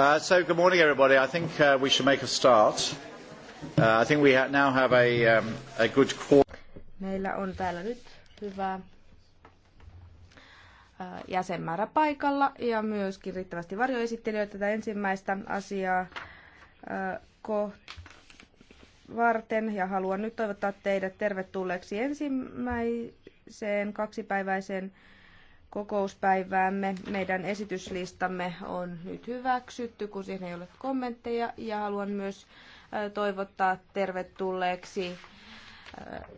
Uh, so, good morning, everybody. I think uh, we should make a start. Uh, I think we ha- now have a, um, a good call. Meillä on täällä nyt hyvä uh, jäsenmäärä paikalla ja myöskin riittävästi varjoesittelijöitä tätä ensimmäistä asiaa uh, varten ja haluan nyt toivottaa teidät tervetulleeksi ensimmäiseen kaksipäiväiseen kokouspäiväämme. Meidän esityslistamme on nyt hyväksytty, kun siihen ei ole kommentteja. Ja haluan myös toivottaa tervetulleeksi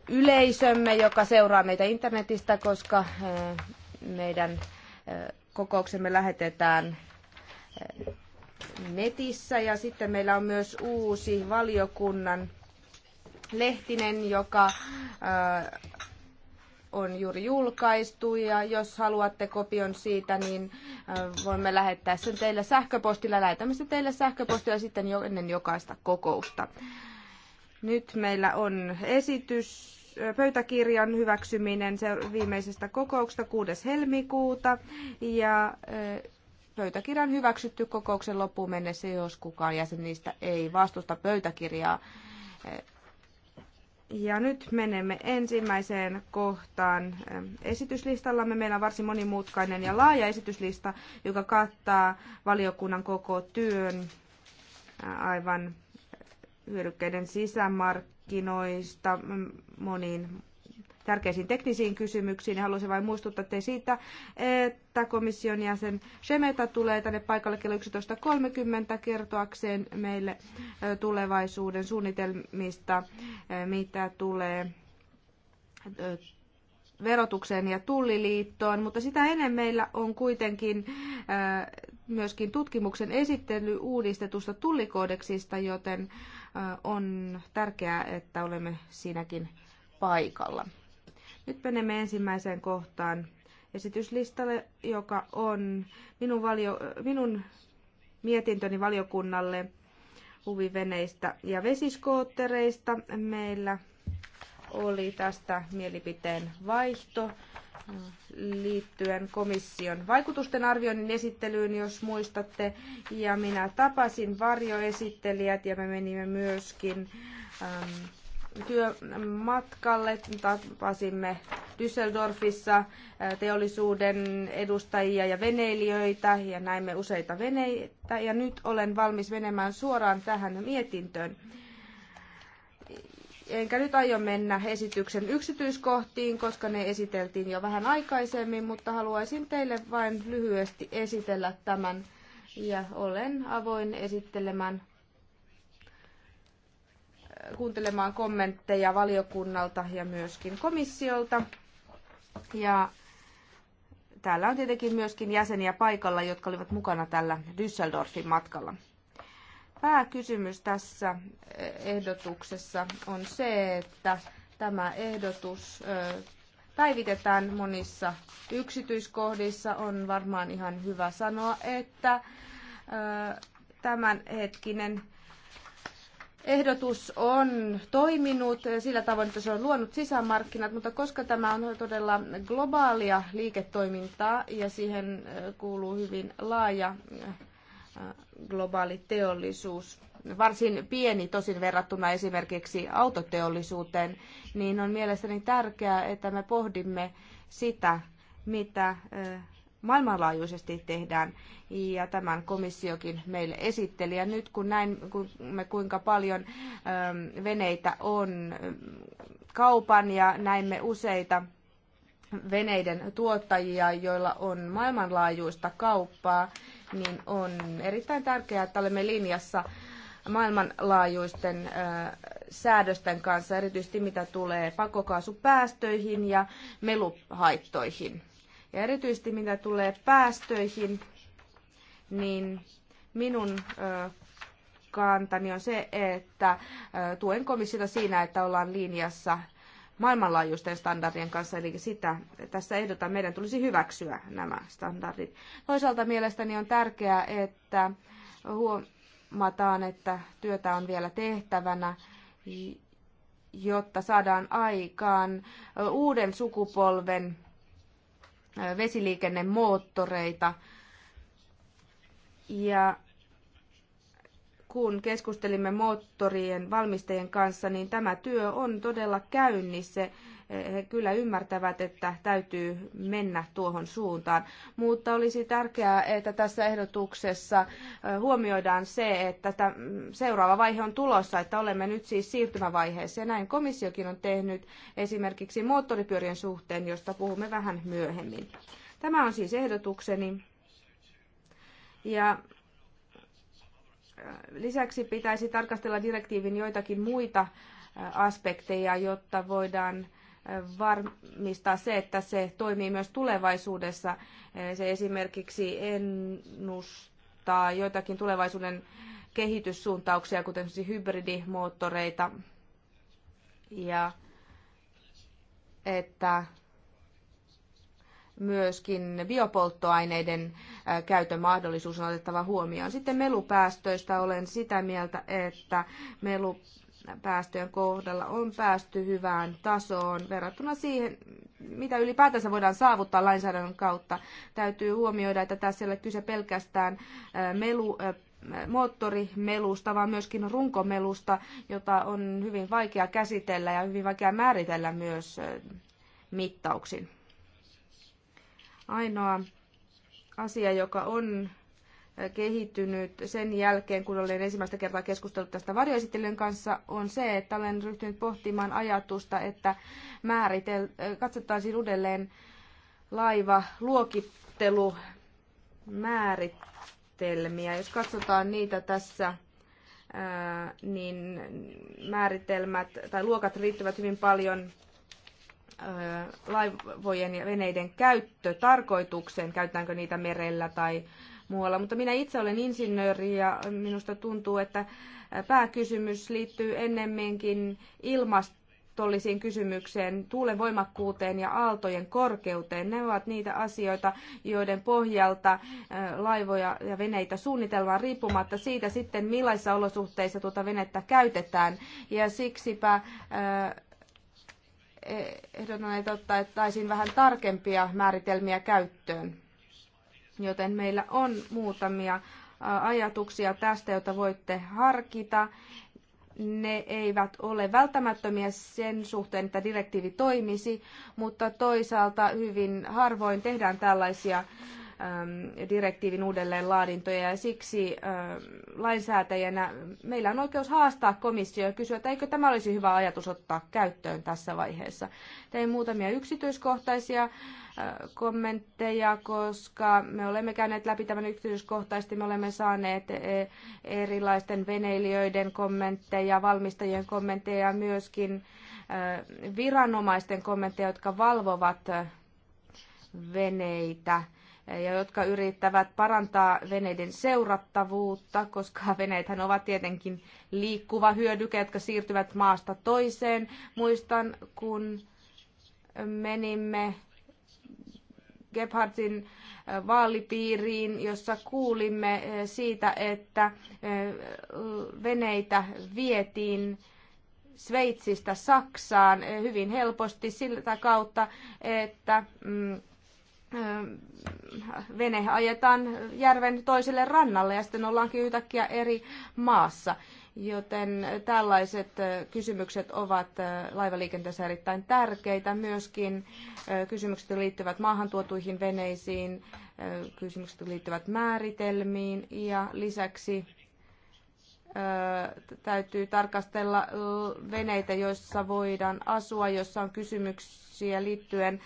yleisömme, joka seuraa meitä internetistä, koska meidän kokouksemme lähetetään netissä. Ja sitten meillä on myös uusi valiokunnan Lehtinen, joka on juuri julkaistu ja jos haluatte kopion siitä, niin äh, voimme lähettää sen teille sähköpostilla. Lähetämme sen teille sähköpostilla sitten jo ennen jokaista kokousta. Nyt meillä on esitys äh, pöytäkirjan hyväksyminen viimeisestä kokouksesta 6. helmikuuta ja äh, pöytäkirjan hyväksytty kokouksen loppuun mennessä, jos kukaan jäsen niistä ei vastusta pöytäkirjaa ja nyt menemme ensimmäiseen kohtaan ähm, esityslistallamme. Meillä on varsin monimutkainen ja laaja esityslista, joka kattaa valiokunnan koko työn äh, aivan hyödykkeiden sisämarkkinoista moniin tärkeisiin teknisiin kysymyksiin. Ja haluaisin vain muistuttaa teitä siitä, että komission jäsen Shemeta tulee tänne paikalle kello 11.30 kertoakseen meille tulevaisuuden suunnitelmista, mitä tulee verotukseen ja tulliliittoon, mutta sitä ennen meillä on kuitenkin myöskin tutkimuksen esittely uudistetusta tullikoodeksista, joten on tärkeää, että olemme siinäkin paikalla. Nyt menemme ensimmäiseen kohtaan esityslistalle, joka on minun, valio, minun mietintöni valiokunnalle huviveneistä ja vesiskoottereista. Meillä oli tästä mielipiteen vaihto liittyen komission vaikutusten arvioinnin esittelyyn, jos muistatte. Ja minä tapasin varjoesittelijät ja me menimme myöskin ähm, työmatkalle. Tapasimme Düsseldorfissa teollisuuden edustajia ja veneilijöitä ja näimme useita veneitä. Ja nyt olen valmis menemään suoraan tähän mietintöön. Enkä nyt aio mennä esityksen yksityiskohtiin, koska ne esiteltiin jo vähän aikaisemmin, mutta haluaisin teille vain lyhyesti esitellä tämän ja olen avoin esittelemään kuuntelemaan kommentteja valiokunnalta ja myöskin komissiolta. Ja täällä on tietenkin myöskin jäseniä paikalla, jotka olivat mukana tällä Düsseldorfin matkalla. Pääkysymys tässä ehdotuksessa on se, että tämä ehdotus päivitetään monissa yksityiskohdissa. On varmaan ihan hyvä sanoa, että tämänhetkinen ehdotus on toiminut sillä tavoin, että se on luonut sisämarkkinat, mutta koska tämä on todella globaalia liiketoimintaa ja siihen eh, kuuluu hyvin laaja eh, globaali teollisuus, varsin pieni tosin verrattuna esimerkiksi autoteollisuuteen, niin on mielestäni tärkeää, että me pohdimme sitä, mitä eh, maailmanlaajuisesti tehdään. Ja tämän komissiokin meille esitteli. Ja nyt kun näin, kun me kuinka paljon ähm, veneitä on ähm, kaupan ja näimme useita veneiden tuottajia, joilla on maailmanlaajuista kauppaa, niin on erittäin tärkeää, että olemme linjassa maailmanlaajuisten äh, säädösten kanssa, erityisesti mitä tulee pakokaasupäästöihin ja meluhaittoihin. Ja erityisesti mitä tulee päästöihin, niin minun kantani on se, että tuen komissiota siinä, että ollaan linjassa maailmanlaajuisten standardien kanssa, eli sitä tässä ehdotan, meidän tulisi hyväksyä nämä standardit. Toisaalta mielestäni on tärkeää, että huomataan, että työtä on vielä tehtävänä, jotta saadaan aikaan uuden sukupolven vesiliikennemoottoreita. Ja kun keskustelimme moottorien valmistajien kanssa, niin tämä työ on todella käynnissä he kyllä ymmärtävät, että täytyy mennä tuohon suuntaan. Mutta olisi tärkeää, että tässä ehdotuksessa huomioidaan se, että seuraava vaihe on tulossa, että olemme nyt siis siirtymävaiheessa. Ja näin komissiokin on tehnyt esimerkiksi moottoripyörien suhteen, josta puhumme vähän myöhemmin. Tämä on siis ehdotukseni. Ja lisäksi pitäisi tarkastella direktiivin joitakin muita aspekteja, jotta voidaan varmistaa se, että se toimii myös tulevaisuudessa. Se esimerkiksi ennustaa joitakin tulevaisuuden kehityssuuntauksia, kuten siis hybridimoottoreita, ja että myöskin biopolttoaineiden käytön mahdollisuus on otettava huomioon. Sitten melupäästöistä olen sitä mieltä, että melu päästöjen kohdalla on päästy hyvään tasoon verrattuna siihen, mitä ylipäätänsä voidaan saavuttaa lainsäädännön kautta. Täytyy huomioida, että tässä ei ole kyse pelkästään melu moottorimelusta, vaan myöskin runkomelusta, jota on hyvin vaikea käsitellä ja hyvin vaikea määritellä myös mittauksin. Ainoa asia, joka on kehittynyt sen jälkeen, kun olen ensimmäistä kertaa keskustellut tästä varjoesittelyn kanssa, on se, että olen ryhtynyt pohtimaan ajatusta, että määritel, katsottaisiin uudelleen laiva määritelmiä. Jos katsotaan niitä tässä, niin määritelmät tai luokat riittävät hyvin paljon laivojen ja veneiden käyttötarkoitukseen, käytetäänkö niitä merellä tai muualla. Mutta minä itse olen insinööri ja minusta tuntuu, että pääkysymys liittyy ennemminkin tollisiin kysymykseen, tuulen voimakkuuteen ja aaltojen korkeuteen. Ne ovat niitä asioita, joiden pohjalta laivoja ja veneitä suunnitellaan riippumatta siitä sitten, millaisissa olosuhteissa tuota venettä käytetään. Ja siksipä e, ehdotan, että ottaisin vähän tarkempia määritelmiä käyttöön joten meillä on muutamia ajatuksia tästä, jota voitte harkita. Ne eivät ole välttämättömiä sen suhteen, että direktiivi toimisi, mutta toisaalta hyvin harvoin tehdään tällaisia Ähm, direktiivin uudelleenlaadintoja ja siksi ähm, lainsäätäjänä meillä on oikeus haastaa komissio ja kysyä, että eikö tämä olisi hyvä ajatus ottaa käyttöön tässä vaiheessa. Tein muutamia yksityiskohtaisia äh, kommentteja, koska me olemme käyneet läpi tämän yksityiskohtaisesti. Me olemme saaneet e, erilaisten veneilijöiden kommentteja, valmistajien kommentteja ja myöskin äh, viranomaisten kommentteja, jotka valvovat äh, veneitä ja jotka yrittävät parantaa veneiden seurattavuutta, koska veneethän ovat tietenkin liikkuva hyödyke, jotka siirtyvät maasta toiseen. Muistan, kun menimme Gebhardin vaalipiiriin, jossa kuulimme siitä, että veneitä vietiin Sveitsistä Saksaan hyvin helposti sillä kautta, että mm, Öö, vene ajetaan järven toiselle rannalle ja sitten ollaankin yhtäkkiä eri maassa. Joten tällaiset öö, kysymykset ovat öö, laivaliikenteessä erittäin tärkeitä. Myöskin kysymykset liittyvät maahantuotuihin veneisiin, kysymykset liittyvät määritelmiin ja lisäksi täytyy tarkastella veneitä, joissa voidaan asua, jossa on kysymyksiä liittyen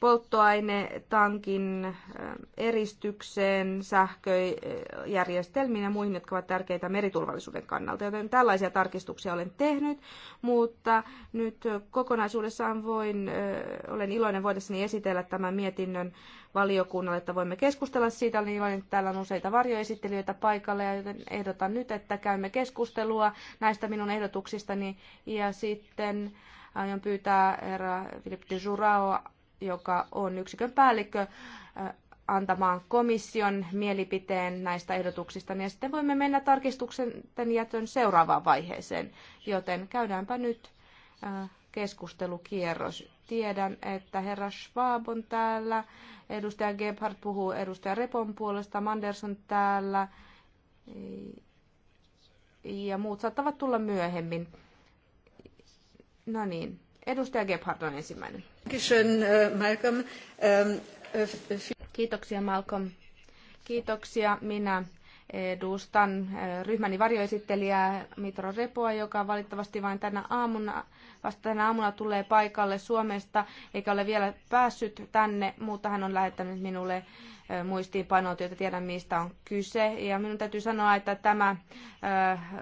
polttoainetankin eh, eristykseen, sähköjärjestelmiin ja muihin, jotka ovat tärkeitä meriturvallisuuden kannalta. Joten tällaisia tarkistuksia olen tehnyt, mutta nyt kokonaisuudessaan voin, eh, olen iloinen voidessani esitellä tämän mietinnön valiokunnalle, että voimme keskustella siitä. Olen iloinen, että täällä on useita varjoesittelijöitä paikalla, ja joten ehdotan nyt, että käymme keskustelua näistä minun ehdotuksistani ja sitten aion pyytää herra Philippe de Jurao joka on yksikön päällikkö, äh, antamaan komission mielipiteen näistä ehdotuksista, niin sitten voimme mennä tarkistuksen jätön seuraavaan vaiheeseen. Joten käydäänpä nyt äh, keskustelukierros. Tiedän, että herra Schwab on täällä, edustaja Gebhardt puhuu edustaja Repon puolesta, Manderson täällä, ja muut saattavat tulla myöhemmin. No niin, edustaja Gebhardt on ensimmäinen. Äh, ähm, äh, äh, Kiitoksia Malcolm. Kiitoksia. Minä edustan ryhmäni varjoesittelijää Mitro Repoa, joka valitettavasti vain tänä aamuna, vasta tänä aamuna tulee paikalle Suomesta, eikä ole vielä päässyt tänne, mutta hän on lähettänyt minulle muistiinpanot, joita tiedän mistä on kyse. Ja minun täytyy sanoa, että tämä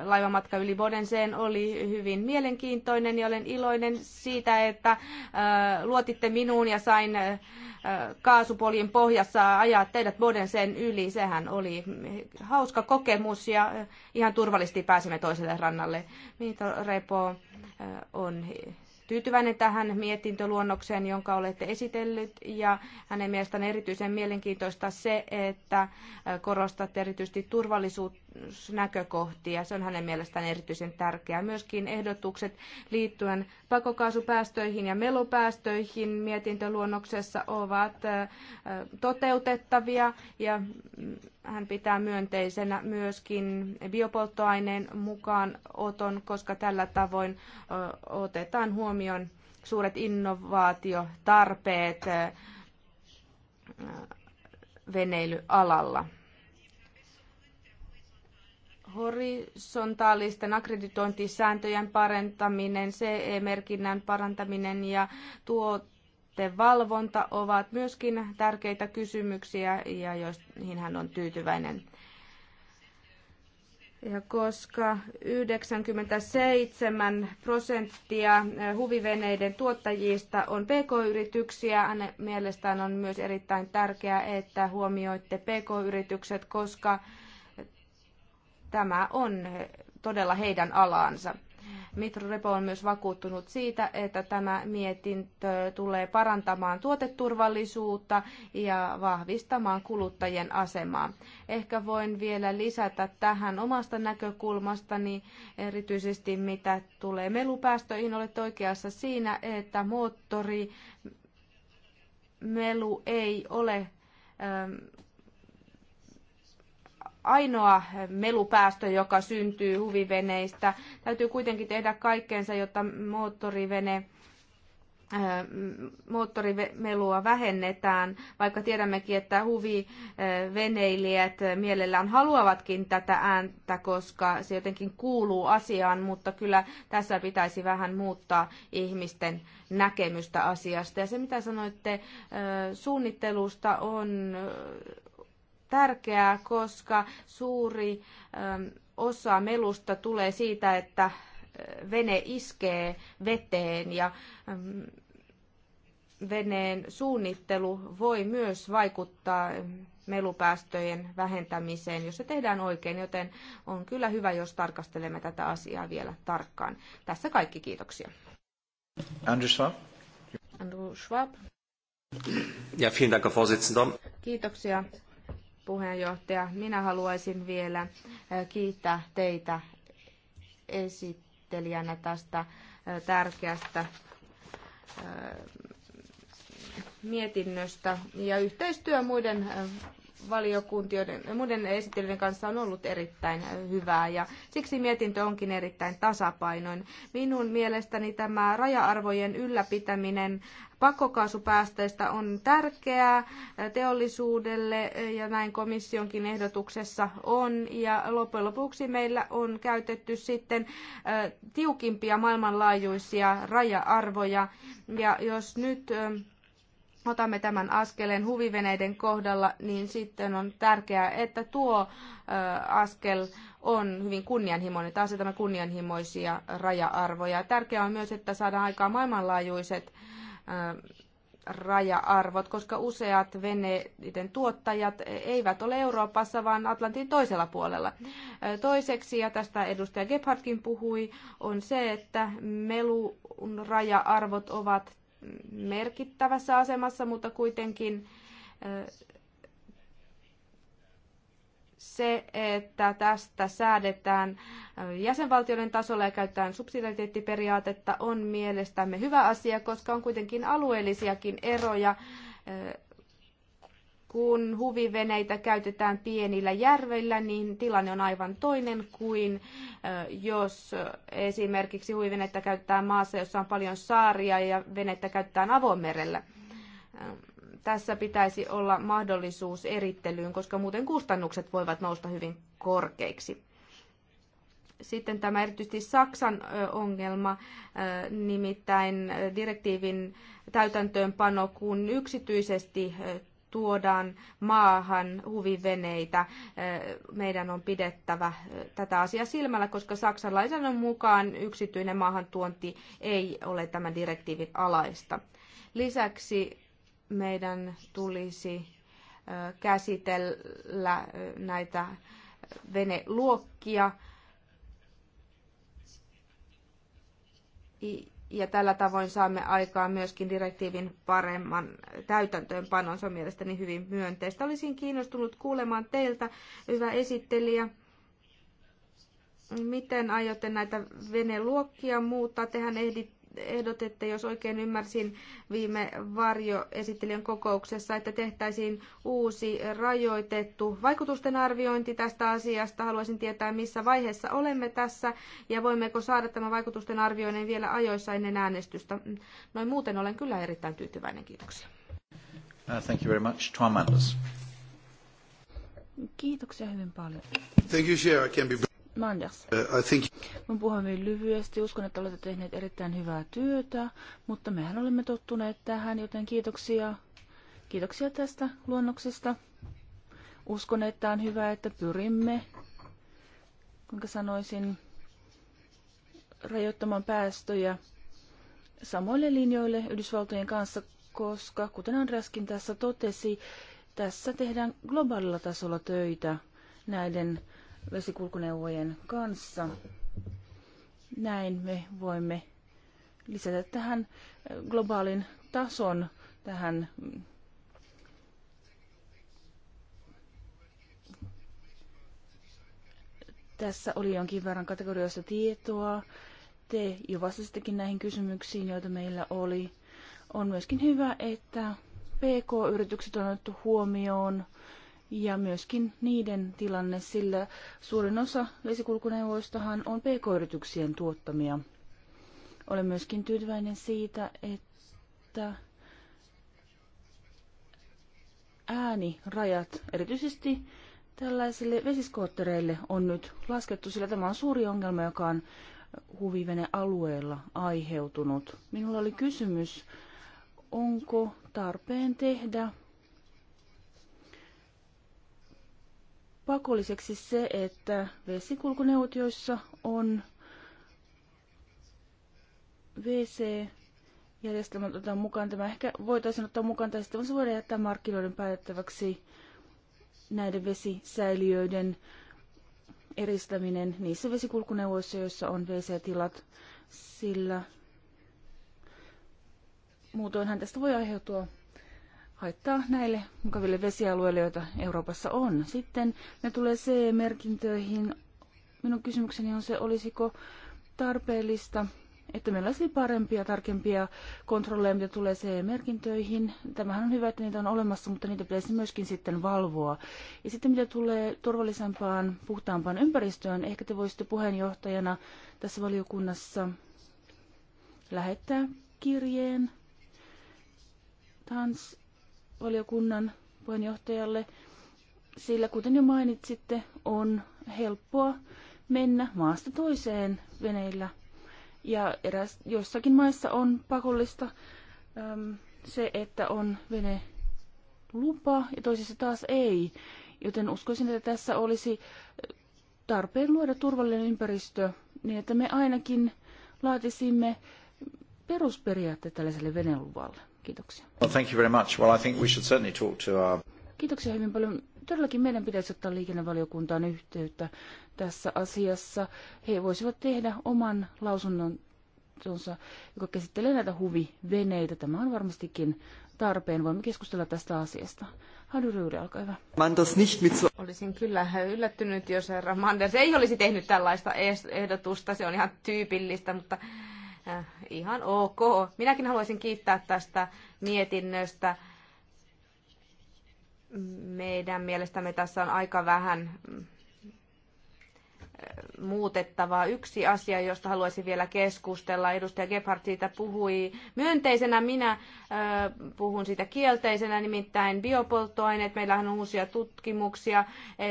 laivamatka yli Bodenseen oli hyvin mielenkiintoinen ja olen iloinen siitä, että luotitte minuun ja sain kaasupoljin pohjassa ajaa teidät Bodenseen yli. Sehän oli hauska kokemus ja ihan turvallisesti pääsimme toiselle rannalle. Miito Repo on tyytyväinen tähän mietintöluonnokseen, jonka olette esitellyt. Ja hänen mielestään erityisen mielenkiintoista se, että korostatte erityisesti turvallisuusnäkökohtia. Se on hänen mielestään erityisen tärkeää. Myöskin ehdotukset liittyen pakokaasupäästöihin ja melupäästöihin mietintöluonnoksessa ovat toteutettavia ja hän pitää myönteisenä myöskin biopolttoaineen mukaan oton, koska tällä tavoin otetaan huomioon suuret innovaatiotarpeet veneilyalalla. Horisontaalisten akkreditointisääntöjen parantaminen, CE-merkinnän parantaminen ja tuo sitten valvonta ovat myöskin tärkeitä kysymyksiä ja joihin hän on tyytyväinen. Ja koska 97 prosenttia huviveneiden tuottajista on pk-yrityksiä, mielestään on myös erittäin tärkeää, että huomioitte pk-yritykset, koska tämä on todella heidän alaansa. Mitro Repo on myös vakuuttunut siitä, että tämä mietintö tulee parantamaan tuoteturvallisuutta ja vahvistamaan kuluttajien asemaa. Ehkä voin vielä lisätä tähän omasta näkökulmastani, erityisesti mitä tulee melupäästöihin, olet oikeassa siinä, että moottori melu ei ole ainoa melupäästö, joka syntyy huviveneistä. Täytyy kuitenkin tehdä kaikkeensa, jotta moottorivene moottorimelua vähennetään, vaikka tiedämmekin, että huviveneilijät mielellään haluavatkin tätä ääntä, koska se jotenkin kuuluu asiaan, mutta kyllä tässä pitäisi vähän muuttaa ihmisten näkemystä asiasta. Ja se, mitä sanoitte suunnittelusta, on tärkeää, koska suuri ähm, osa melusta tulee siitä, että äh, vene iskee veteen ja ähm, veneen suunnittelu voi myös vaikuttaa ähm, melupäästöjen vähentämiseen, jos se tehdään oikein, joten on kyllä hyvä, jos tarkastelemme tätä asiaa vielä tarkkaan. Tässä kaikki, kiitoksia. Andrew Schwab. Andrew Schwab. Ja, vielen Dank, Herr Vorsitzender. Kiitoksia puheenjohtaja. Minä haluaisin vielä kiittää teitä esittelijänä tästä tärkeästä mietinnöstä ja yhteistyö muiden valiokuntien muiden esittelyiden kanssa on ollut erittäin hyvää ja siksi mietintö onkin erittäin tasapainoinen. Minun mielestäni tämä raja-arvojen ylläpitäminen pakokaasupäästöistä on tärkeää teollisuudelle ja näin komissionkin ehdotuksessa on. Ja loppujen lopuksi meillä on käytetty sitten tiukimpia maailmanlaajuisia raja-arvoja. Ja jos nyt otamme tämän askeleen huviveneiden kohdalla, niin sitten on tärkeää, että tuo askel on hyvin kunnianhimoinen, että asetamme kunnianhimoisia raja-arvoja. Tärkeää on myös, että saadaan aikaan maailmanlaajuiset raja-arvot, koska useat veneiden tuottajat eivät ole Euroopassa, vaan Atlantin toisella puolella. Toiseksi, ja tästä edustaja Gebhardkin puhui, on se, että melun raja-arvot ovat merkittävässä asemassa, mutta kuitenkin se, että tästä säädetään jäsenvaltioiden tasolla ja käytetään subsidiariteettiperiaatetta, on mielestämme hyvä asia, koska on kuitenkin alueellisiakin eroja kun huviveneitä käytetään pienillä järveillä, niin tilanne on aivan toinen kuin jos esimerkiksi huviveneitä käytetään maassa, jossa on paljon saaria ja venettä käytetään avomerellä. Tässä pitäisi olla mahdollisuus erittelyyn, koska muuten kustannukset voivat nousta hyvin korkeiksi. Sitten tämä erityisesti Saksan ongelma, nimittäin direktiivin täytäntöönpano, kun yksityisesti tuodaan maahan huviveneitä. Meidän on pidettävä tätä asiaa silmällä, koska Saksan lainsäädännön mukaan yksityinen maahantuonti ei ole tämän direktiivin alaista. Lisäksi meidän tulisi käsitellä näitä veneluokkia ja tällä tavoin saamme aikaan myöskin direktiivin paremman täytäntöönpanon. Se on mielestäni hyvin myönteistä. Olisin kiinnostunut kuulemaan teiltä, hyvä esittelijä, miten aiotte näitä veneluokkia muuttaa. Tehän ehdit että jos oikein ymmärsin viime varjoesittelijän kokouksessa, että tehtäisiin uusi rajoitettu vaikutusten arviointi tästä asiasta. Haluaisin tietää, missä vaiheessa olemme tässä ja voimmeko saada tämän vaikutusten arvioinnin vielä ajoissa ennen äänestystä. Noin muuten olen kyllä erittäin tyytyväinen. Kiitoksia. Uh, thank you very much. Tom Kiitoksia hyvin paljon. Thank you, Chair. I can be... Manders. Uh, I think... Mun puhun lyhyesti. Uskon, että olette tehneet erittäin hyvää työtä, mutta mehän olemme tottuneet tähän, joten kiitoksia, kiitoksia tästä luonnoksesta. Uskon, että on hyvä, että pyrimme, kuinka sanoisin, rajoittamaan päästöjä samoille linjoille Yhdysvaltojen kanssa, koska kuten Andreaskin tässä totesi, tässä tehdään globaalilla tasolla töitä näiden vesikulkuneuvojen kanssa. Näin me voimme lisätä tähän globaalin tason tähän Tässä oli jonkin verran kategorioista tietoa. Te jo vastasittekin näihin kysymyksiin, joita meillä oli. On myöskin hyvä, että PK-yritykset on otettu huomioon ja myöskin niiden tilanne, sillä suurin osa vesikulkuneuvoistahan on pk-yrityksien tuottamia. Olen myöskin tyytyväinen siitä, että äänirajat, erityisesti tällaisille vesiskoottereille, on nyt laskettu, sillä tämä on suuri ongelma, joka on huvivenealueella aiheutunut. Minulla oli kysymys, onko tarpeen tehdä pakolliseksi se, että vesikulkuneutioissa on WC järjestelmät otetaan mukaan. Tämä ehkä voitaisiin ottaa mukaan tai sitten se voidaan jättää markkinoiden päätettäväksi näiden vesisäiliöiden eristäminen niissä vesikulkuneuvoissa, joissa on WC-tilat, sillä muutoinhan tästä voi aiheutua haittaa näille mukaville vesialueille, joita Euroopassa on. Sitten ne tulee CE-merkintöihin. Minun kysymykseni on se, olisiko tarpeellista, että meillä olisi parempia, tarkempia kontrolleja, mitä tulee CE-merkintöihin. Tämähän on hyvä, että niitä on olemassa, mutta niitä pitäisi myöskin sitten valvoa. Ja sitten mitä tulee turvallisempaan, puhtaampaan ympäristöön, ehkä te voisitte puheenjohtajana tässä valiokunnassa lähettää kirjeen Tans valiokunnan puheenjohtajalle, sillä kuten jo mainitsitte, on helppoa mennä maasta toiseen veneillä. Ja eräs, joissakin maissa on pakollista äm, se, että on vene lupa ja toisissa taas ei. Joten uskoisin, että tässä olisi tarpeen luoda turvallinen ympäristö niin, että me ainakin laatisimme perusperiaatteet tällaiselle veneluvalle. Kiitoksia. Well, thank you very much. Well, I think we should certainly talk to our... Kiitoksia hyvin paljon. Todellakin meidän pitäisi ottaa liikennevaliokuntaan yhteyttä tässä asiassa. He voisivat tehdä oman lausunnonsa, joka käsittelee näitä huviveneitä. Tämä on varmastikin tarpeen. Voimme keskustella tästä asiasta. Hadu Ryyri, olkaa hyvä. nicht mit Olisin kyllä yllättynyt, jos herra Manders ei olisi tehnyt tällaista ehdotusta. Se on ihan tyypillistä, mutta Äh, ihan ok. Minäkin haluaisin kiittää tästä mietinnöstä. Meidän mielestämme tässä on aika vähän mm, äh, muutettavaa. Yksi asia, josta haluaisin vielä keskustella, edustaja Gebhardt siitä puhui myönteisenä, minä ö, äh, puhun siitä kielteisenä, nimittäin biopolttoaineet. Meillähän on uusia tutkimuksia,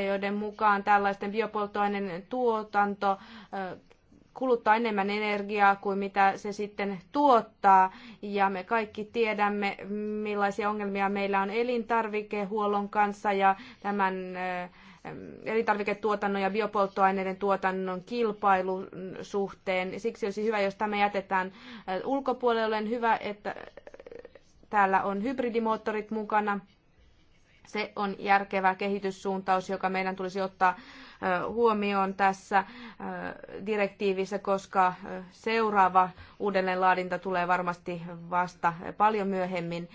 joiden mukaan tällaisten biopolttoaineiden tuotanto ö, kuluttaa enemmän energiaa kuin mitä se sitten tuottaa. Ja me kaikki tiedämme, millaisia ongelmia meillä on elintarvikehuollon kanssa ja tämän eh, elintarviketuotannon ja biopolttoaineiden tuotannon kilpailun suhteen. Siksi olisi hyvä, jos tämä jätetään eh, ulkopuolelle. Olen hyvä, että eh, täällä on hybridimoottorit mukana. Se on järkevä kehityssuuntaus, joka meidän tulisi ottaa huomioon tässä direktiivissä, koska seuraava uudelleenlaadinta tulee varmasti vasta paljon myöhemmin.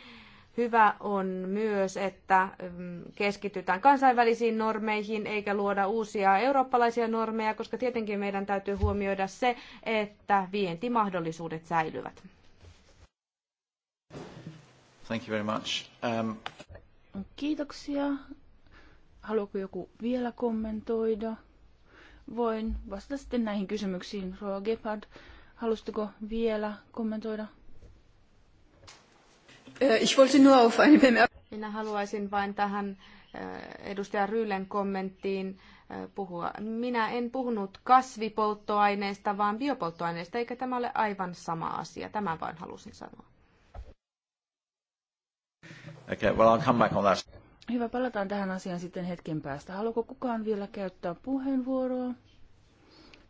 Hyvä on myös, että mm, keskitytään kansainvälisiin normeihin eikä luoda uusia eurooppalaisia normeja, koska tietenkin meidän täytyy huomioida se, että vientimahdollisuudet säilyvät. Thank you very much. Um... Kiitoksia. Haluaako joku vielä kommentoida? Voin vastata sitten näihin kysymyksiin. Roa Gephard, halusitko vielä kommentoida? Äh, Minä haluaisin vain tähän äh, edustaja Ryylen kommenttiin äh, puhua. Minä en puhunut kasvipolttoaineista, vaan biopolttoaineista, eikä tämä ole aivan sama asia. Tämän vain halusin sanoa. Okay, well I'll come back on that. Hyvä, palataan tähän asiaan sitten hetken päästä. Haluaako kukaan vielä käyttää puheenvuoroa?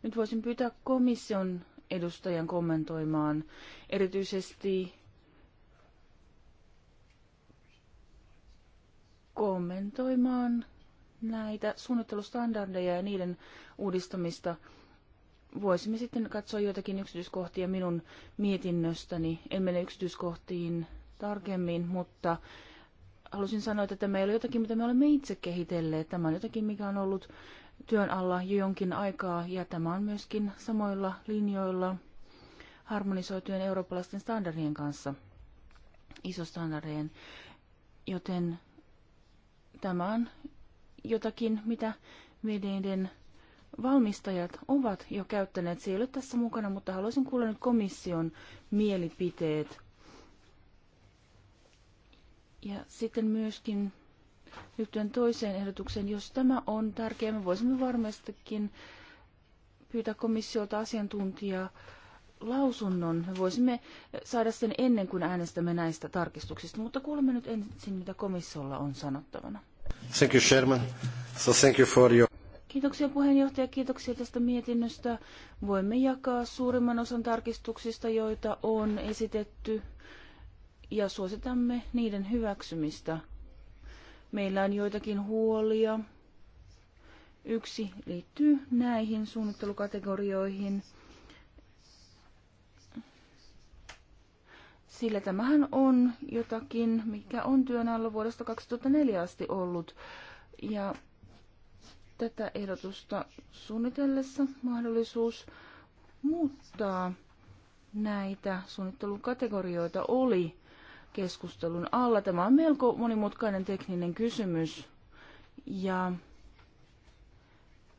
Nyt voisin pyytää komission edustajan kommentoimaan erityisesti kommentoimaan näitä suunnittelustandardeja ja niiden uudistamista. Voisimme sitten katsoa joitakin yksityiskohtia minun mietinnöstäni. En mene yksityiskohtiin tarkemmin, mutta halusin sanoa, että tämä ei ole jotakin, mitä me olemme itse kehitelleet. Tämä on jotakin, mikä on ollut työn alla jo jonkin aikaa ja tämä on myöskin samoilla linjoilla harmonisoitujen eurooppalaisten standardien kanssa, isostandardien, joten tämä on jotakin, mitä veneiden valmistajat ovat jo käyttäneet. Se ei ole tässä mukana, mutta haluaisin kuulla nyt komission mielipiteet ja sitten myöskin liittyen toiseen ehdotukseen, jos tämä on tärkeää, me voisimme varmastikin pyytää komissiolta asiantuntijaa lausunnon. Me voisimme saada sen ennen kuin äänestämme näistä tarkistuksista, mutta kuulemme nyt ensin, mitä komissiolla on sanottavana. Thank you, Sherman. So thank you for your... Kiitoksia puheenjohtaja, kiitoksia tästä mietinnöstä. Voimme jakaa suurimman osan tarkistuksista, joita on esitetty ja suositamme niiden hyväksymistä. Meillä on joitakin huolia. Yksi liittyy näihin suunnittelukategorioihin. Sillä tämähän on jotakin, mikä on työn alla vuodesta 2004 asti ollut. Ja tätä ehdotusta suunnitellessa mahdollisuus muuttaa näitä suunnittelukategorioita oli keskustelun alla. Tämä on melko monimutkainen tekninen kysymys ja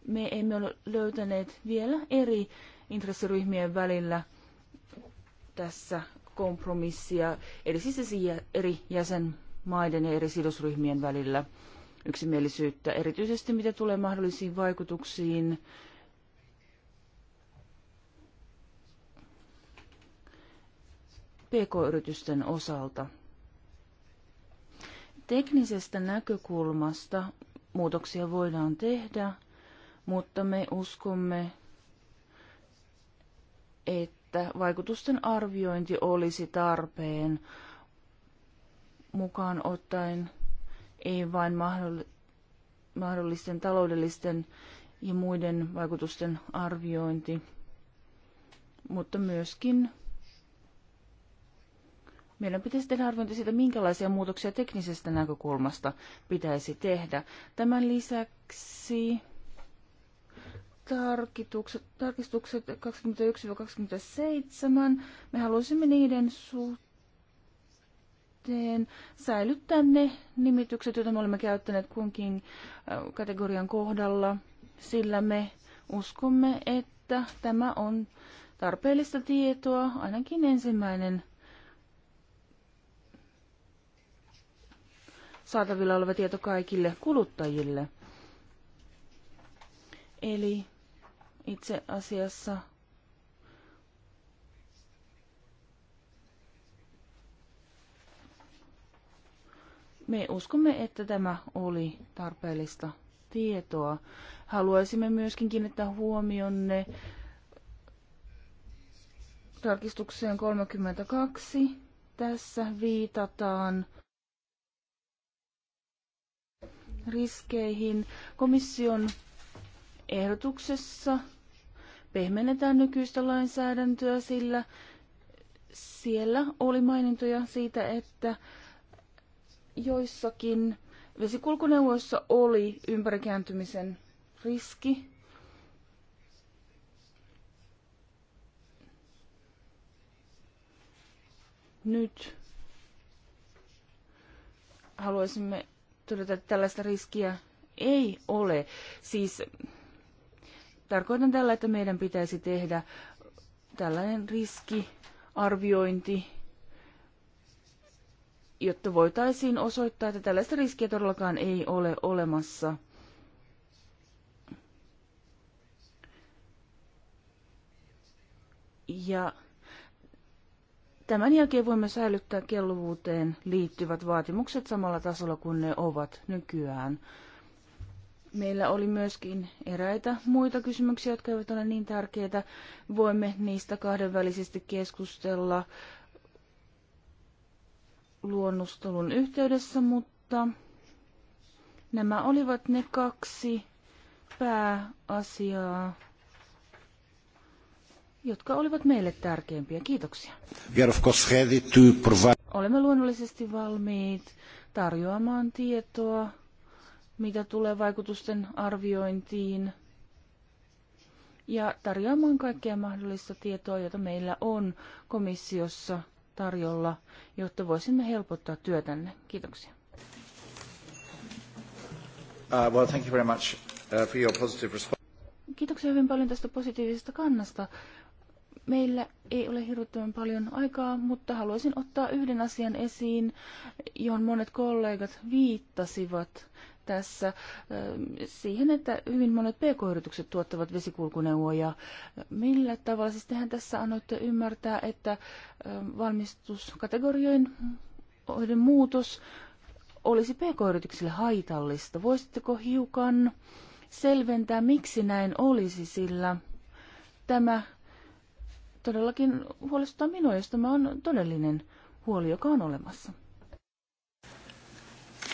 me emme ole löytäneet vielä eri intressiryhmien välillä tässä kompromissia, eli siis eri jäsenmaiden ja eri sidosryhmien välillä yksimielisyyttä, erityisesti mitä tulee mahdollisiin vaikutuksiin pk-yritysten osalta. Teknisestä näkökulmasta muutoksia voidaan tehdä, mutta me uskomme, että vaikutusten arviointi olisi tarpeen mukaan ottaen ei vain mahdollisten taloudellisten ja muiden vaikutusten arviointi, mutta myöskin meidän pitäisi tehdä arviointi siitä, minkälaisia muutoksia teknisestä näkökulmasta pitäisi tehdä. Tämän lisäksi tarkistukset, tarkistukset 21-27. Me haluaisimme niiden suhteen säilyttää ne nimitykset, joita me olemme käyttäneet kunkin äh, kategorian kohdalla, sillä me uskomme, että tämä on tarpeellista tietoa, ainakin ensimmäinen saatavilla oleva tieto kaikille kuluttajille. Eli itse asiassa me uskomme, että tämä oli tarpeellista tietoa. Haluaisimme myöskin kiinnittää huomionne tarkistukseen 32. Tässä viitataan riskeihin. Komission ehdotuksessa pehmennetään nykyistä lainsäädäntöä, sillä siellä oli mainintoja siitä, että joissakin vesikulkuneuvoissa oli ympärikääntymisen riski. Nyt haluaisimme todeta, että tällaista riskiä ei ole. Siis tarkoitan tällä, että meidän pitäisi tehdä tällainen riskiarviointi, jotta voitaisiin osoittaa, että tällaista riskiä todellakaan ei ole olemassa. Ja Tämän jälkeen voimme säilyttää kelluvuuteen liittyvät vaatimukset samalla tasolla kuin ne ovat nykyään. Meillä oli myöskin eräitä muita kysymyksiä, jotka eivät ole niin tärkeitä. Voimme niistä kahdenvälisesti keskustella luonnostelun yhteydessä, mutta nämä olivat ne kaksi pääasiaa, jotka olivat meille tärkeimpiä. Kiitoksia. Olemme luonnollisesti valmiit tarjoamaan tietoa, mitä tulee vaikutusten arviointiin ja tarjoamaan kaikkea mahdollista tietoa, jota meillä on komissiossa tarjolla, jotta voisimme helpottaa työtänne. Kiitoksia. Uh, well, thank you very much, uh, for your Kiitoksia hyvin paljon tästä positiivisesta kannasta. Meillä ei ole hirveän paljon aikaa, mutta haluaisin ottaa yhden asian esiin, johon monet kollegat viittasivat tässä eh, siihen, että hyvin monet pk-yritykset tuottavat vesikulkuneuvoja. Millä tavalla siis tehän tässä annoitte ymmärtää, että eh, valmistuskategorioiden muutos olisi pk-yrityksille haitallista? Voisitteko hiukan selventää, miksi näin olisi, sillä tämä todellakin huolestuttaa minua, jos tämä on todellinen huoli, joka on olemassa.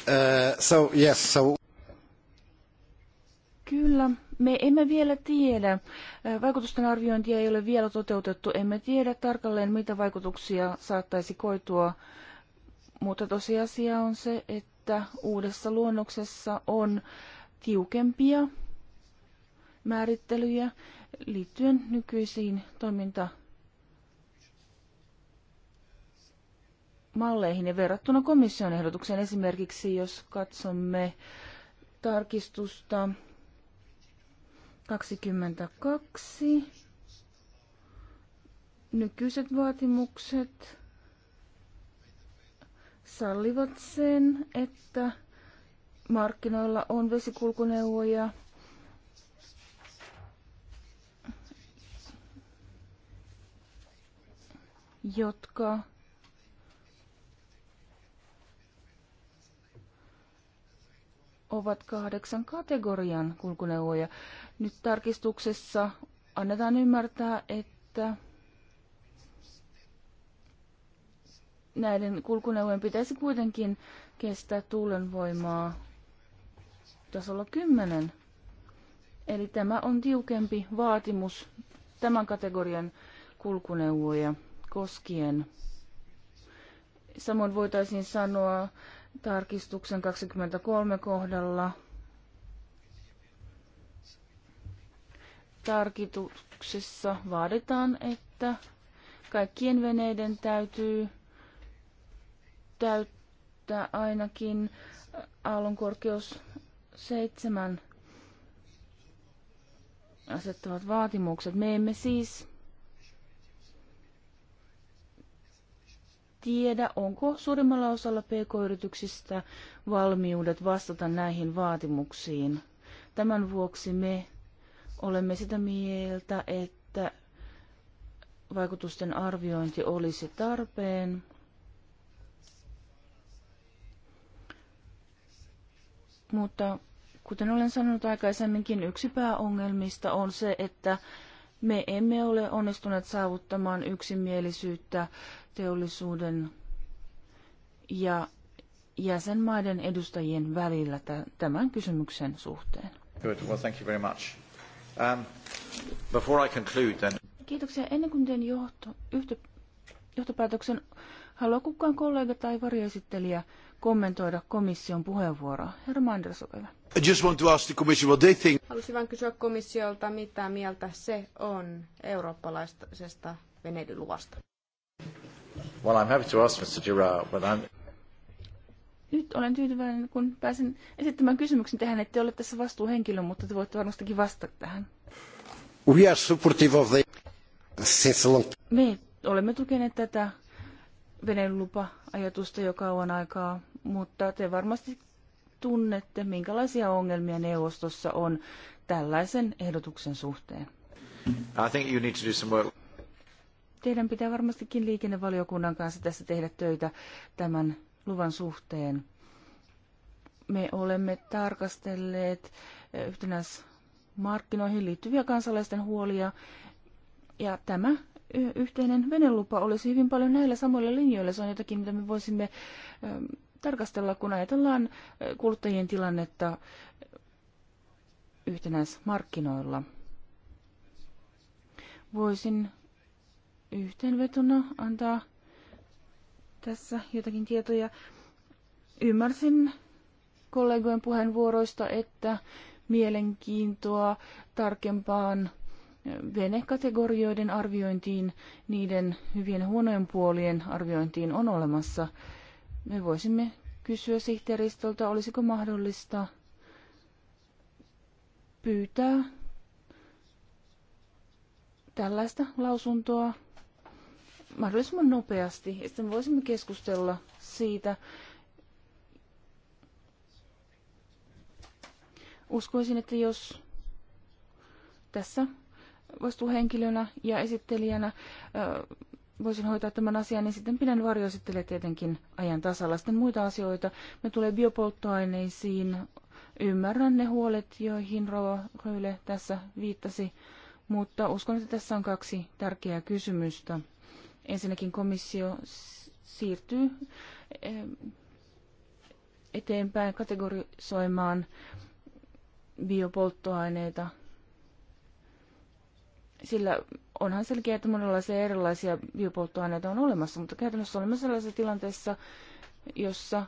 Uh, so, yes, so... Kyllä, me emme vielä tiedä. Vaikutusten arviointia ei ole vielä toteutettu. Emme tiedä tarkalleen, mitä vaikutuksia saattaisi koitua, mutta tosiasia on se, että uudessa luonnoksessa on tiukempia määrittelyjä liittyen nykyisiin toiminta malleihin ja verrattuna komission ehdotukseen esimerkiksi, jos katsomme tarkistusta 22, nykyiset vaatimukset sallivat sen, että markkinoilla on vesikulkuneuvoja, jotka ovat kahdeksan kategorian kulkuneuvoja. Nyt tarkistuksessa annetaan ymmärtää, että näiden kulkuneuvojen pitäisi kuitenkin kestää tuulenvoimaa tasolla 10. Eli tämä on tiukempi vaatimus tämän kategorian kulkuneuvoja koskien. Samoin voitaisiin sanoa tarkistuksen 23 kohdalla. Tarkituksessa vaaditaan, että kaikkien veneiden täytyy täyttää ainakin aallon korkeus 7 asettavat vaatimukset. Me emme siis tiedä, onko suurimmalla osalla pk-yrityksistä valmiudet vastata näihin vaatimuksiin. Tämän vuoksi me olemme sitä mieltä, että vaikutusten arviointi olisi tarpeen. Mutta kuten olen sanonut aikaisemminkin, yksi pääongelmista on se, että me emme ole onnistuneet saavuttamaan yksimielisyyttä teollisuuden ja jäsenmaiden edustajien välillä tämän kysymyksen suhteen. Good. Well, thank you very much. Um, before I conclude, then... Kiitoksia. Ennen kuin teen johto, yhtä, johtopäätöksen, haluaa kukaan kollega tai varjoesittelijä kommentoida komission puheenvuoroa. Herra Manders, ole hyvä. I just want to ask the commission what they think. Halusin vain kysyä komissiolta, mitä mieltä se on eurooppalaisesta veneilyluvasta. Well, I'm happy to ask Mr. Girard, but I'm... Nyt olen tyytyväinen, kun pääsen esittämään kysymyksen tähän, että ole tässä vastuuhenkilö, mutta te voitte varmastikin vastata tähän. We are supportive of the... Since long... Me olemme tukeneet tätä venelupa-ajatusta jo kauan aikaa, mutta te varmasti tunnette, minkälaisia ongelmia neuvostossa on tällaisen ehdotuksen suhteen. I think you need to do some work teidän pitää varmastikin liikennevaliokunnan kanssa tässä tehdä töitä tämän luvan suhteen. Me olemme tarkastelleet eh, yhtenäismarkkinoihin liittyviä kansalaisten huolia, ja tämä yhteinen venelupa olisi hyvin paljon näillä samoilla linjoilla. Se on jotakin, mitä me voisimme eh, tarkastella, kun ajatellaan eh, kuluttajien tilannetta yhtenäismarkkinoilla. Voisin yhteenvetona antaa tässä jotakin tietoja. Ymmärsin kollegojen puheenvuoroista, että mielenkiintoa tarkempaan venekategorioiden arviointiin, niiden hyvien huonojen puolien arviointiin on olemassa. Me voisimme kysyä sihteeristolta, olisiko mahdollista pyytää tällaista lausuntoa mahdollisimman nopeasti. Ja sitten voisimme keskustella siitä. Uskoisin, että jos tässä vastuuhenkilönä ja esittelijänä voisin hoitaa tämän asian, niin sitten pidän varjoesittelijä tietenkin ajan tasalla. Sitten muita asioita. Me tulee biopolttoaineisiin. Ymmärrän ne huolet, joihin Rova Röyle tässä viittasi, mutta uskon, että tässä on kaksi tärkeää kysymystä. Ensinnäkin komissio siirtyy eh, eteenpäin kategorisoimaan biopolttoaineita, sillä onhan selkeä, että monenlaisia erilaisia biopolttoaineita on olemassa, mutta käytännössä olemme sellaisessa tilanteessa, jossa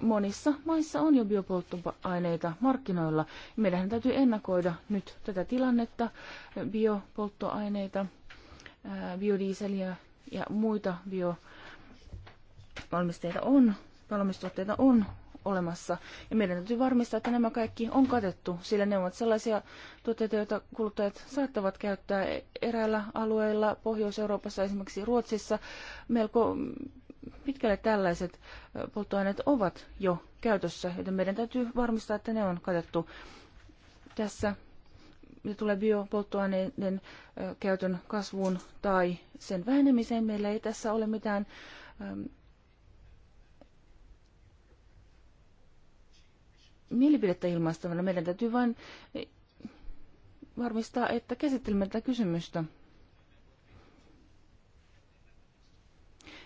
monissa maissa on jo biopolttoaineita markkinoilla. Meidän täytyy ennakoida nyt tätä tilannetta, biopolttoaineita – biodieseliä ja muita biovalmisteita on, valmistuotteita on olemassa. Ja meidän täytyy varmistaa, että nämä kaikki on katettu, sillä ne ovat sellaisia tuotteita, joita kuluttajat saattavat käyttää eräillä alueilla, Pohjois-Euroopassa, esimerkiksi Ruotsissa, melko pitkälle tällaiset polttoaineet ovat jo käytössä, joten meidän täytyy varmistaa, että ne on katettu. Tässä mitä tulee biopolttoaineiden käytön kasvuun tai sen vähenemiseen, meillä ei tässä ole mitään mielipidettä ilmaistavana. Meidän täytyy vain varmistaa, että käsittelemme tätä kysymystä.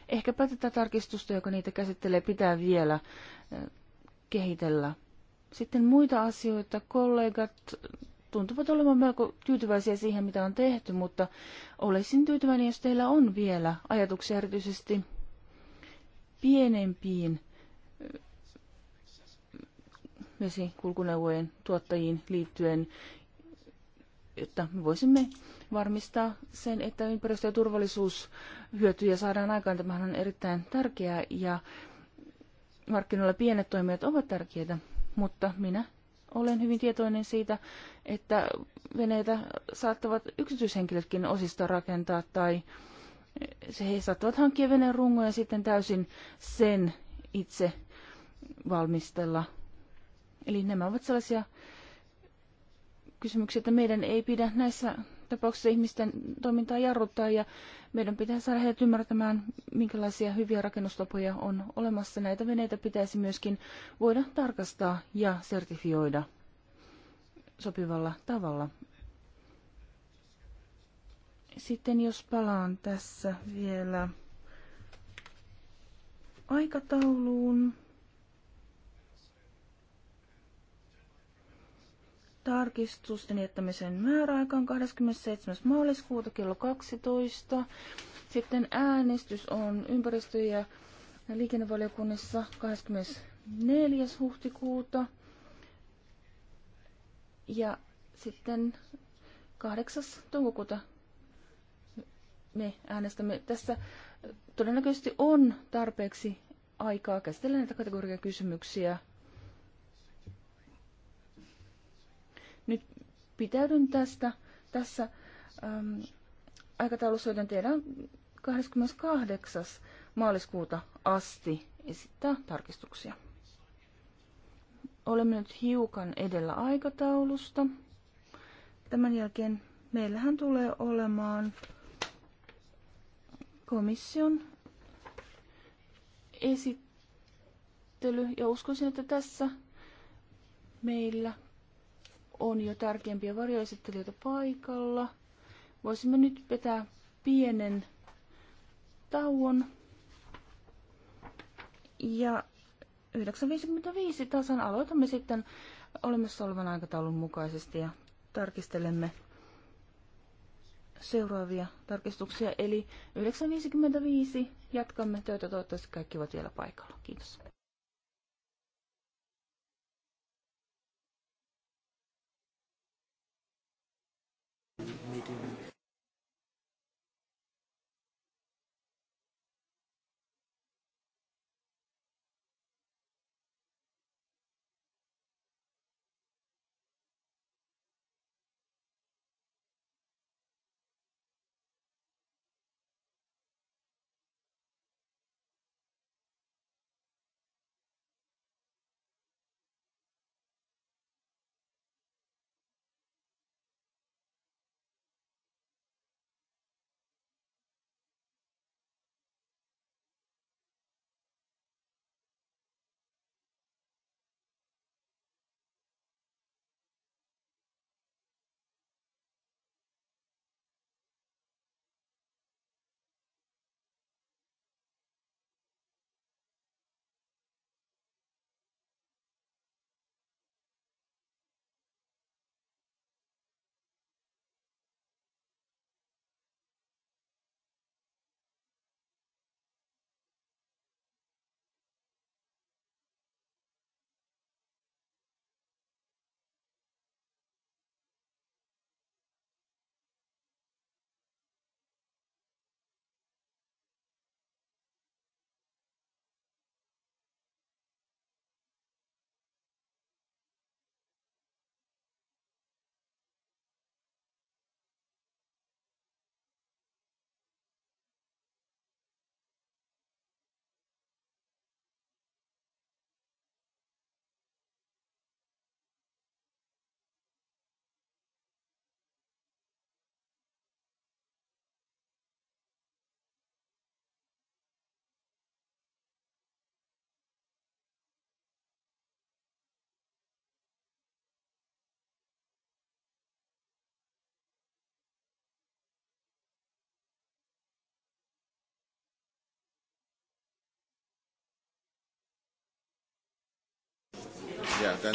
Ehkäpä tätä tarkistusta, joka niitä käsittelee, pitää vielä kehitellä. Sitten muita asioita. Kollegat tuntuvat olevan melko tyytyväisiä siihen, mitä on tehty, mutta olisin tyytyväinen, jos teillä on vielä ajatuksia erityisesti pienempiin eh, vesikulkuneuvojen tuottajiin liittyen, että me voisimme varmistaa sen, että ympäristö- ja turvallisuushyötyjä saadaan aikaan. Tämähän on erittäin tärkeää ja markkinoilla pienet toimijat ovat tärkeitä, mutta minä olen hyvin tietoinen siitä, että veneitä saattavat yksityishenkilötkin osista rakentaa tai se he saattavat hankkia veneen rungon ja sitten täysin sen itse valmistella. Eli nämä ovat sellaisia kysymyksiä, että meidän ei pidä näissä tapauksessa ihmisten toimintaa jarruttaa ja meidän pitää saada heidät ymmärtämään, minkälaisia hyviä rakennustapoja on olemassa. Näitä veneitä pitäisi myöskin voida tarkastaa ja sertifioida sopivalla tavalla. Sitten jos palaan tässä vielä aikatauluun. Tarkistusten jättämisen määräaika on 27. maaliskuuta kello 12. Sitten äänestys on ympäristö- ja liikennevaliokunnassa 24. huhtikuuta. Ja sitten 8. toukokuuta me äänestämme. Tässä todennäköisesti on tarpeeksi aikaa käsitellä näitä kategoriakysymyksiä. kysymyksiä pitäydyn tästä tässä äm, aikataulussa, joten tehdään 28. maaliskuuta asti esittää tarkistuksia. Olemme nyt hiukan edellä aikataulusta. Tämän jälkeen meillähän tulee olemaan komission esittely. Ja uskoisin, että tässä meillä on jo tärkeimpiä varjoesittelijöitä paikalla. Voisimme nyt vetää pienen tauon. Ja 9.55 tasan aloitamme sitten olemassa olevan aikataulun mukaisesti ja tarkistelemme seuraavia tarkistuksia. Eli 9.55 jatkamme töitä. Toivottavasti kaikki ovat vielä paikalla. Kiitos. medium Yeah,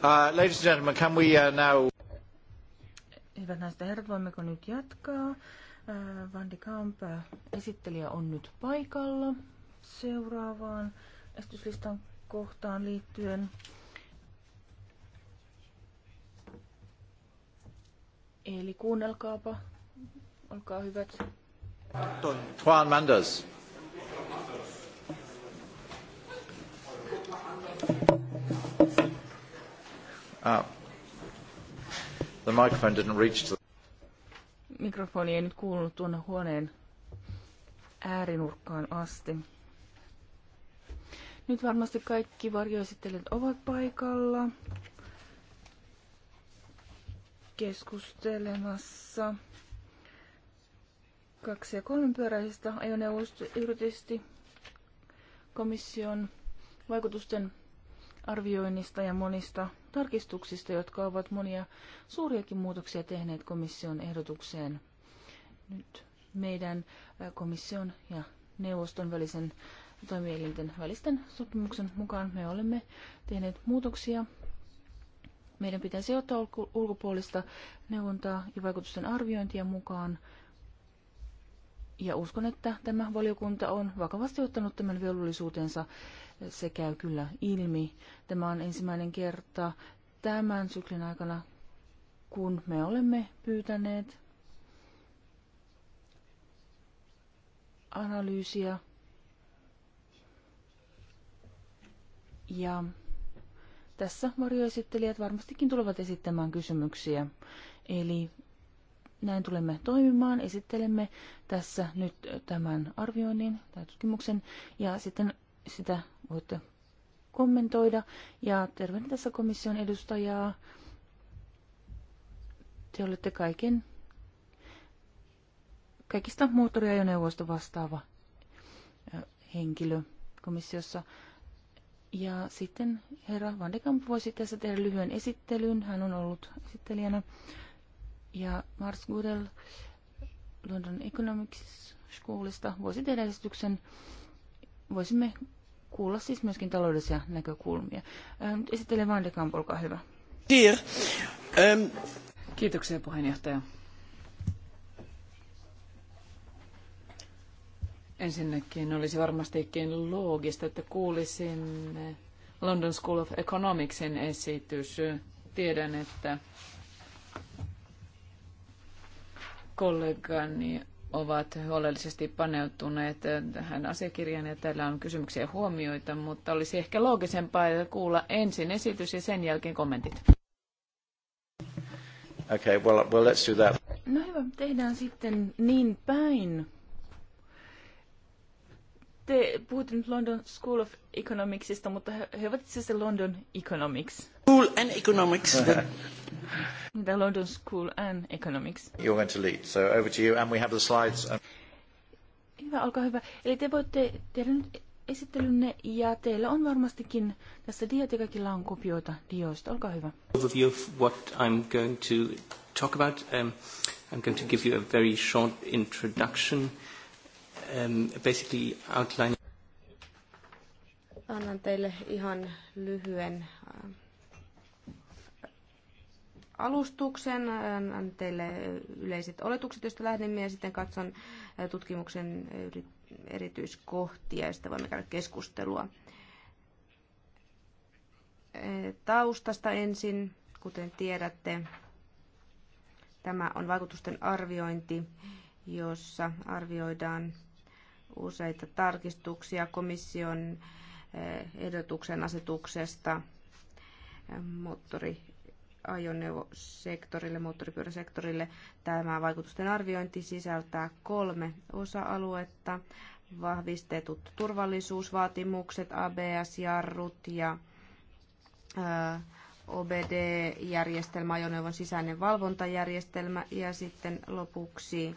Uh, ladies and gentlemen, can we uh, now... Hyvät naiset ja herrat, voimmeko nyt jatkaa? Uh, Vandi Kamp, uh, esittelijä on nyt paikalla seuraavaan esityslistan kohtaan liittyen. Eli kuunnelkaapa, olkaa hyvät. Juan Mendes. Ah. the microphone didn't reach the... Mikrofoni ei nyt kuulunut tuonne huoneen äärinurkkaan asti. Nyt varmasti kaikki varjoesittelijät ovat paikalla keskustelemassa kaksi- ja kolmipyöräisistä ajoneuvoista erityisesti komission vaikutusten arvioinnista ja monista tarkistuksista, jotka ovat monia suuriakin muutoksia tehneet komission ehdotukseen. Nyt meidän komission ja neuvoston välisen toimielinten välisten sopimuksen mukaan me olemme tehneet muutoksia. Meidän pitäisi ottaa ulkopuolista neuvontaa ja vaikutusten arviointia mukaan. Ja uskon, että tämä valiokunta on vakavasti ottanut tämän velvollisuutensa se käy kyllä ilmi. Tämä on ensimmäinen kerta tämän syklin aikana, kun me olemme pyytäneet analyysiä ja tässä varjoesittelijät varmastikin tulevat esittämään kysymyksiä. Eli näin tulemme toimimaan. Esittelemme tässä nyt tämän arvioinnin tai tutkimuksen ja sitten sitä voitte kommentoida. Ja tervehdin tässä komission edustajaa. Te olette kaiken, kaikista moottoriajoneuvoista vastaava henkilö komissiossa. Ja sitten herra Van de Kamp voisi tässä tehdä lyhyen esittelyn. Hän on ollut esittelijänä. Ja Mars Goodell London Economics Schoolista voisi tehdä esityksen. Voisimme kuulla siis myöskin taloudellisia näkökulmia. Nyt esittelee Van de Kamp, olkaa hyvä. Um, Kiitoksia puheenjohtaja. Ensinnäkin olisi varmastikin loogista, että kuulisin London School of Economicsin esitys. Tiedän, että kollegani ovat huolellisesti paneutuneet tähän asiakirjaan ja täällä on kysymyksiä ja huomioita, mutta olisi ehkä loogisempaa kuulla ensin esitys ja sen jälkeen kommentit. Okay, well, well, let's do that. No hyvä, tehdään sitten niin päin. Te puhutte nyt London School of Economicsista, mutta he, he ovat itse asiassa London Economics. School and Economics. The London School and Economics. You're going to lead, so over to you, and we have the slides. Um, hyvä, olkaa hyvä. Eli te voitte tehdä nyt esittelynne, ja teillä on varmastikin tässä diat, ja kaikilla on kopioita dioista. Olkaa hyvä. Overview of what I'm going to talk about. Um, I'm going to give you a very short introduction, um, basically outlining annan teille ihan lyhyen uh, alustuksen, annan teille yleiset oletukset, joista lähdemme, ja sitten katson tutkimuksen erityiskohtia, joista voimme käydä keskustelua. Taustasta ensin, kuten tiedätte, tämä on vaikutusten arviointi, jossa arvioidaan useita tarkistuksia komission ehdotuksen asetuksesta moottori ajoneuvosektorille, moottoripyöräsektorille. Tämä vaikutusten arviointi sisältää kolme osa-aluetta. Vahvistetut turvallisuusvaatimukset, ABS-jarrut ja OBD-järjestelmä, ajoneuvon sisäinen valvontajärjestelmä ja sitten lopuksi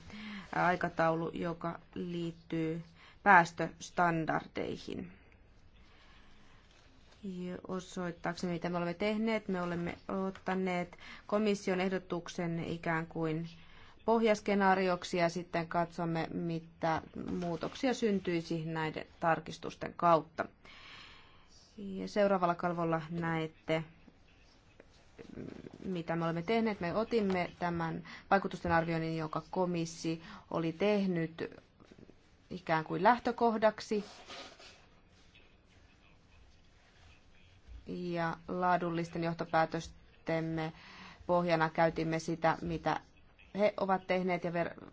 aikataulu, joka liittyy päästöstandardeihin osoittaakseni, mitä me olemme tehneet. Me olemme ottaneet komission ehdotuksen ikään kuin pohjaskenaarioksi ja sitten katsomme, mitä muutoksia syntyisi näiden tarkistusten kautta. Ja seuraavalla kalvolla näette, mitä me olemme tehneet. Me otimme tämän vaikutusten arvioinnin, jonka komissi oli tehnyt ikään kuin lähtökohdaksi ja laadullisten johtopäätöstemme pohjana käytimme sitä, mitä he ovat tehneet ja ver-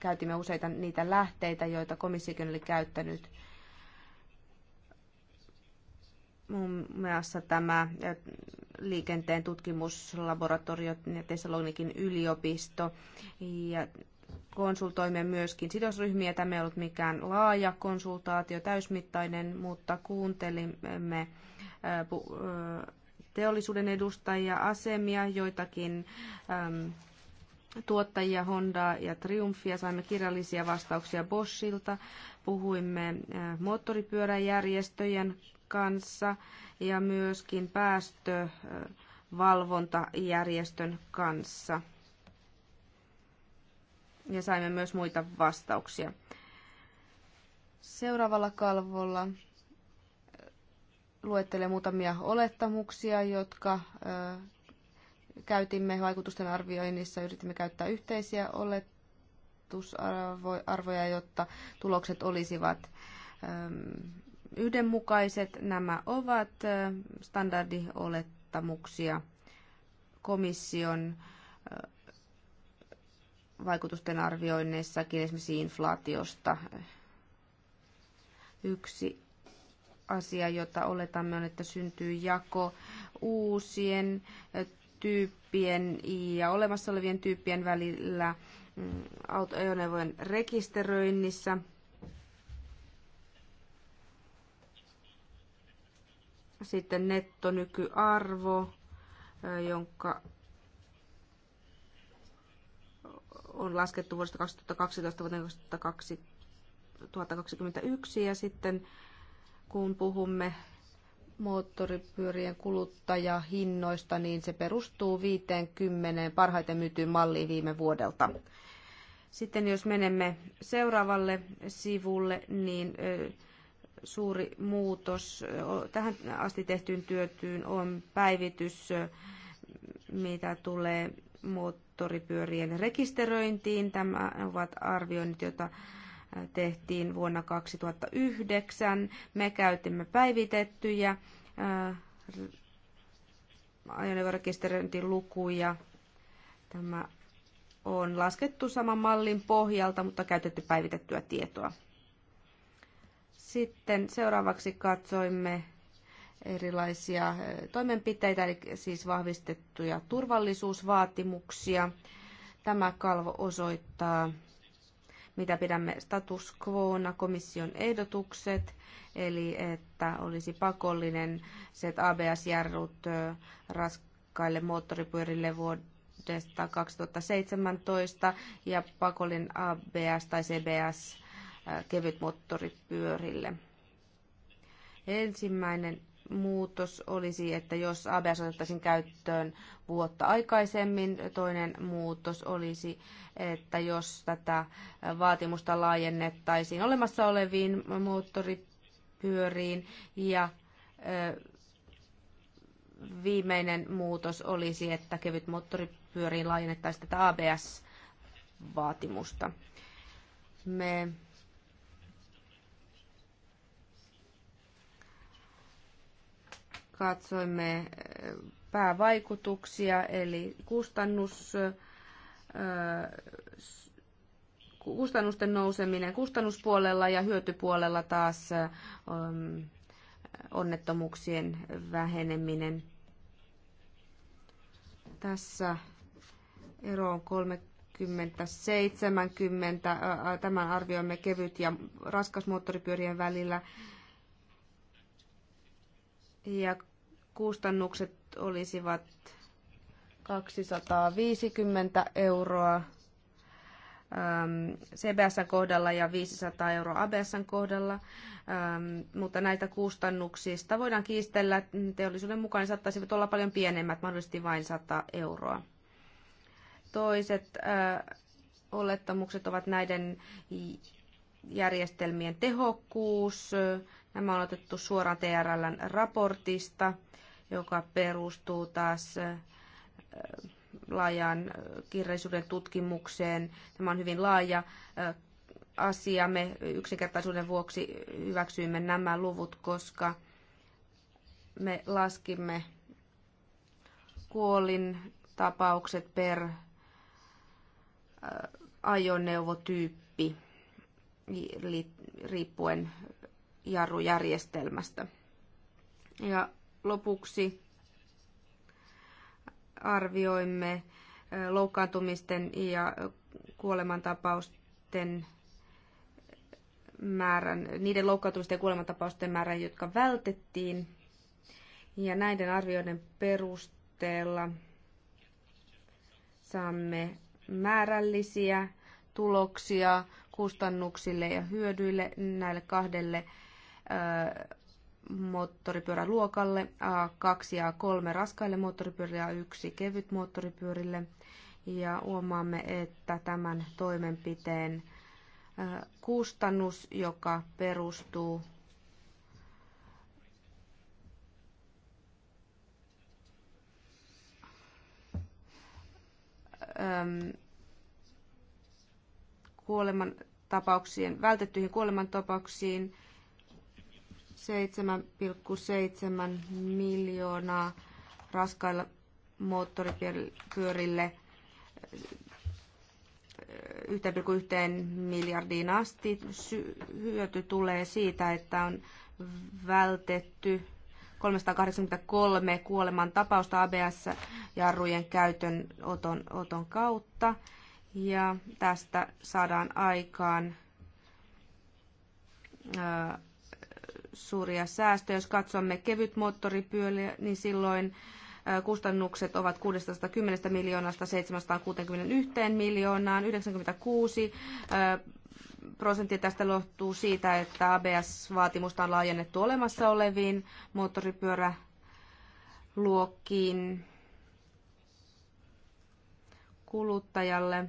käytimme useita niitä lähteitä, joita komissiokin oli käyttänyt. Muun muassa tämä liikenteen tutkimuslaboratorio ja Thessalonikin yliopisto. Ja konsultoimme myöskin sidosryhmiä. Tämä ei ollut mikään laaja konsultaatio, täysmittainen, mutta kuuntelimme teollisuuden edustajia, asemia, joitakin tuottajia Hondaa ja Triumfia. Saimme kirjallisia vastauksia Boschilta. Puhuimme moottoripyöräjärjestöjen kanssa ja myöskin päästövalvontajärjestön kanssa. Ja saimme myös muita vastauksia. Seuraavalla kalvolla luettelee muutamia olettamuksia, jotka käytimme vaikutusten arvioinnissa. Yritimme käyttää yhteisiä oletusarvoja, jotta tulokset olisivat yhdenmukaiset. Nämä ovat standardiolettamuksia komission vaikutusten arvioinneissakin, esimerkiksi inflaatiosta. Yksi asia, jota oletamme on, että syntyy jako uusien tyyppien ja olemassa olevien tyyppien välillä mm, autoajoneuvojen rekisteröinnissä. Sitten nettonykyarvo, jonka on laskettu vuodesta 2012 vuoteen 2021 ja sitten kun puhumme moottoripyörien kuluttajahinnoista, niin se perustuu 50 parhaiten myytyyn malliin viime vuodelta. Sitten jos menemme seuraavalle sivulle, niin suuri muutos tähän asti tehtyyn työtyyn on päivitys, mitä tulee moottoripyörien rekisteröintiin. Tämä ovat arvioinnit, joita tehtiin vuonna 2009. Me käytimme päivitettyjä äh, ajoneuvorekisteröintin lukuja. Tämä on laskettu saman mallin pohjalta, mutta käytetty päivitettyä tietoa. Sitten seuraavaksi katsoimme erilaisia äh, toimenpiteitä, eli siis vahvistettuja turvallisuusvaatimuksia. Tämä kalvo osoittaa mitä pidämme status quona komission ehdotukset, eli että olisi pakollinen se ABS-jarrut raskaille moottoripyörille vuodesta 2017 ja pakollinen ABS tai CBS kevytmoottoripyörille. Ensimmäinen muutos olisi, että jos ABS otettaisiin käyttöön vuotta aikaisemmin, toinen muutos olisi, että jos tätä vaatimusta laajennettaisiin olemassa oleviin moottoripyöriin ja viimeinen muutos olisi, että kevyt moottoripyöriin laajennettaisiin tätä ABS-vaatimusta. Me katsoimme eh, päävaikutuksia, eli kustannus, eh, kustannusten nouseminen kustannuspuolella ja hyötypuolella taas eh, onnettomuuksien väheneminen. Tässä ero on 30, 70. Tämän arvioimme kevyt- ja raskas moottoripyörien välillä. Ja kustannukset olisivat 250 euroa ähm, CBSn kohdalla ja 500 euroa ABSn kohdalla, ähm, mutta näitä kustannuksista voidaan kiistellä. Teollisuuden mukaan ne saattaisivat olla paljon pienemmät, mahdollisesti vain 100 euroa. Toiset äh, olettamukset ovat näiden järjestelmien tehokkuus. Nämä on otettu suoraan trl raportista joka perustuu taas laajan kirjallisuuden tutkimukseen. Tämä on hyvin laaja asia. Me yksinkertaisuuden vuoksi hyväksyimme nämä luvut, koska me laskimme kuolin tapaukset per ajoneuvotyyppi riippuen jarrujärjestelmästä. Ja lopuksi arvioimme loukkaantumisten ja kuolemantapausten määrän, niiden loukkaantumisten ja kuolemantapausten määrän, jotka vältettiin. Ja näiden arvioiden perusteella saamme määrällisiä tuloksia kustannuksille ja hyödyille näille kahdelle moottoripyöräluokalle, A2 ja A3 raskaille moottoripyörille ja yksi kevyt moottoripyörille. Ja huomaamme, että tämän toimenpiteen kustannus, joka perustuu kuoleman tapauksiin, vältettyihin kuolemantapauksiin 7,7 miljoonaa raskailla moottoripyörille 1,1 miljardiin asti. Hyöty tulee siitä, että on vältetty 383 kuoleman tapausta ABS-jarrujen käytön oton, oton kautta. Ja tästä saadaan aikaan ää, suuria säästöjä. Jos katsomme kevyt niin silloin kustannukset ovat 610 miljoonasta 761 miljoonaan. 96 prosenttia tästä lohtuu siitä, että ABS-vaatimusta on laajennettu olemassa oleviin moottoripyöräluokkiin kuluttajalle.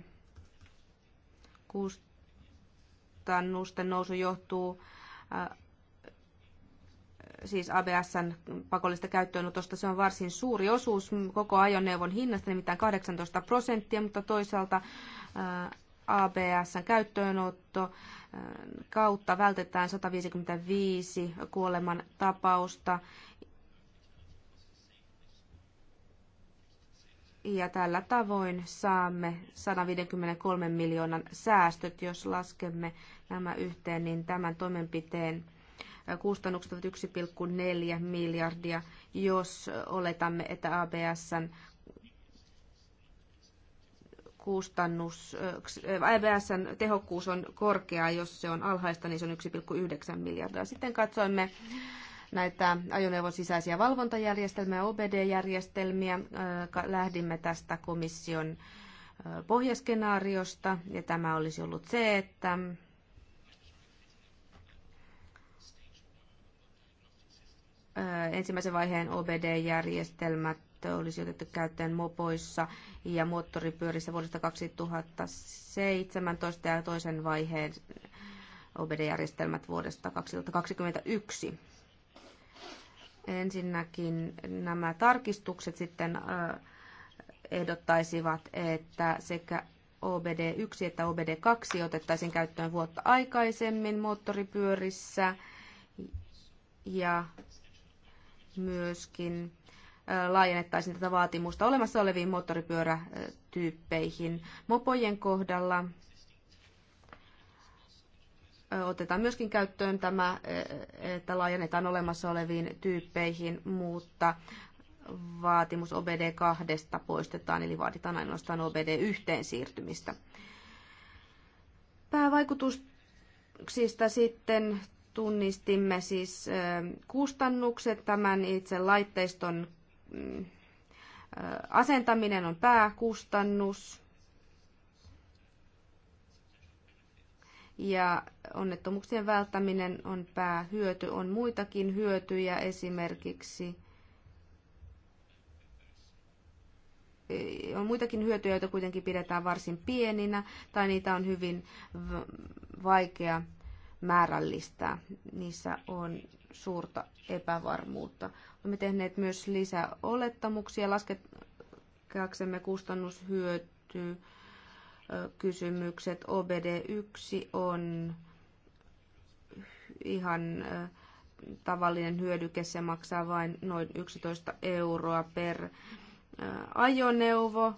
Kustannusten nousu johtuu siis ABSn pakollista käyttöönotosta, se on varsin suuri osuus koko ajoneuvon hinnasta, nimittäin 18 prosenttia, mutta toisaalta ABSn käyttöönotto kautta vältetään 155 kuoleman tapausta. Ja tällä tavoin saamme 153 miljoonan säästöt, jos laskemme nämä yhteen, niin tämän toimenpiteen kustannukset ovat 1,4 miljardia, jos oletamme, että ABSn kustannus, äh, tehokkuus on korkea, jos se on alhaista, niin se on 1,9 miljardia. Sitten katsoimme näitä ajoneuvon sisäisiä valvontajärjestelmiä, OBD-järjestelmiä. Äh, lähdimme tästä komission äh, pohjaskenaariosta, ja tämä olisi ollut se, että Äh, ensimmäisen vaiheen OBD-järjestelmät olisi otettu käyttöön mopoissa ja moottoripyörissä vuodesta 2017 ja toisen vaiheen OBD-järjestelmät vuodesta 2021. Ensinnäkin nämä tarkistukset sitten äh, ehdottaisivat, että sekä OBD1 että OBD2 otettaisiin käyttöön vuotta aikaisemmin moottoripyörissä ja myöskin laajennettaisiin tätä vaatimusta olemassa oleviin moottoripyörätyyppeihin. Mopojen kohdalla otetaan myöskin käyttöön tämä, että laajennetaan olemassa oleviin tyyppeihin, mutta vaatimus OBD2 poistetaan, eli vaaditaan ainoastaan OBD1 siirtymistä. Päävaikutuksista sitten tunnistimme siis kustannukset, tämän itse laitteiston mm, asentaminen on pääkustannus. Ja onnettomuuksien välttäminen on päähyöty. On muitakin hyötyjä esimerkiksi. On muitakin hyötyjä, joita kuitenkin pidetään varsin pieninä tai niitä on hyvin vaikea määrällistä, Niissä on suurta epävarmuutta. Olemme tehneet myös lisää olettamuksia laskeaksemme kustannushyöty kysymykset. OBD1 on ihan tavallinen hyödyke, se maksaa vain noin 11 euroa per ajoneuvo.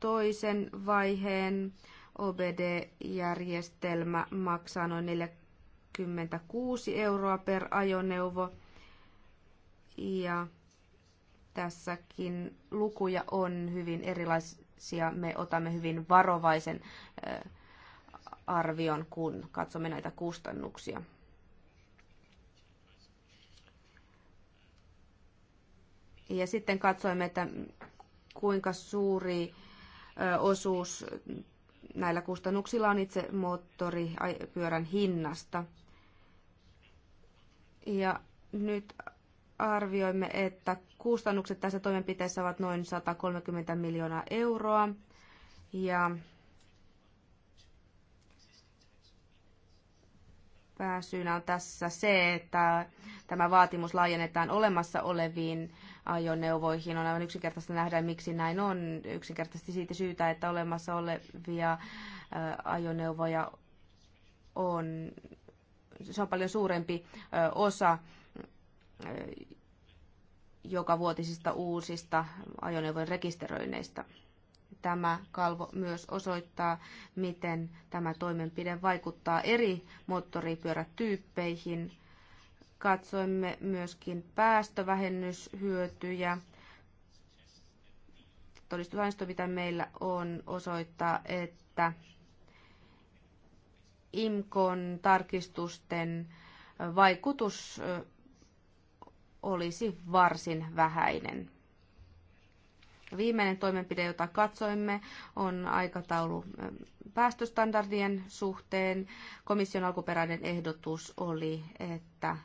Toisen vaiheen OBD-järjestelmä maksaa noin 46 euroa per ajoneuvo. Ja tässäkin lukuja on hyvin erilaisia. Me otamme hyvin varovaisen äh, arvion, kun katsomme näitä kustannuksia. Ja sitten katsoimme, että kuinka suuri äh, osuus näillä kustannuksilla on itse moottoripyörän hinnasta. Ja nyt arvioimme, että kustannukset tässä toimenpiteessä ovat noin 130 miljoonaa euroa. Ja pääsyynä on tässä se, että tämä vaatimus laajennetaan olemassa oleviin ajoneuvoihin. On aivan yksinkertaista nähdä, miksi näin on. Yksinkertaisesti siitä syytä, että olemassa olevia äh, ajoneuvoja on, se on paljon suurempi äh, osa äh, joka vuotisista uusista ajoneuvojen rekisteröinneistä. Tämä kalvo myös osoittaa, miten tämä toimenpide vaikuttaa eri moottoripyörätyyppeihin Katsoimme myöskin päästövähennyshyötyjä. Todistusaineisto, mitä meillä on, osoittaa, että IMKON tarkistusten vaikutus olisi varsin vähäinen. Viimeinen toimenpide, jota katsoimme, on aikataulu päästöstandardien suhteen. Komission alkuperäinen ehdotus oli, että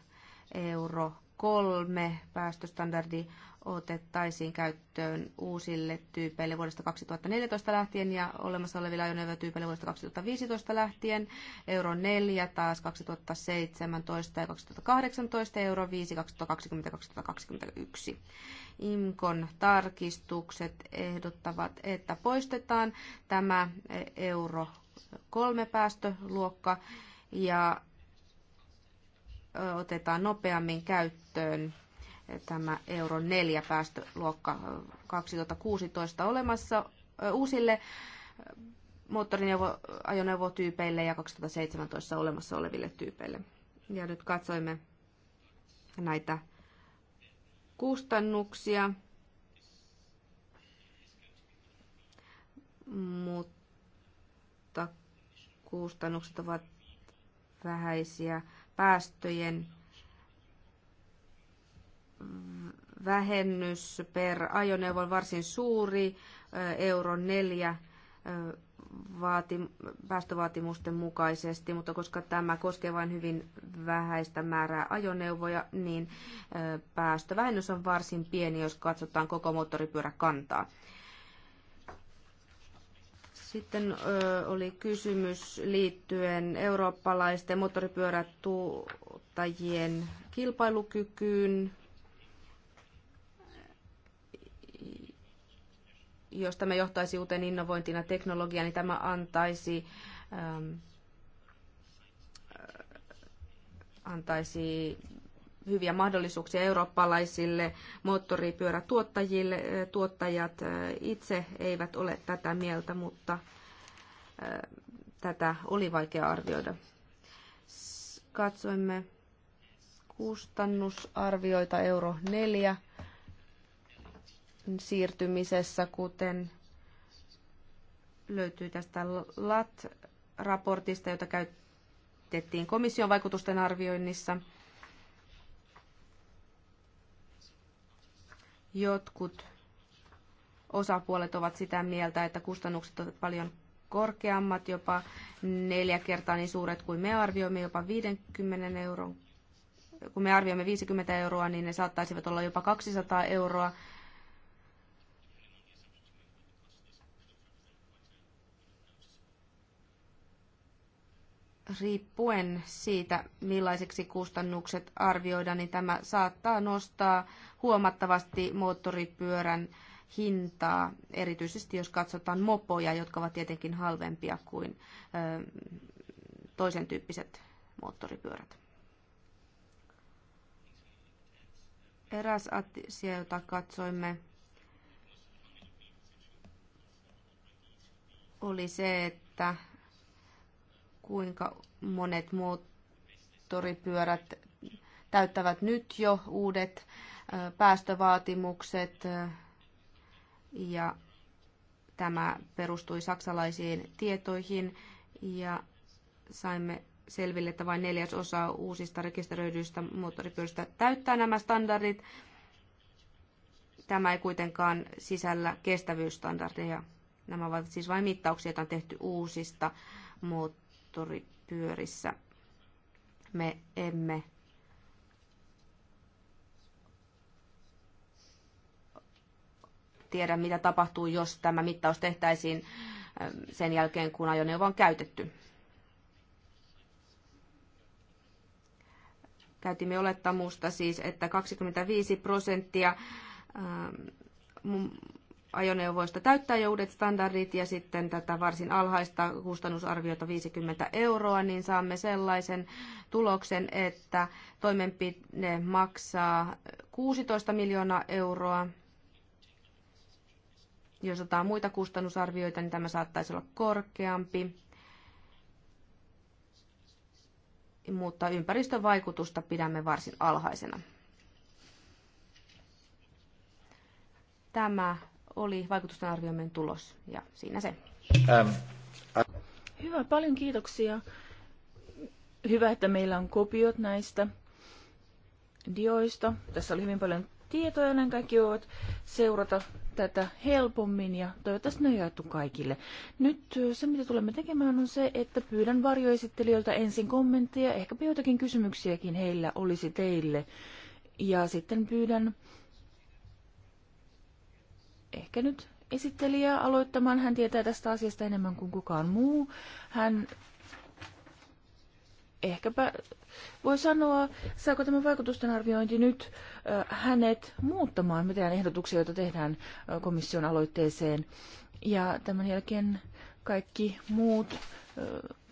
euro kolme päästöstandardi otettaisiin käyttöön uusille tyypeille vuodesta 2014 lähtien ja olemassa olevilla tyypeille vuodesta 2015 lähtien, euro 4 taas 2017 ja 2018, euro 5 2020-2021. IMKON tarkistukset ehdottavat, että poistetaan tämä euro 3 päästöluokka ja otetaan nopeammin käyttöön tämä euro 4 päästöluokka 2016 olemassa uusille moottoriajoneuvotyypeille ja 2017 olemassa oleville tyypeille. Ja nyt katsoimme näitä kustannuksia. Mutta kustannukset ovat vähäisiä päästöjen vähennys per ajoneuvo on varsin suuri, euro neljä vaati, päästövaatimusten mukaisesti, mutta koska tämä koskee vain hyvin vähäistä määrää ajoneuvoja, niin päästövähennys on varsin pieni, jos katsotaan koko moottoripyöräkantaa. Sitten ö, oli kysymys liittyen eurooppalaisten moottoripyörätuottajien kilpailukykyyn, jos tämä johtaisi uuteen innovointiin ja teknologiaan, niin tämä antaisi, ö, antaisi hyviä mahdollisuuksia eurooppalaisille moottoripyörätuottajille. Tuottajat itse eivät ole tätä mieltä, mutta tätä oli vaikea arvioida. Katsoimme kustannusarvioita euro 4 siirtymisessä, kuten löytyy tästä LAT-raportista, jota käytettiin komission vaikutusten arvioinnissa – Jotkut osapuolet ovat sitä mieltä, että kustannukset ovat paljon korkeammat, jopa neljä kertaa niin suuret kuin me arvioimme, jopa 50 euroa. Kun me arvioimme 50 euroa, niin ne saattaisivat olla jopa 200 euroa riippuen siitä, millaiseksi kustannukset arvioidaan, niin tämä saattaa nostaa huomattavasti moottoripyörän hintaa, erityisesti jos katsotaan mopoja, jotka ovat tietenkin halvempia kuin toisen tyyppiset moottoripyörät. Eräs asia, jota katsoimme, oli se, että kuinka monet moottoripyörät täyttävät nyt jo uudet päästövaatimukset ja tämä perustui saksalaisiin tietoihin ja saimme selville, että vain neljäsosa uusista rekisteröidyistä moottoripyöristä täyttää nämä standardit. Tämä ei kuitenkaan sisällä kestävyysstandardeja. Nämä ovat siis vain mittauksia, joita on tehty uusista moottoripyöristä moottoripyörissä. Me emme tiedä, mitä tapahtuu, jos tämä mittaus tehtäisiin ähm, sen jälkeen, kun ajoneuvo on käytetty. Käytimme olettamusta siis, että 25 prosenttia ähm, ajoneuvoista täyttää jo uudet standardit ja sitten tätä varsin alhaista kustannusarviota 50 euroa, niin saamme sellaisen tuloksen, että toimenpide maksaa 16 miljoonaa euroa. Jos otetaan muita kustannusarvioita, niin tämä saattaisi olla korkeampi. Mutta ympäristövaikutusta pidämme varsin alhaisena. tämä oli vaikutusten arvioimen tulos ja siinä se. Ähm. Hyvä, paljon kiitoksia. Hyvä, että meillä on kopiot näistä dioista. Tässä oli hyvin paljon tietoja, näin kaikki voivat seurata tätä helpommin ja toivottavasti ne on jaettu kaikille. Nyt se, mitä tulemme tekemään, on se, että pyydän varjoesittelijöiltä ensin kommentteja, ehkä joitakin kysymyksiäkin heillä olisi teille. Ja sitten pyydän ehkä nyt esittelijä aloittamaan. Hän tietää tästä asiasta enemmän kuin kukaan muu. Hän ehkäpä voi sanoa, saako tämä vaikutusten arviointi nyt äh, hänet muuttamaan mitään ehdotuksia, joita tehdään äh, komission aloitteeseen. Ja tämän jälkeen kaikki muut äh,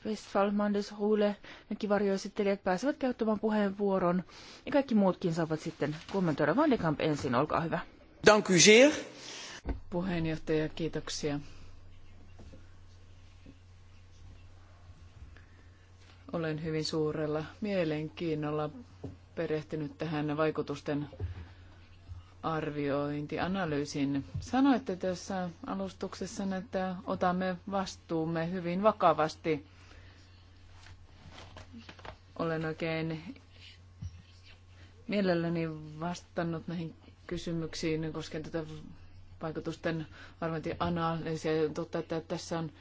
Westfall, Mandes, Huule ja kivarjoesittelijät pääsevät käyttämään puheenvuoron. Ja kaikki muutkin saavat sitten kommentoida. Van de Kamp ensin, olkaa hyvä. Dank u zeer. Puheenjohtaja, kiitoksia. Olen hyvin suurella mielenkiinnolla perehtynyt tähän vaikutusten arviointianalyysin. Sanoitte tässä alustuksessa, että otamme vastuumme hyvin vakavasti. Olen oikein mielelläni vastannut näihin kysymyksiin koskien tätä vaikutusten arviointianalyysiä. Totta, että tässä on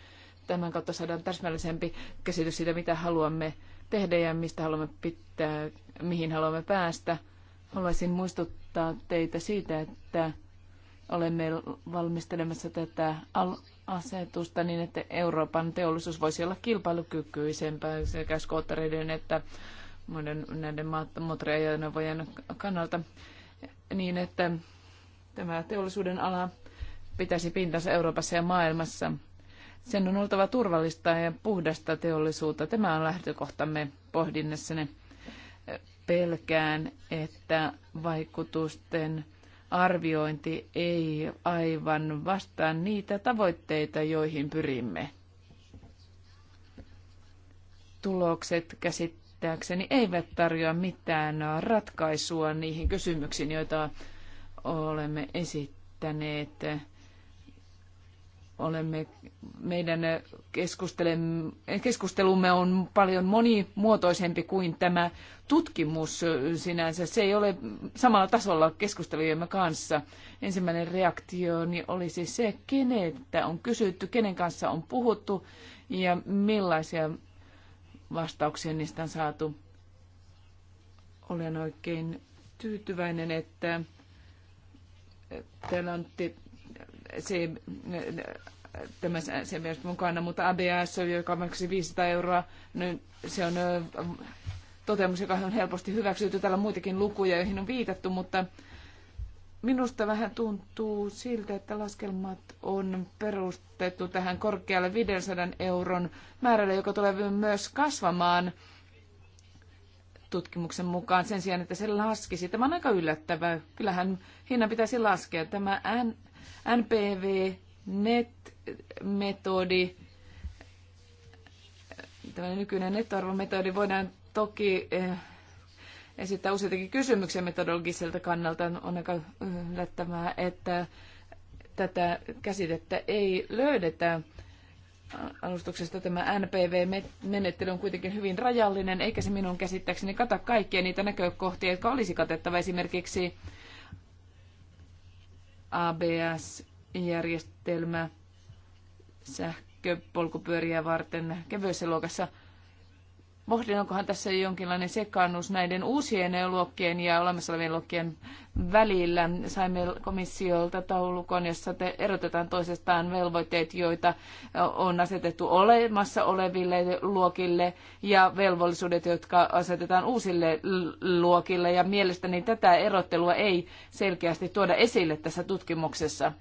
tämän kautta saadaan täsmällisempi käsitys siitä, mitä haluamme tehdä ja mistä haluamme pitää, mihin haluamme päästä. Haluaisin muistuttaa teitä siitä, että olemme valmistelemassa tätä asetusta niin, että Euroopan teollisuus voisi olla kilpailukykyisempää sekä skoottereiden että muiden näiden moottoriajoneuvojen kannalta niin, että Tämä teollisuuden ala pitäisi pintansa Euroopassa ja maailmassa. Sen on oltava turvallista ja puhdasta teollisuutta. Tämä on lähtökohtamme pohdinnassanne. Pelkään, että vaikutusten arviointi ei aivan vastaa niitä tavoitteita, joihin pyrimme. Tulokset käsittääkseni eivät tarjoa mitään ratkaisua niihin kysymyksiin, joita olemme esittäneet. Olemme, meidän keskustelumme on paljon monimuotoisempi kuin tämä tutkimus sinänsä. Se ei ole samalla tasolla keskustelujemme kanssa. Ensimmäinen reaktioni olisi se, keneltä on kysytty, kenen kanssa on puhuttu ja millaisia vastauksia niistä on saatu. Olen oikein tyytyväinen, että Telantti, se, tämä se myös mukana, mutta ABS, joka maksaa 500 euroa, niin se on toteamus, joka on helposti hyväksytty. Täällä on muitakin lukuja, joihin on viitattu, mutta minusta vähän tuntuu siltä, että laskelmat on perustettu tähän korkealle 500 euron määrälle, joka tulee myös kasvamaan – tutkimuksen mukaan sen sijaan, että se laskisi. Tämä on aika yllättävää. Kyllähän hinnan pitäisi laskea. Tämä NPV net-metodi, tämä nykyinen nettoarvometodi, voidaan toki eh, esittää useitakin kysymyksiä metodologiselta kannalta. On aika yllättävää, että tätä käsitettä ei löydetä alustuksesta tämä NPV-menettely on kuitenkin hyvin rajallinen, eikä se minun käsittääkseni kata kaikkia niitä näkökohtia, jotka olisi katettava esimerkiksi ABS-järjestelmä sähköpolkupyöriä varten kevyessä luokassa – onkohan tässä jonkinlainen sekaannus näiden uusien luokkien ja olemassa olevien luokkien välillä. Saimme komissiolta taulukon, jossa te erotetaan toisestaan velvoitteet, joita on asetettu olemassa oleville luokille ja velvollisuudet, jotka asetetaan uusille luokille. Ja mielestäni tätä erottelua ei selkeästi tuoda esille tässä tutkimuksessa.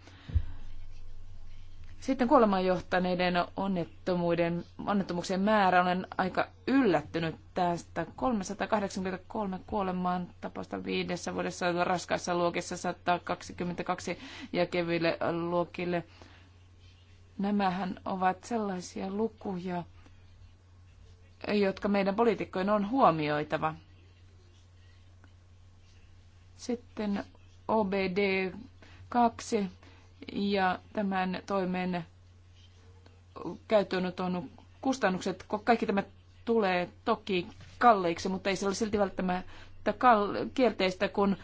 Sitten kuoleman johtaneiden onnettomuuden, onnettomuuksien määrä, on aika yllättynyt tästä. 383 kuolemaan tapausta viidessä vuodessa raskaassa luokissa 122 ja kevyille luokille. Nämähän ovat sellaisia lukuja, jotka meidän poliitikkojen on huomioitava. Sitten OBD 2 ja tämän toimen käyttöönoton kustannukset, kaikki tämä tulee toki kalliiksi, mutta ei se ole silti välttämättä kal- kielteistä, kun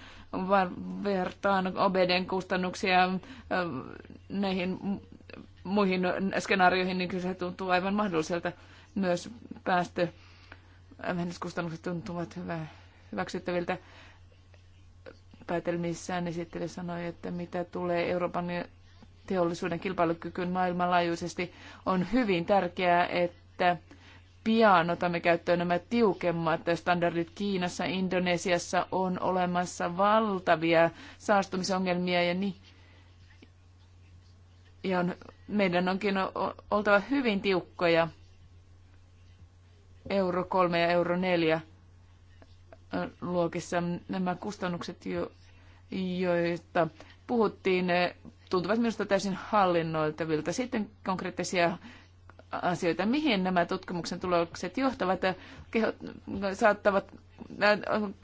vertaan OBDn kustannuksia näihin muihin skenaarioihin, niin kyllä se tuntuu aivan mahdolliselta. Myös päästö vähennyskustannukset tuntuvat hyvä, hyväksyttäviltä päätelmissään esittely sanoi, että mitä tulee Euroopan teollisuuden kilpailukykyyn maailmanlaajuisesti, on hyvin tärkeää, että pian otamme käyttöön nämä tiukemmat standardit Kiinassa, Indonesiassa on olemassa valtavia saastumisongelmia ja niin. Ja on, meidän onkin oltava hyvin tiukkoja euro 3 ja euro 4 luokissa. Nämä kustannukset, jo, joista puhuttiin, tuntuvat minusta täysin hallinnoitavilta. Sitten konkreettisia asioita, mihin nämä tutkimuksen tulokset johtavat ja kehot, saattavat,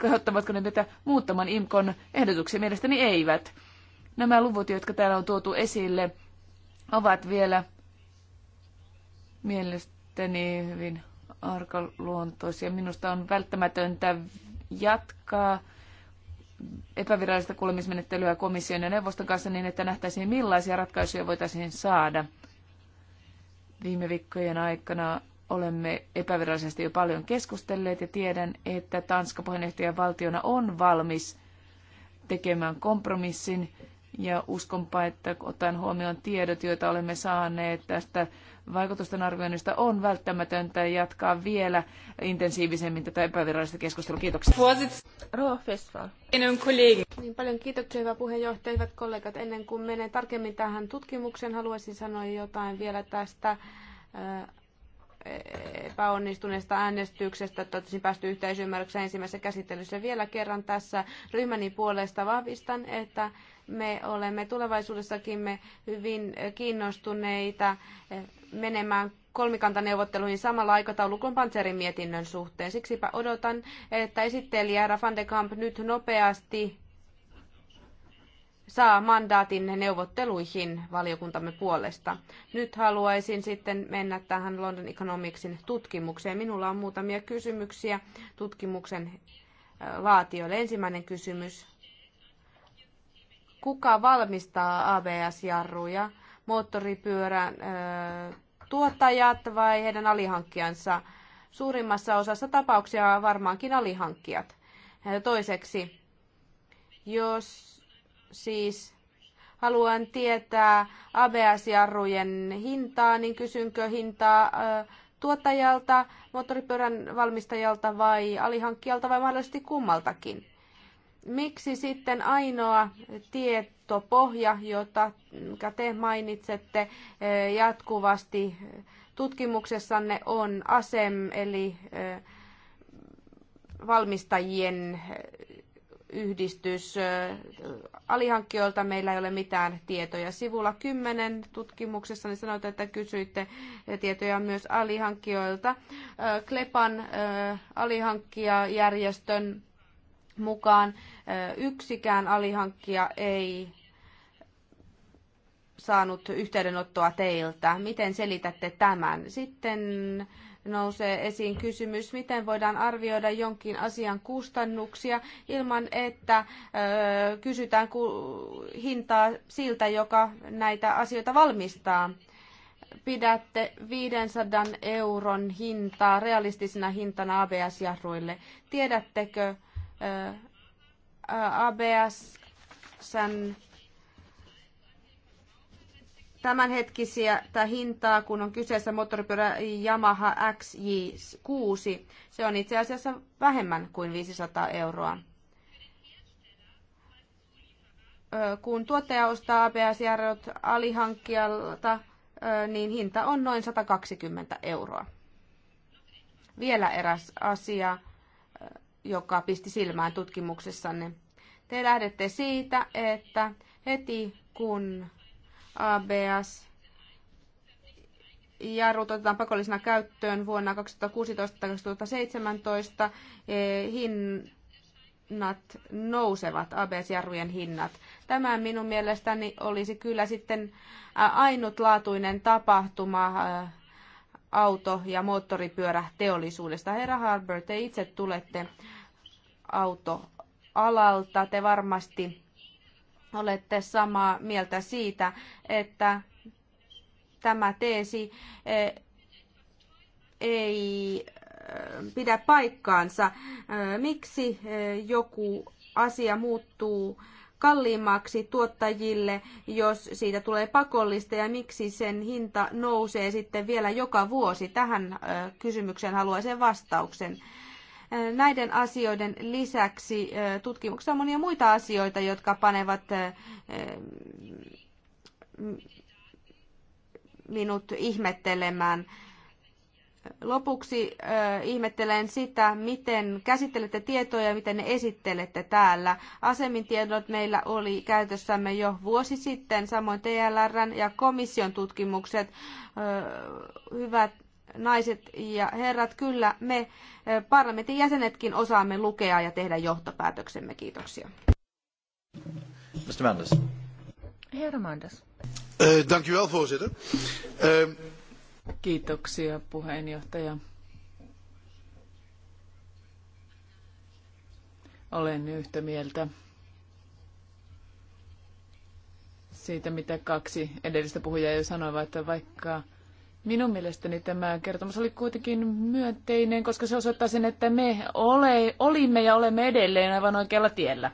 kehottavatko ne tätä muuttamaan IMKon ehdotuksia. Mielestäni eivät. Nämä luvut, jotka täällä on tuotu esille, ovat vielä mielestäni hyvin arkaluontoisia. Minusta on välttämätöntä jatkaa epävirallista kuulemismenettelyä komission ja neuvoston kanssa niin, että nähtäisiin millaisia ratkaisuja voitaisiin saada. Viime viikkojen aikana olemme epävirallisesti jo paljon keskustelleet ja tiedän, että Tanska puheenjohtajan valtiona on valmis tekemään kompromissin ja uskonpa, että ottaen huomioon tiedot, joita olemme saaneet tästä vaikutusten arvioinnista, on välttämätöntä jatkaa vielä intensiivisemmin tätä epävirallista keskustelua. Kiitoksia. Rouva Festival. Niin paljon kiitoksia, hyvä puheenjohtaja, hyvät kollegat. Ennen kuin menen tarkemmin tähän tutkimukseen, haluaisin sanoa jotain vielä tästä äh, epäonnistuneesta äänestyksestä. Toivottavasti päästy yhteisymmärrykseen ensimmäisessä käsittelyssä vielä kerran tässä ryhmäni puolesta vahvistan, että me olemme tulevaisuudessakin hyvin kiinnostuneita eh, menemään kolmikantaneuvotteluihin samalla aikataululla kuin Panzerin mietinnön suhteen. Siksipä odotan, että esittelijä Rafan de Kamp nyt nopeasti saa mandaatin neuvotteluihin valiokuntamme puolesta. Nyt haluaisin sitten mennä tähän London Economicsin tutkimukseen. Minulla on muutamia kysymyksiä tutkimuksen eh, laatijoille. Ensimmäinen kysymys kuka valmistaa ABS-jarruja, moottoripyörän tuottajat vai heidän alihankkijansa. Suurimmassa osassa tapauksia varmaankin alihankkijat. Toiseksi, jos siis haluan tietää ABS-jarrujen hintaa, niin kysynkö hintaa tuottajalta, moottoripyörän valmistajalta vai alihankkijalta vai mahdollisesti kummaltakin miksi sitten ainoa tietopohja, jota te mainitsette eh, jatkuvasti tutkimuksessanne, on ASEM, eli eh, valmistajien eh, yhdistys. Alihankkijoilta meillä ei ole mitään tietoja. Sivulla 10 tutkimuksessa niin sanotaan, että kysyitte tietoja myös alihankkijoilta. Klepan alihankkijajärjestön mukaan yksikään alihankkija ei saanut yhteydenottoa teiltä. Miten selitätte tämän? Sitten nousee esiin kysymys, miten voidaan arvioida jonkin asian kustannuksia ilman, että kysytään hintaa siltä, joka näitä asioita valmistaa. Pidätte 500 euron hintaa realistisena hintana abs jahruille Tiedättekö, sen tämänhetkisiä tämä hintaa, kun on kyseessä moottoripyörä Yamaha XJ6. Se on itse asiassa vähemmän kuin 500 euroa. Kun tuottaja ostaa ABS-järjot alihankkijalta, niin hinta on noin 120 euroa. Vielä eräs asia joka pisti silmään tutkimuksessanne. Te lähdette siitä, että heti kun ABS jarrut otetaan pakollisena käyttöön vuonna 2016-2017, e, hinnat nousevat, ABS-jarrujen hinnat. Tämä minun mielestäni olisi kyllä sitten ainutlaatuinen tapahtuma auto- ja moottoripyöräteollisuudesta. Herra Harbour, te itse tulette autoalalta. Te varmasti olette samaa mieltä siitä, että tämä teesi e, ei e, pidä paikkaansa. E, miksi joku asia muuttuu kalliimmaksi tuottajille, jos siitä tulee pakollista ja miksi sen hinta nousee sitten vielä joka vuosi? Tähän kysymykseen haluaisin vastauksen. Näiden asioiden lisäksi tutkimuksessa on monia muita asioita, jotka panevat minut ihmettelemään Lopuksi äh, ihmettelen sitä, miten käsittelette tietoja ja miten ne esittelette täällä. Asemin tiedot meillä oli käytössämme jo vuosi sitten, samoin TLR ja komission tutkimukset. Äh, hyvät naiset ja herrat, kyllä me parlamentin jäsenetkin osaamme lukea ja tehdä johtopäätöksemme. Kiitoksia. Mr. Manders. Herra Manders. Uh, dank u wel, voorzitter. Uh, Kiitoksia puheenjohtaja. Olen yhtä mieltä siitä, mitä kaksi edellistä puhujaa jo sanoivat, että vaikka minun mielestäni tämä kertomus oli kuitenkin myönteinen, koska se osoittaa sen, että me ole, olimme ja olemme edelleen aivan oikealla tiellä.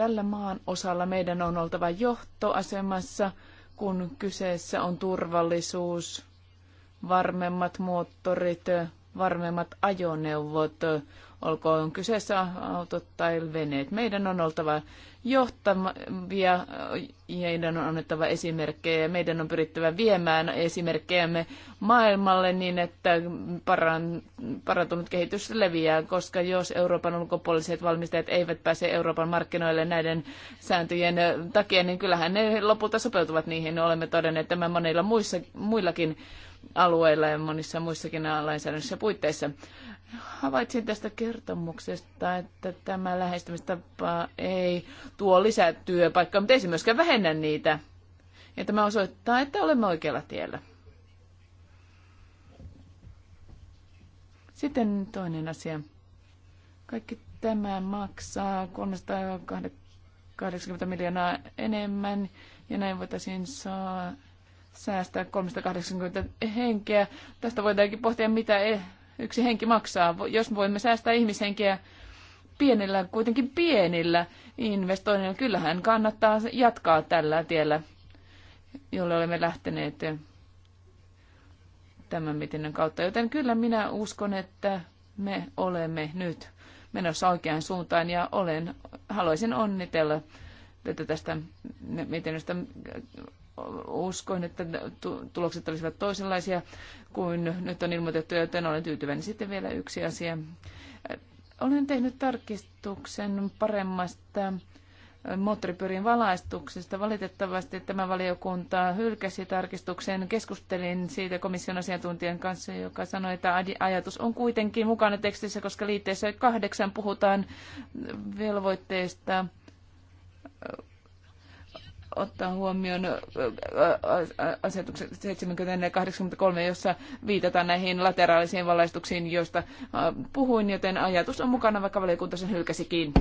Tällä maan osalla meidän on oltava johtoasemassa, kun kyseessä on turvallisuus, varmemmat moottorit, varmemmat ajoneuvot, olkoon kyseessä autot tai veneet. Meidän on oltava johtavia, meidän on annettava esimerkkejä ja meidän on pyrittävä viemään esimerkkejämme maailmalle niin, että parantunut kehitys leviää, koska jos Euroopan ulkopuoliset valmistajat eivät pääse Euroopan markkinoille näiden sääntöjen takia, niin kyllähän ne lopulta sopeutuvat niihin. Olemme todenneet tämän monilla muissa, muillakin alueilla ja monissa muissakin lainsäädännössä puitteissa. Havaitsin tästä kertomuksesta, että tämä lähestymistapa ei tuo lisää työpaikkaa, mutta ei se myöskään vähennä niitä. Ja tämä osoittaa, että olemme oikealla tiellä. Sitten toinen asia. Kaikki tämä maksaa 380 miljoonaa enemmän ja näin voitaisiin saa, säästää 380 henkeä. Tästä voidaankin pohtia, mitä e- yksi henki maksaa. Jos voimme säästää ihmishenkeä pienillä, kuitenkin pienillä investoinnilla, kyllähän kannattaa jatkaa tällä tiellä, jolle olemme lähteneet tämän mietinnön kautta. Joten kyllä minä uskon, että me olemme nyt menossa oikeaan suuntaan ja olen, haluaisin onnitella tätä tästä mietinnöstä uskoin, että tulokset olisivat toisenlaisia kuin nyt on ilmoitettu, joten olen tyytyväinen. Sitten vielä yksi asia. Olen tehnyt tarkistuksen paremmasta moottoripyörin valaistuksesta. Valitettavasti tämä valiokunta hylkäsi tarkistuksen. Keskustelin siitä komission asiantuntijan kanssa, joka sanoi, että ajatus on kuitenkin mukana tekstissä, koska liitteessä kahdeksan puhutaan velvoitteesta ottaa huomioon asetuksen 7083, jossa viitataan näihin lateraalisiin valaistuksiin, joista puhuin, joten ajatus on mukana, vaikka valiokunta sen hylkäsikin.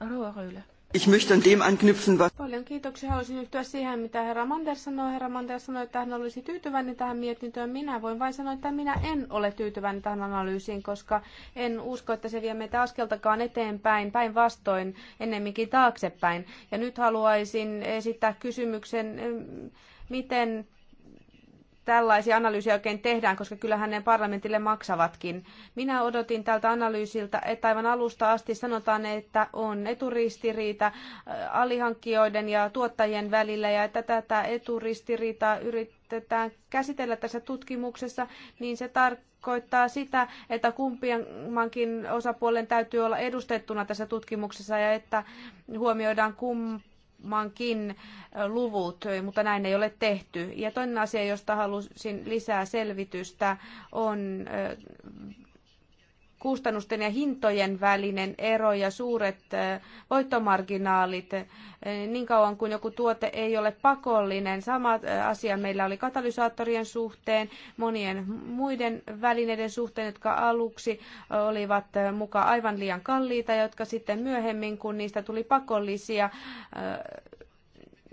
Arvoa Ryylä. Ich möchte an dem anknüpfen, was... Paljon kiitoksia. Haluaisin yhtyä siihen, mitä herra Manders sanoi. Herra Manders sanoi, että hän olisi tyytyväinen tähän mietintöön. Minä voin vain sanoa, että minä en ole tyytyväinen tähän analyysiin, koska en usko, että se vie meitä askeltakaan eteenpäin, päinvastoin, ennemminkin taaksepäin. Ja nyt haluaisin esittää kysymyksen, miten tällaisia analyysiä oikein tehdään, koska kyllähän ne parlamentille maksavatkin. Minä odotin tältä analyysiltä, että aivan alusta asti sanotaan, että on eturistiriita äh, alihankkijoiden ja tuottajien välillä ja että tätä eturistiriitaa yritetään käsitellä tässä tutkimuksessa, niin se tarkoittaa sitä, että kumpiankin osapuolen täytyy olla edustettuna tässä tutkimuksessa ja että huomioidaan kumpi varmaankin luvut, mutta näin ei ole tehty. Ja toinen asia, josta halusin lisää selvitystä, on kustannusten ja hintojen välinen ero ja suuret voittomarginaalit niin kauan kuin joku tuote ei ole pakollinen. Sama asia meillä oli katalysaattorien suhteen, monien muiden välineiden suhteen, jotka aluksi olivat mukaan aivan liian kalliita, jotka sitten myöhemmin, kun niistä tuli pakollisia,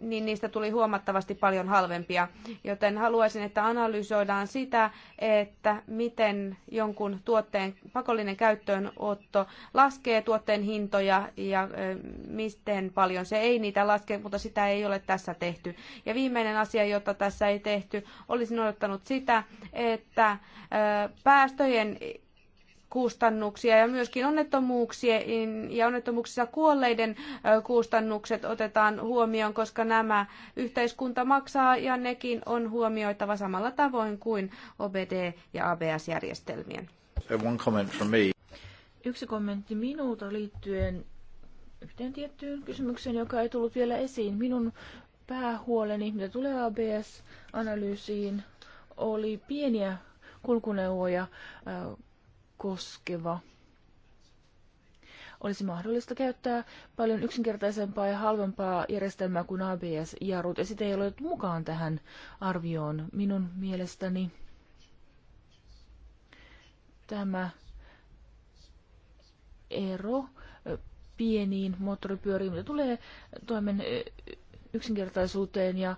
niin niistä tuli huomattavasti paljon halvempia. Joten haluaisin, että analysoidaan sitä, että miten jonkun tuotteen pakollinen käyttöönotto laskee tuotteen hintoja ja miten paljon se ei niitä laske, mutta sitä ei ole tässä tehty. Ja viimeinen asia, jota tässä ei tehty, olisin odottanut sitä, että päästöjen kustannuksia ja myöskin onnettomuuksien ja onnettomuuksissa kuolleiden kustannukset otetaan huomioon, koska nämä yhteiskunta maksaa ja nekin on huomioitava samalla tavoin kuin OBD- ja ABS-järjestelmien. Yksi kommentti minulta liittyen yhteen tiettyyn kysymykseen, joka ei tullut vielä esiin. Minun päähuoleni, mitä tulee ABS-analyysiin, oli pieniä kulkuneuvoja koskeva. Olisi mahdollista käyttää paljon yksinkertaisempaa ja halvempaa järjestelmää kuin ABS-jarrut, ja sitä ei ole mukaan tähän arvioon. Minun mielestäni tämä ero pieniin moottoripyöriin, mitä tulee toimen yksinkertaisuuteen ja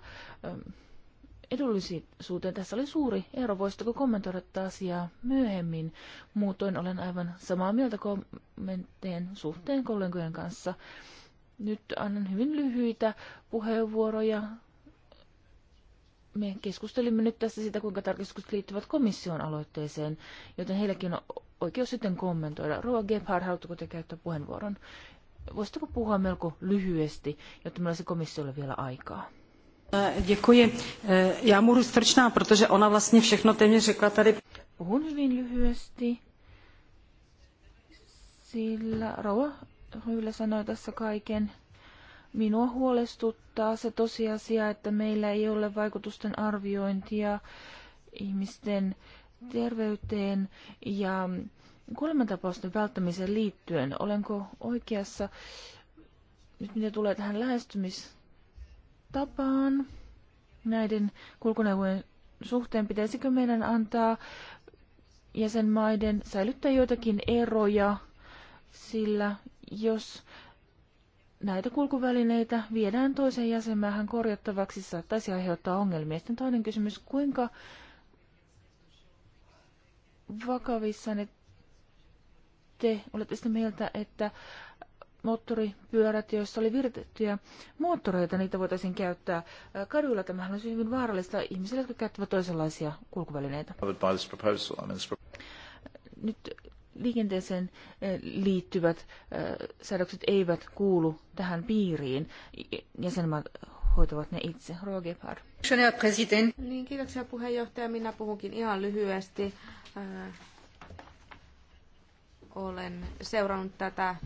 edullisuuteen. Tässä oli suuri ero. Voisitko kommentoida tätä asiaa myöhemmin? Muutoin olen aivan samaa mieltä kommenttien suhteen kollegojen kanssa. Nyt annan hyvin lyhyitä puheenvuoroja. Me keskustelimme nyt tässä sitä, kuinka tarkistukset liittyvät komission aloitteeseen, joten heilläkin on oikeus sitten kommentoida. Rova Gebhard, haluatteko te käyttää puheenvuoron? Voisitteko puhua melko lyhyesti, jotta meillä olisi komissiolle vielä aikaa? Eh, děkuji. Eh, já můžu strčná, protože ona vlastně všechno téměř řekla tady. sillä Rauha Hyylä sanoi tässä kaiken. Minua huolestuttaa se tosiasia, että meillä ei ole vaikutusten arviointia ihmisten terveyteen ja kuolemantapausten välttämiseen liittyen. Olenko oikeassa, nyt mitä tulee tähän lähestymiseen? tapaan näiden kulkuneuvojen suhteen? Pitäisikö meidän antaa jäsenmaiden säilyttää joitakin eroja, sillä jos näitä kulkuvälineitä viedään toiseen jäsenmäähän korjattavaksi, saattaisi aiheuttaa ongelmia. Sitten toinen kysymys, kuinka vakavissa ne te olette sitä mieltä, että moottoripyörät, joissa oli viritettyjä moottoreita, niitä voitaisiin käyttää kaduilla. Tämähän olisi hyvin vaarallista ihmisille, jotka käyttävät toisenlaisia kulkuvälineitä. Nyt liikenteeseen liittyvät säädökset eivät kuulu tähän piiriin. Jäsenmaat hoitavat ne itse. Rova Niin, kiitoksia puheenjohtaja. Minä puhunkin ihan lyhyesti. olen seurannut tätä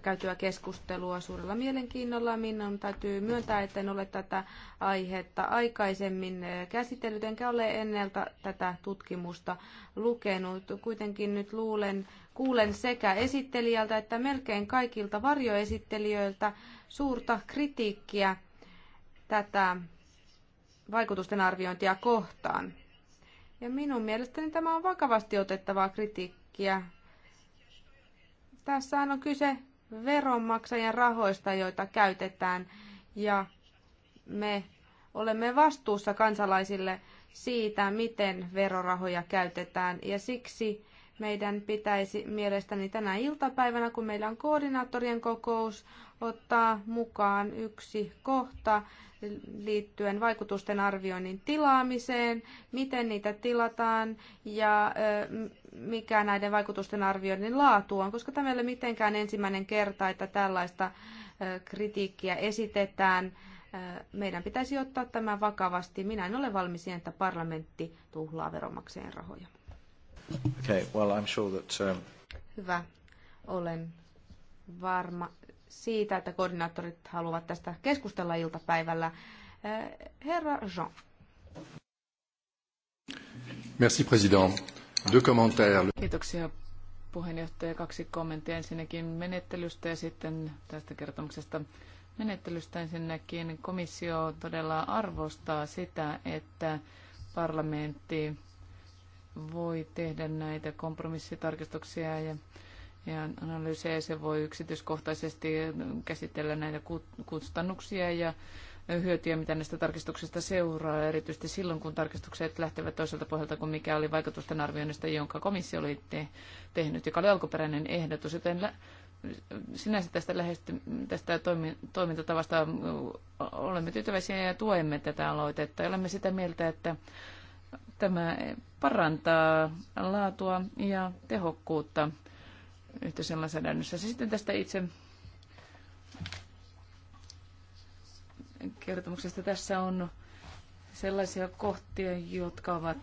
käytyä keskustelua suurella mielenkiinnolla. Minun täytyy myöntää, että en ole tätä aihetta aikaisemmin eh, käsitellyt, enkä ole ennelta tätä tutkimusta lukenut. Kuitenkin nyt luulen, kuulen sekä esittelijältä että melkein kaikilta varjoesittelijöiltä suurta kritiikkiä tätä vaikutusten arviointia kohtaan. Ja minun mielestäni tämä on vakavasti otettavaa kritiikkiä. Tässä on kyse veronmaksajien rahoista, joita käytetään, ja me olemme vastuussa kansalaisille siitä, miten verorahoja käytetään, ja siksi meidän pitäisi mielestäni tänä iltapäivänä, kun meillä on koordinaattorien kokous, ottaa mukaan yksi kohta liittyen vaikutusten arvioinnin tilaamiseen, miten niitä tilataan ja mikä näiden vaikutusten arvioinnin laatu on, koska tämä ei ole mitenkään ensimmäinen kerta, että tällaista kritiikkiä esitetään. Meidän pitäisi ottaa tämä vakavasti. Minä en ole valmis siihen, että parlamentti tuhlaa veronmaksajien rahoja. Okay, well, I'm sure that, um... Hyvä. Olen varma siitä, että koordinaattorit haluavat tästä keskustella iltapäivällä. Herra Jean. Merci, président. Deux commentaires. Kiitoksia puheenjohtaja. Kaksi kommenttia ensinnäkin menettelystä ja sitten tästä kertomuksesta menettelystä ensinnäkin. Komissio todella arvostaa sitä, että parlamentti voi tehdä näitä kompromissitarkistuksia ja, ja analyysejä. Se voi yksityiskohtaisesti käsitellä näitä kustannuksia ja hyötyjä, mitä näistä tarkistuksista seuraa, erityisesti silloin, kun tarkistukset lähtevät toiselta pohjalta kuin mikä oli vaikutusten arvioinnista, jonka komissio oli te- tehnyt, joka oli alkuperäinen ehdotus. Joten lä- sinänsä tästä, lähesty- tästä toimi- toimintatavasta mm, olemme tyytyväisiä ja tuemme tätä aloitetta. Olemme sitä mieltä, että tämä parantaa laatua ja tehokkuutta yhteisellä lainsäädännössä. Sitten tästä itse kertomuksesta. Tässä on sellaisia kohtia, jotka ovat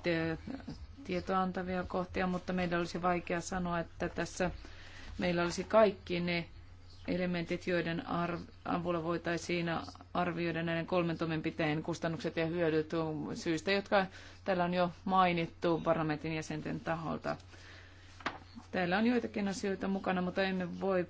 tietoa antavia kohtia, mutta meidän olisi vaikea sanoa, että tässä meillä olisi kaikki ne elementit, joiden avulla voitaisiin arvioida näiden kolmen toimenpiteen kustannukset ja hyödyt syistä, jotka täällä on jo mainittu parlamentin jäsenten taholta. Täällä on joitakin asioita mukana, mutta emme voi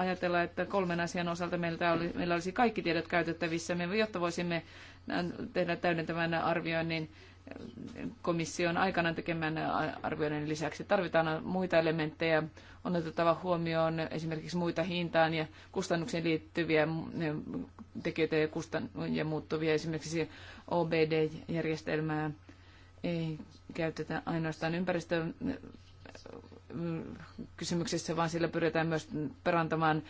ajatella, että kolmen asian osalta meillä, oli, meillä olisi kaikki tiedot käytettävissä, me, jotta voisimme äh, tehdä täydentävän arvioinnin äh, komission aikana tekemän arvioinnin lisäksi. Tarvitaan muita elementtejä, on otettava huomioon esimerkiksi muita hintaan ja kustannuksiin liittyviä äh, tekijöitä ja, kustan- ja muuttuvia, esimerkiksi OBD-järjestelmää ei käytetä ainoastaan ympäristön Mm, kysymyksessä, vaan sillä pyritään myös parantamaan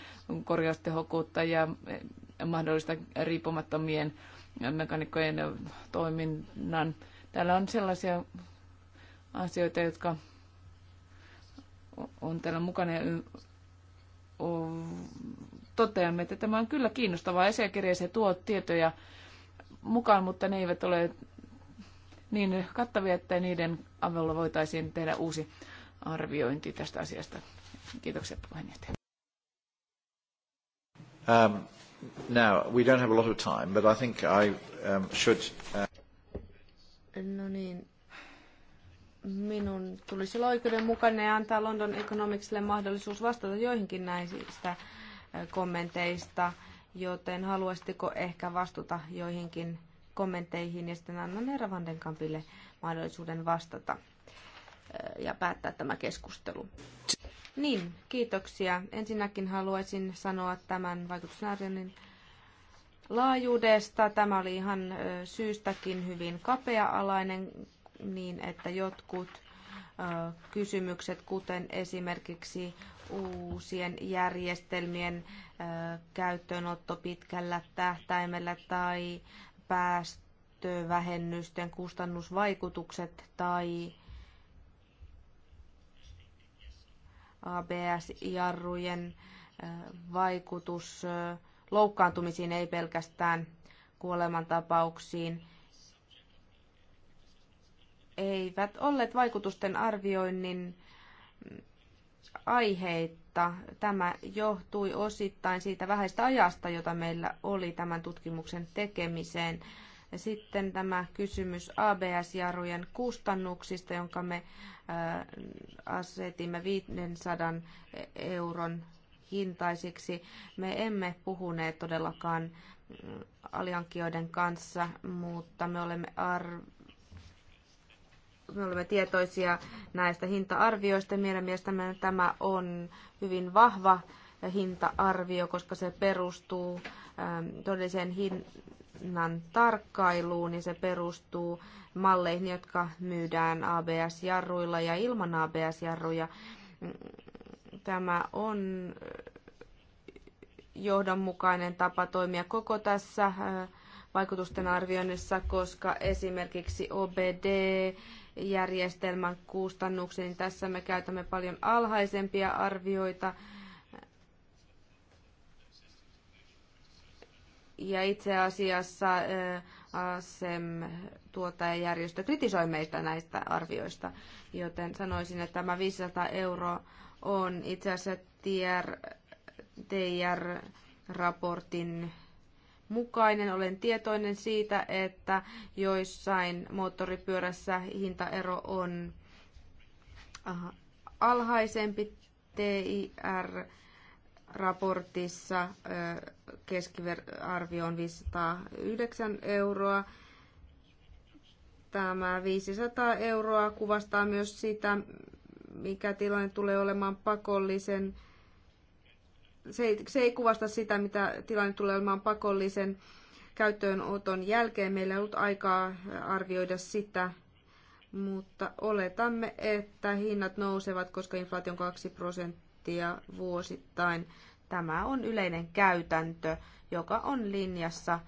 korjaustehokkuutta ja mahdollista riippumattomien mekanikkojen toiminnan. Täällä on sellaisia asioita, jotka on täällä mukana ja toteamme, että tämä on kyllä kiinnostava asiakirja, se tuo tietoja mukaan, mutta ne eivät ole niin kattavia, että niiden avulla voitaisiin tehdä uusi arviointi tästä asiasta. Kiitoksia puheenjohtaja. Um, now, we don't have a lot of time, but I think I um, should... Uh... No niin, minun tulisi olla oikeudenmukainen ja antaa London Economicsille mahdollisuus vastata joihinkin näistä uh, kommenteista, joten haluaisitko ehkä vastata joihinkin kommentteihin ja sitten annan herra Vandenkampille mahdollisuuden vastata. Eh, ja päättää tämä keskustelu. Niin, kiitoksia. Ensinnäkin haluaisin sanoa tämän vaikutusarvioinnin laajuudesta. Tämä oli ihan eh, syystäkin hyvin kapea-alainen, niin että jotkut eh, kysymykset, kuten esimerkiksi uusien järjestelmien käyttöönotto pitkällä tähtäimellä tai päästövähennysten kustannusvaikutukset tai ABS-jarrujen vaikutus loukkaantumisiin, ei pelkästään kuolemantapauksiin, eivät olleet vaikutusten arvioinnin mm, aiheita. Tämä johtui osittain siitä vähäistä ajasta, jota meillä oli tämän tutkimuksen tekemiseen. Ja sitten tämä kysymys ABS-jarujen kustannuksista, jonka me asetimme 500 euron hintaisiksi. Me emme puhuneet todellakaan aliankioiden kanssa, mutta me olemme ar me olemme tietoisia näistä hinta-arvioista. Meidän mielestämme tämä on hyvin vahva hinta-arvio, koska se perustuu todelliseen hin- tämän tarkkailuun niin se perustuu malleihin, jotka myydään ABS-jarruilla ja ilman ABS-jarruja. Tämä on johdonmukainen tapa toimia koko tässä äh, vaikutusten arvioinnissa, koska esimerkiksi OBD-järjestelmän kustannuksiin niin tässä me käytämme paljon alhaisempia arvioita Ja itse asiassa ASEM-tuottajajärjestö kritisoi meistä näistä arvioista, joten sanoisin, että tämä 500 euroa on itse asiassa TR, TR-raportin mukainen. Olen tietoinen siitä, että joissain moottoripyörässä hintaero on alhaisempi TIR raportissa keskiarvio on 509 euroa. Tämä 500 euroa kuvastaa myös sitä, mikä tilanne tulee olemaan pakollisen. Se ei, se ei kuvasta sitä, mitä tilanne tulee olemaan pakollisen käyttöönoton jälkeen. Meillä ei ollut aikaa arvioida sitä, mutta oletamme, että hinnat nousevat, koska inflaatio on 2 prosenttia prosenttia vuosittain. Tämä on yleinen käytäntö, joka on linjassa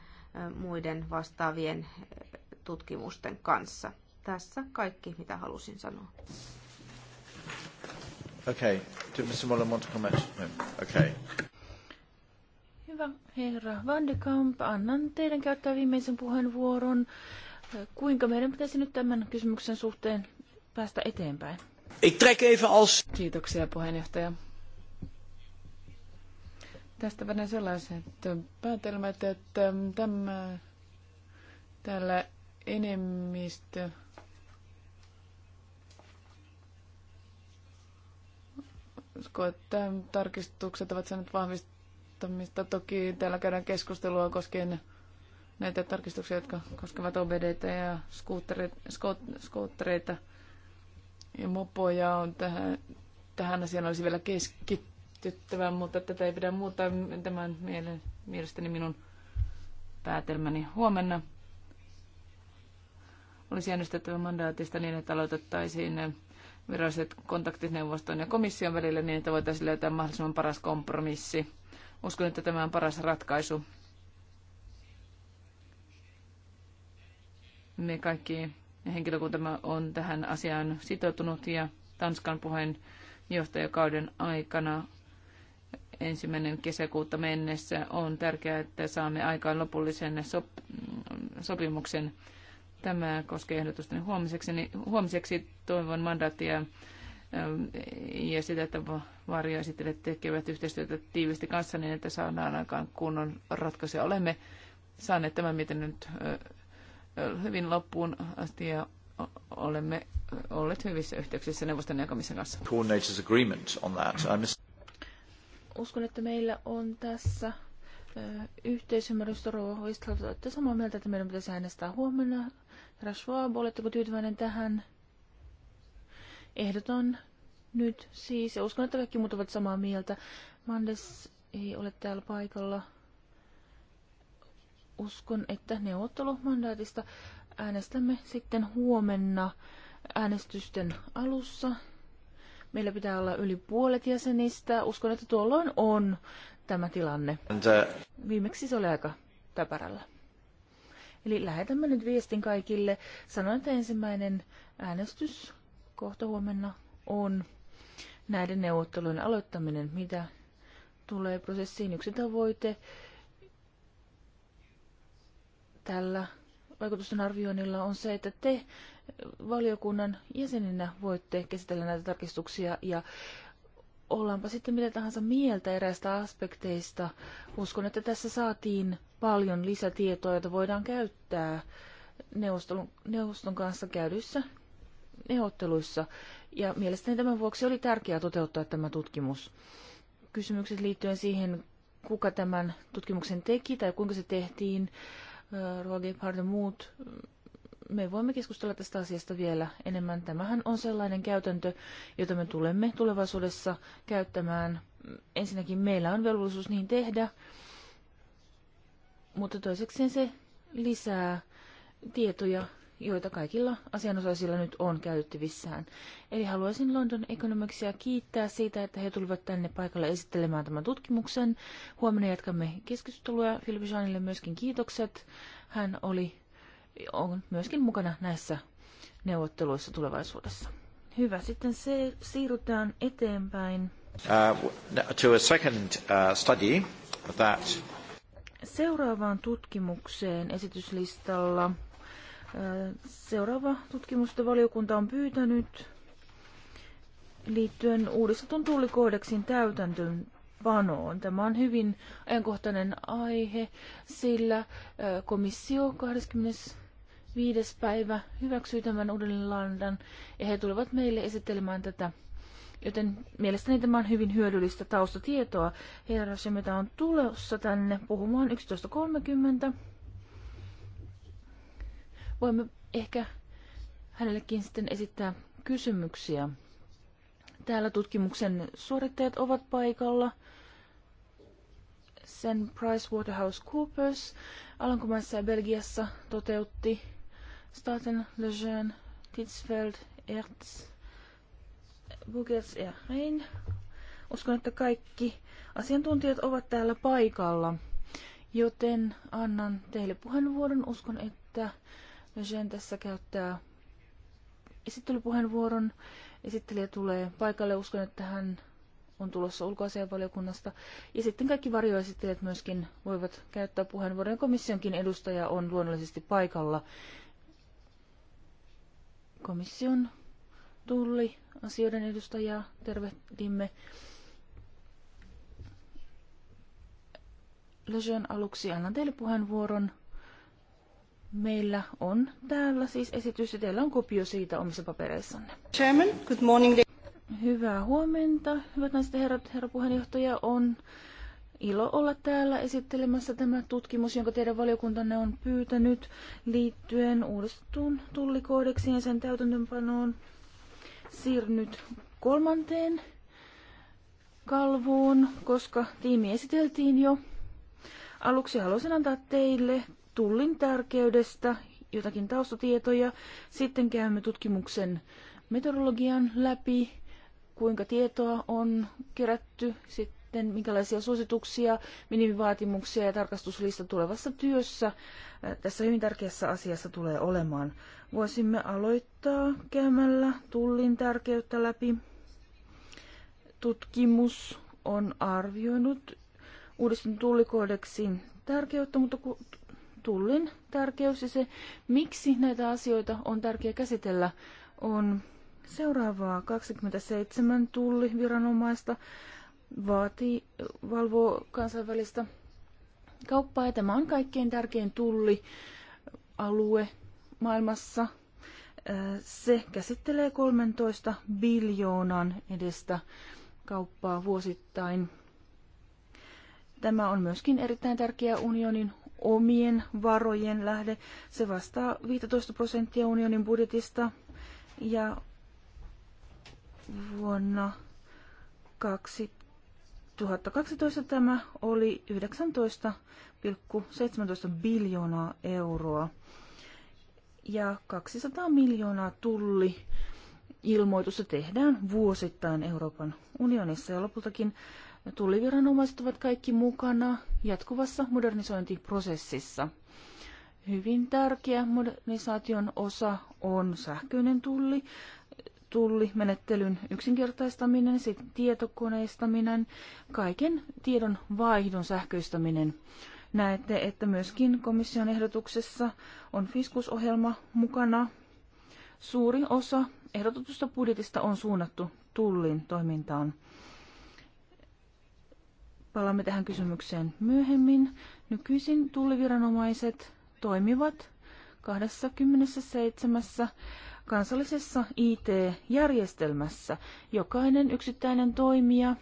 muiden vastaavien tutkimusten kanssa. Tässä kaikki, mitä halusin sanoa. Okay. Do Mr. Muller want to comment? No. Okay. Hyvä herra Van de Kamp, annan teidän käyttää viimeisen puheenvuoron. Kuinka meidän pitäisi nyt tämän kysymyksen suhteen päästä eteenpäin? Ik trek even als... Kiitoksia puheenjohtaja. Tästä vedän sellaiset päätelmät, että ähm, tämä täällä enemmistö usko, että tarkistukset ovat saaneet vahvistamista. Toki täällä käydään keskustelua koskien näitä tarkistuksia, jotka koskevat OBDtä ja skuuttereita ja mopoja on tähän, tähän asiaan olisi vielä keskittyttävä, mutta tätä ei pidä muuttaa tämän mielen, mielestäni minun päätelmäni huomenna. Olisi äänestettävä mandaatista niin, että aloitettaisiin viralliset kontaktit neuvoston ja komission välillä niin, että voitaisiin löytää mahdollisimman paras kompromissi. Uskon, että tämä on paras ratkaisu. Me kaikki henkilökunta on tähän asiaan sitoutunut ja Tanskan puheenjohtajakauden aikana ensimmäinen kesäkuuta mennessä on tärkeää, että saamme aikaan lopullisen sop- sopimuksen. Tämä koskee ehdotusta huomiseksi. Niin huomiseksi toivon mandaattia ähm, ja sitä, että esittelee tekevät yhteistyötä tiivisti kanssa niin, että saadaan aikaan kunnon ratkaisuja. Olemme saaneet tämän miten nyt hyvin loppuun asti ja olemme olleet hyvissä yhteyksissä neuvoston ja komission kanssa. Uskon, että meillä on tässä yhteisymmärrys Rova Hoistalta. Olette samaa mieltä, että meidän pitäisi äänestää huomenna. Herra Schwab, oletteko tyytyväinen tähän? ehdoton nyt siis, ja uskon, että kaikki muut ovat samaa mieltä. Mandes ei ole täällä paikalla uskon, että neuvottelumandaatista äänestämme sitten huomenna äänestysten alussa. Meillä pitää olla yli puolet jäsenistä. Uskon, että tuolloin on tämä tilanne. Äh, Viimeksi se oli aika täpärällä. Eli lähetämme nyt viestin kaikille. Sanoin, että ensimmäinen äänestys kohta huomenna on näiden neuvottelujen aloittaminen, mitä tulee prosessiin. Yksi tavoite tällä vaikutusten arvioinnilla on se, että te valiokunnan jäseninä voitte käsitellä näitä tarkistuksia ja ollaanpa sitten mitä tahansa mieltä eräistä aspekteista. Uskon, että tässä saatiin paljon lisätietoa, jota voidaan käyttää neuvoston, neuvoston kanssa käydyissä neuvotteluissa. Ja mielestäni tämän vuoksi oli tärkeää toteuttaa tämä tutkimus. Kysymykset liittyen siihen, kuka tämän tutkimuksen teki tai kuinka se tehtiin, Äh, Rova Gebhard muut, mm, me voimme keskustella tästä asiasta vielä enemmän. Tämähän on sellainen käytäntö, jota me tulemme tulevaisuudessa käyttämään. Ensinnäkin meillä on velvollisuus niin tehdä, mutta toisekseen se lisää tietoja joita kaikilla asianosaisilla nyt on käytettävissään. Eli haluaisin London Economicsia kiittää siitä, että he tulivat tänne paikalle esittelemään tämän tutkimuksen. Huomenna jatkamme keskustelua. Philip Jeanille myöskin kiitokset. Hän oli, on myöskin mukana näissä neuvotteluissa tulevaisuudessa. Hyvä, sitten se, siirrytään eteenpäin. Uh, to a second uh, study that... Seuraavaan tutkimukseen esityslistalla. Seuraava tutkimusta valiokunta on pyytänyt liittyen uudistetun tullikoodeksin Panoon. Tämä on hyvin ajankohtainen aihe, sillä komissio 25. päivä hyväksyy tämän uuden landan ja he tulevat meille esittelemään tätä Joten mielestäni tämä on hyvin hyödyllistä taustatietoa. Herra Semeta on tulossa tänne puhumaan 11.30 voimme ehkä hänellekin sitten esittää kysymyksiä. Täällä tutkimuksen suorittajat ovat paikalla. Sen Coopers Alankomaissa ja Belgiassa toteutti Staten, Lejeune, Titzfeld, Ertz, Bugels ja Rein. Uskon, että kaikki asiantuntijat ovat täällä paikalla, joten annan teille puheenvuoron. Uskon, että Jean tässä käyttää esittelypuheenvuoron. Esittelijä tulee paikalle. Uskon, että hän on tulossa ulkoasianvaliokunnasta. Ja sitten kaikki varjoesittelijät myöskin voivat käyttää puheenvuoron. Komissionkin edustaja on luonnollisesti paikalla. Komission tulli asioiden edustajaa tervehdimme. Lejeune aluksi annan teille puheenvuoron Meillä on täällä siis esitys ja teillä on kopio siitä omissa papereissanne. Chairman, good morning. Hyvää huomenta, hyvät naiset ja herrat. Herra puheenjohtaja, on ilo olla täällä esittelemässä tämä tutkimus, jonka teidän valiokuntanne on pyytänyt liittyen uudistettuun tullikoodeksiin ja sen täytäntöönpanoon. Siirnyt kolmanteen kalvoon, koska tiimi esiteltiin jo. Aluksi haluaisin antaa teille tullin tärkeydestä, jotakin taustatietoja. Sitten käymme tutkimuksen metodologian läpi, kuinka tietoa on kerätty, sitten minkälaisia suosituksia, minimivaatimuksia ja tarkastuslista tulevassa työssä. Äh, tässä hyvin tärkeässä asiassa tulee olemaan. Voisimme aloittaa käymällä tullin tärkeyttä läpi. Tutkimus on arvioinut uudistunut tullikoodeksin tärkeyttä, mutta tullin tärkeys ja se, miksi näitä asioita on tärkeää käsitellä, on seuraavaa 27 tulliviranomaista vaatii, valvoo kansainvälistä kauppaa ja tämä on kaikkein tärkein tullialue maailmassa. Se käsittelee 13 biljoonan edestä kauppaa vuosittain. Tämä on myöskin erittäin tärkeä unionin omien varojen lähde. Se vastaa 15 prosenttia unionin budjetista ja vuonna 2012 tämä oli 19,17 biljoonaa euroa ja 200 miljoonaa tulli ilmoitusta tehdään vuosittain Euroopan unionissa ja lopultakin Tulliviranomaiset ovat kaikki mukana jatkuvassa modernisointiprosessissa. Hyvin tärkeä modernisaation osa on sähköinen tulli, tullimenettelyn yksinkertaistaminen, sitten tietokoneistaminen, kaiken tiedon vaihdon sähköistäminen. Näette, että myöskin komission ehdotuksessa on fiskusohjelma mukana. Suuri osa ehdotetusta budjetista on suunnattu tullin toimintaan. Palaamme tähän kysymykseen myöhemmin. Nykyisin tulliviranomaiset toimivat 27 kansallisessa IT-järjestelmässä. Jokainen yksittäinen toimija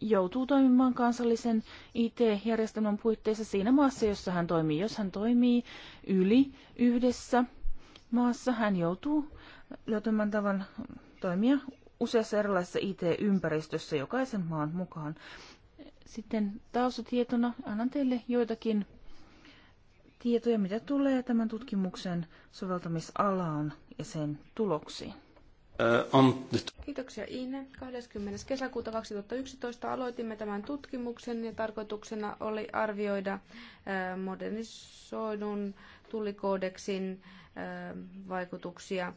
joutuu toimimaan kansallisen IT-järjestelmän puitteissa siinä maassa, jossa hän toimii. Jos hän toimii yli yhdessä maassa, hän joutuu löytämään tavan toimia useassa erilaisessa IT-ympäristössä jokaisen maan mukaan. Sitten taustatietona annan teille joitakin tietoja, mitä tulee tämän tutkimuksen soveltamisalaan ja sen tuloksiin. Äh, Kiitoksia Iine. 20. kesäkuuta 2011 aloitimme tämän tutkimuksen ja tarkoituksena oli arvioida äh, modernisoidun tullikoodeksin äh, vaikutuksia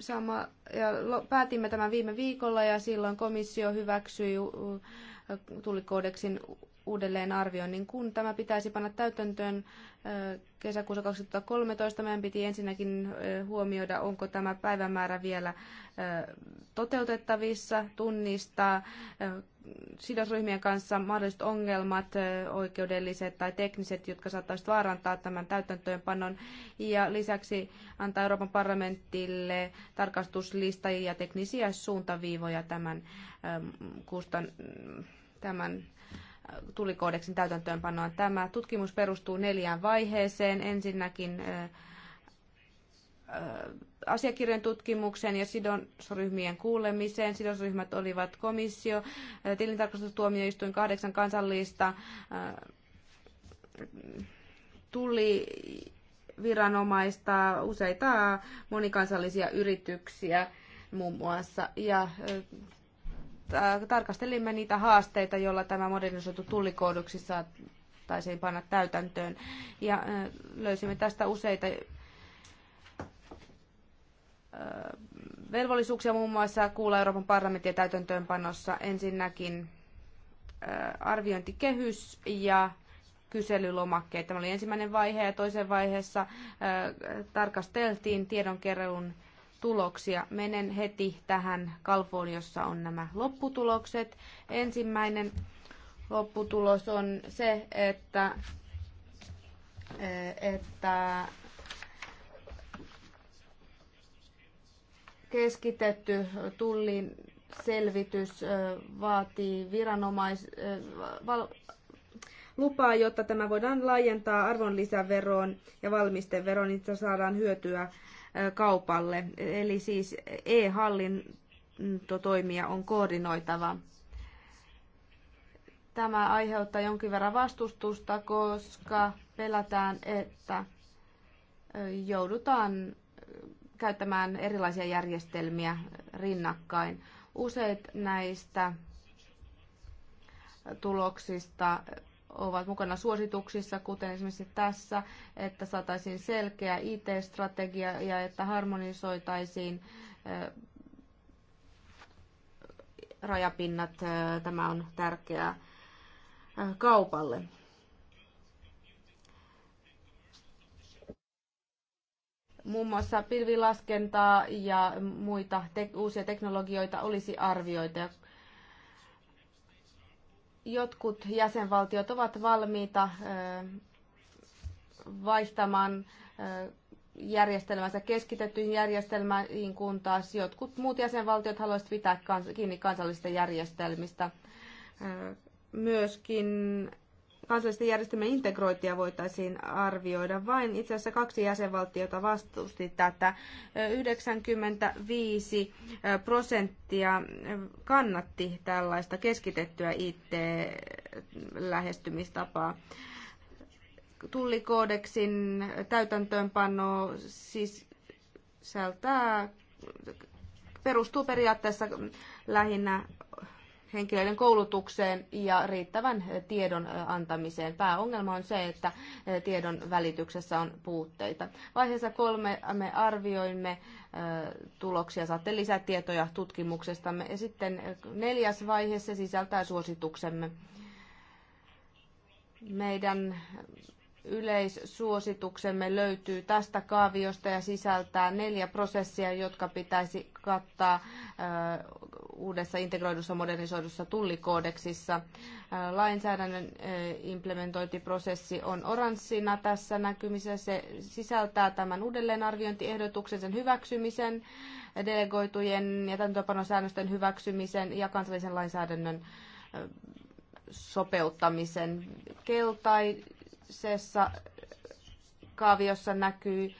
sama, ja päätimme tämän viime viikolla ja silloin komissio hyväksyi tullikoodeksin Uudelleen niin kun tämä pitäisi panna täytäntöön kesäkuussa 2013. Meidän piti ensinnäkin huomioida, onko tämä päivämäärä vielä toteutettavissa, tunnistaa sidosryhmien kanssa mahdolliset ongelmat, oikeudelliset tai tekniset, jotka saattaisivat vaarantaa tämän täytäntöönpanon. Ja lisäksi antaa Euroopan parlamentille tarkastuslista ja teknisiä suuntaviivoja tämän, kustan, tämän tulikoodeksin täytäntöönpanoa. Tämä tutkimus perustuu neljään vaiheeseen. Ensinnäkin asiakirjojen tutkimukseen ja sidosryhmien kuulemiseen. Sidosryhmät olivat komissio, tilintarkastustuomioistuin, kahdeksan kansallista tuli viranomaista, useita monikansallisia yrityksiä muun muassa. Ja Äh, tarkastelimme niitä haasteita, joilla tämä modernisoitu tullikooduksi saataisiin panna täytäntöön. Ja äh, löysimme tästä useita äh, velvollisuuksia muun muassa kuulla Euroopan parlamentin täytäntöönpanossa ensinnäkin arviointikehys ja kyselylomakkeet. Tämä oli ensimmäinen vaihe ja toisen vaiheessa tarkasteltiin tiedonkeruun tuloksia. Menen heti tähän kalfoon, jossa on nämä lopputulokset. Ensimmäinen lopputulos on se, että, eh, että keskitetty tullin selvitys eh, vaatii viranomais, eh, val, lupaa, jotta tämä voidaan laajentaa arvonlisäveroon ja valmisteveroon, niin että saadaan hyötyä kaupalle. Eli siis e-hallintotoimia on koordinoitava. Tämä aiheuttaa jonkin verran vastustusta, koska pelätään, että joudutaan käyttämään erilaisia järjestelmiä rinnakkain. Useat näistä tuloksista ovat mukana suosituksissa, kuten esimerkiksi tässä, että saataisiin selkeä IT-strategia ja että harmonisoitaisiin eh, rajapinnat. Eh, tämä on tärkeää eh, kaupalle. Muun muassa pilvilaskentaa ja muita te- uusia teknologioita olisi arvioita jotkut jäsenvaltiot ovat valmiita vaihtamaan järjestelmänsä keskitettyihin järjestelmiin, kun taas jotkut muut jäsenvaltiot haluaisivat pitää kiinni kansallisista järjestelmistä. Myöskin kansallisten järjestelmien integrointia voitaisiin arvioida. Vain itse asiassa kaksi jäsenvaltiota vastusti tätä. 95 prosenttia kannatti tällaista keskitettyä IT-lähestymistapaa. Tullikoodeksin täytäntöönpano siis sisältää, perustuu periaatteessa lähinnä henkilöiden koulutukseen ja riittävän tiedon antamiseen. Pääongelma on se, että tiedon välityksessä on puutteita. Vaiheessa kolme me arvioimme tuloksia. Saatte lisätietoja tutkimuksestamme. Ja sitten neljäs vaihe, se sisältää suosituksemme. Meidän yleissuosituksemme löytyy tästä kaaviosta ja sisältää neljä prosessia, jotka pitäisi kattaa uudessa integroidussa modernisoidussa tullikoodeksissa. Lainsäädännön implementointiprosessi on oranssina tässä näkymisessä. Se sisältää tämän uudelleenarviointiehdotuksen, sen hyväksymisen, delegoitujen ja täytäntöönpanosäännösten hyväksymisen ja kansallisen lainsäädännön sopeuttamisen. Keltaisessa kaaviossa näkyy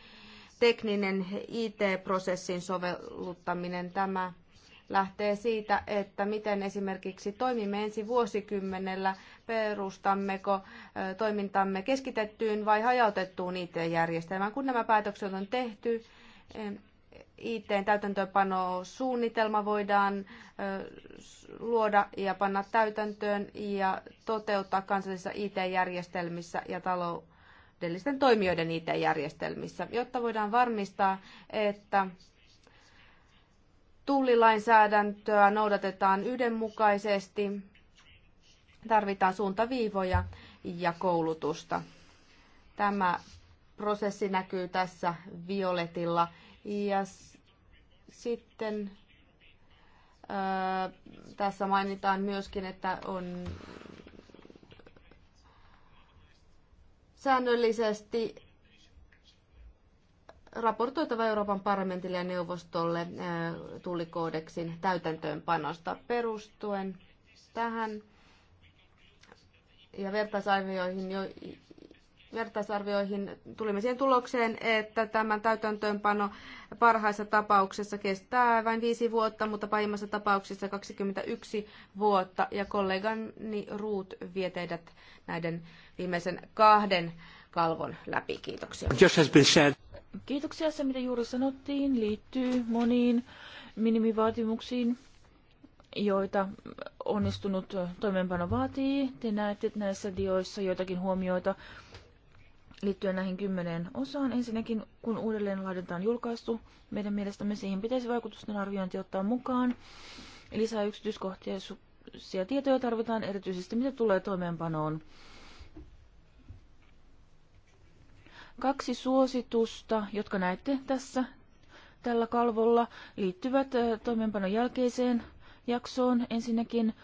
tekninen IT-prosessin sovelluttaminen. Tämä lähtee siitä, että miten esimerkiksi toimimme ensi vuosikymmenellä, perustammeko toimintamme keskitettyyn vai hajautettuun IT-järjestelmään. Kun nämä päätökset on tehty, e, it täytäntöönpanosuunnitelma voidaan luoda ja panna täytäntöön ja toteuttaa kansallisissa IT-järjestelmissä ja taloudellisten toimijoiden IT-järjestelmissä, jotta voidaan varmistaa, että tullilainsäädäntöä noudatetaan yhdenmukaisesti, tarvitaan suuntaviivoja ja koulutusta. Tämä prosessi näkyy tässä violetilla. Ja sitten ää, tässä mainitaan myöskin, että on säännöllisesti raportoitava Euroopan parlamentille ja neuvostolle äh, tullikoodeksin täytäntöönpanosta perustuen tähän ja vertaisarvioihin, jo, vertaisarvioihin tulimme siihen tulokseen, että tämän täytäntöönpano parhaissa tapauksissa kestää vain viisi vuotta, mutta pahimmassa tapauksessa 21 vuotta. Ja kollegani Ruut vie teidät näiden viimeisen kahden kalvon läpi. Kiitoksia. Kiitoksia. Se, mitä juuri sanottiin, liittyy moniin minimivaatimuksiin, joita onnistunut toimeenpano vaatii. Te näette näissä dioissa joitakin huomioita liittyen näihin kymmeneen osaan. Ensinnäkin, kun uudelleen laitetaan julkaistu, meidän mielestämme siihen pitäisi vaikutusten arviointi ottaa mukaan. Lisää yksityiskohtia tietoja tarvitaan erityisesti, mitä tulee toimeenpanoon. Kaksi suositusta, jotka näette tässä tällä kalvolla, liittyvät toimeenpanon jälkeiseen jaksoon. Ensinnäkin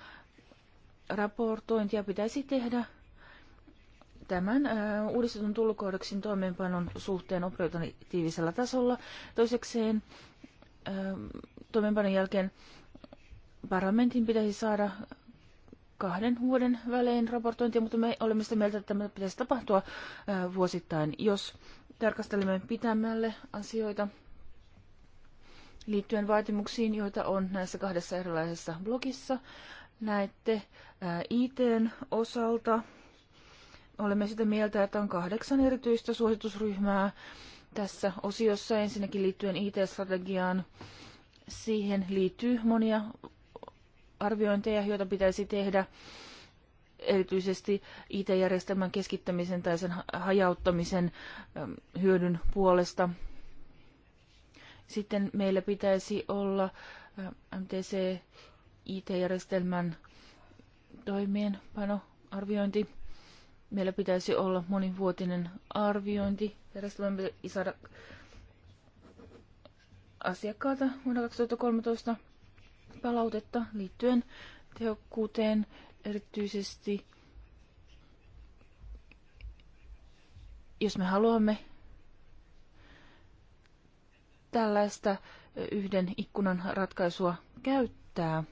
raportointia pitäisi tehdä tämän uudistetun tulokohdeksin toimeenpanon suhteen operatiivisella tasolla. Toisekseen toimeenpanon jälkeen parlamentin pitäisi saada kahden vuoden välein raportointia, mutta me olemme sitä mieltä, että tämä pitäisi tapahtua vuosittain, jos tarkastelemme pitämälle asioita liittyen vaatimuksiin, joita on näissä kahdessa erilaisessa blogissa. Näette ITn osalta. Olemme sitä mieltä, että on kahdeksan erityistä suositusryhmää tässä osiossa. Ensinnäkin liittyen IT-strategiaan. Siihen liittyy monia arviointeja, joita pitäisi tehdä erityisesti IT-järjestelmän keskittämisen tai sen hajauttamisen hyödyn puolesta. Sitten meillä pitäisi olla MTC IT-järjestelmän toimienpanoarviointi. Meillä pitäisi olla monivuotinen arviointi. järjestelmän pitäisi saada asiakkaata vuonna 2013 palautetta liittyen tehokkuuteen erityisesti, jos me haluamme tällaista yhden ikkunan ratkaisua käyttää.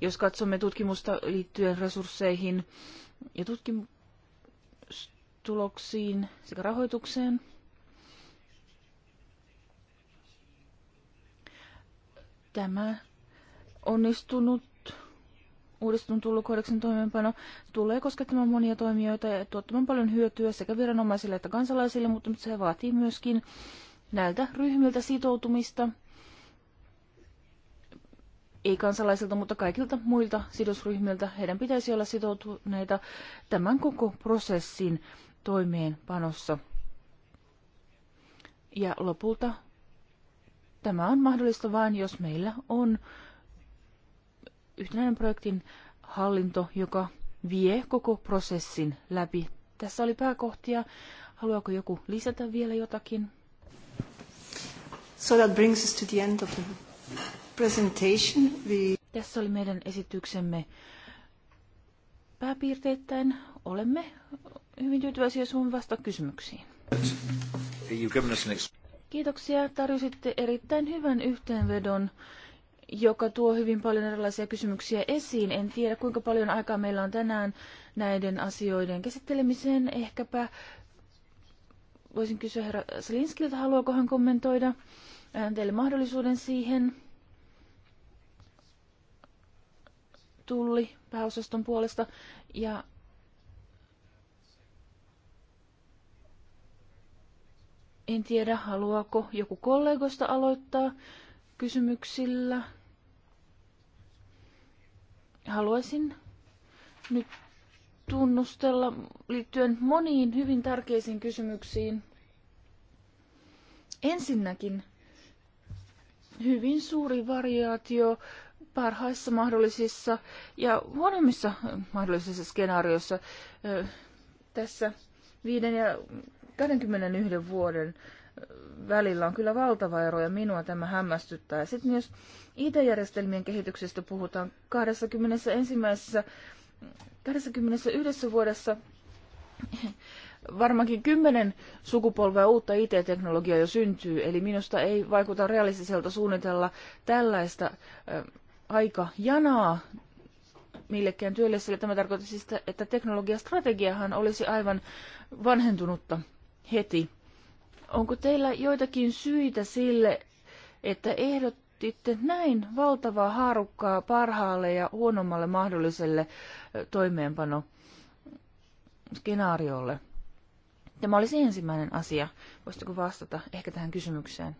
Jos katsomme tutkimusta liittyen resursseihin ja tutkimustuloksiin sekä rahoitukseen, Tämä onnistunut uudistunut tullukohdeksen toimeenpano tulee koskettamaan monia toimijoita ja tuottamaan paljon hyötyä sekä viranomaisille että kansalaisille, mutta se vaatii myöskin näiltä ryhmiltä sitoutumista, ei kansalaisilta, mutta kaikilta muilta sidosryhmiltä. Heidän pitäisi olla sitoutuneita tämän koko prosessin toimeenpanossa. Ja lopulta Tämä on mahdollista vain, jos meillä on yhtenäinen projektin hallinto, joka vie koko prosessin läpi. Tässä oli pääkohtia. Haluaako joku lisätä vielä jotakin? So that brings us to the end of the presentation. We... Tässä oli meidän esityksemme pääpiirteittäin. Olemme hyvin tyytyväisiä sun vasta kysymyksiin. Kiitoksia. Tarjositte erittäin hyvän yhteenvedon, joka tuo hyvin paljon erilaisia kysymyksiä esiin. En tiedä, kuinka paljon aikaa meillä on tänään näiden asioiden käsittelemiseen. Ehkäpä voisin kysyä herra Selinskiltä, haluaako hän kommentoida teille mahdollisuuden siihen. Tulli pääosaston puolesta. Ja En tiedä, haluaako joku kollegoista aloittaa kysymyksillä. Haluaisin nyt tunnustella liittyen moniin hyvin tärkeisiin kysymyksiin. Ensinnäkin hyvin suuri variaatio parhaissa mahdollisissa ja huonommissa mahdollisissa skenaarioissa tässä viiden ja 21 vuoden välillä on kyllä valtava ero ja minua tämä hämmästyttää. Sitten jos IT-järjestelmien kehityksestä puhutaan 21. 21 vuodessa varmaankin kymmenen sukupolvea uutta IT-teknologiaa jo syntyy, eli minusta ei vaikuta realistiselta suunnitella tällaista äh, janaa, millekään työlle, sillä tämä tarkoittaa siis, että teknologiastrategiahan olisi aivan vanhentunutta heti. Onko teillä joitakin syitä sille, että ehdotitte näin valtavaa haarukkaa parhaalle ja huonommalle mahdolliselle toimeenpano skenaariolle? Tämä olisi ensimmäinen asia. Voisitteko vastata ehkä tähän kysymykseen?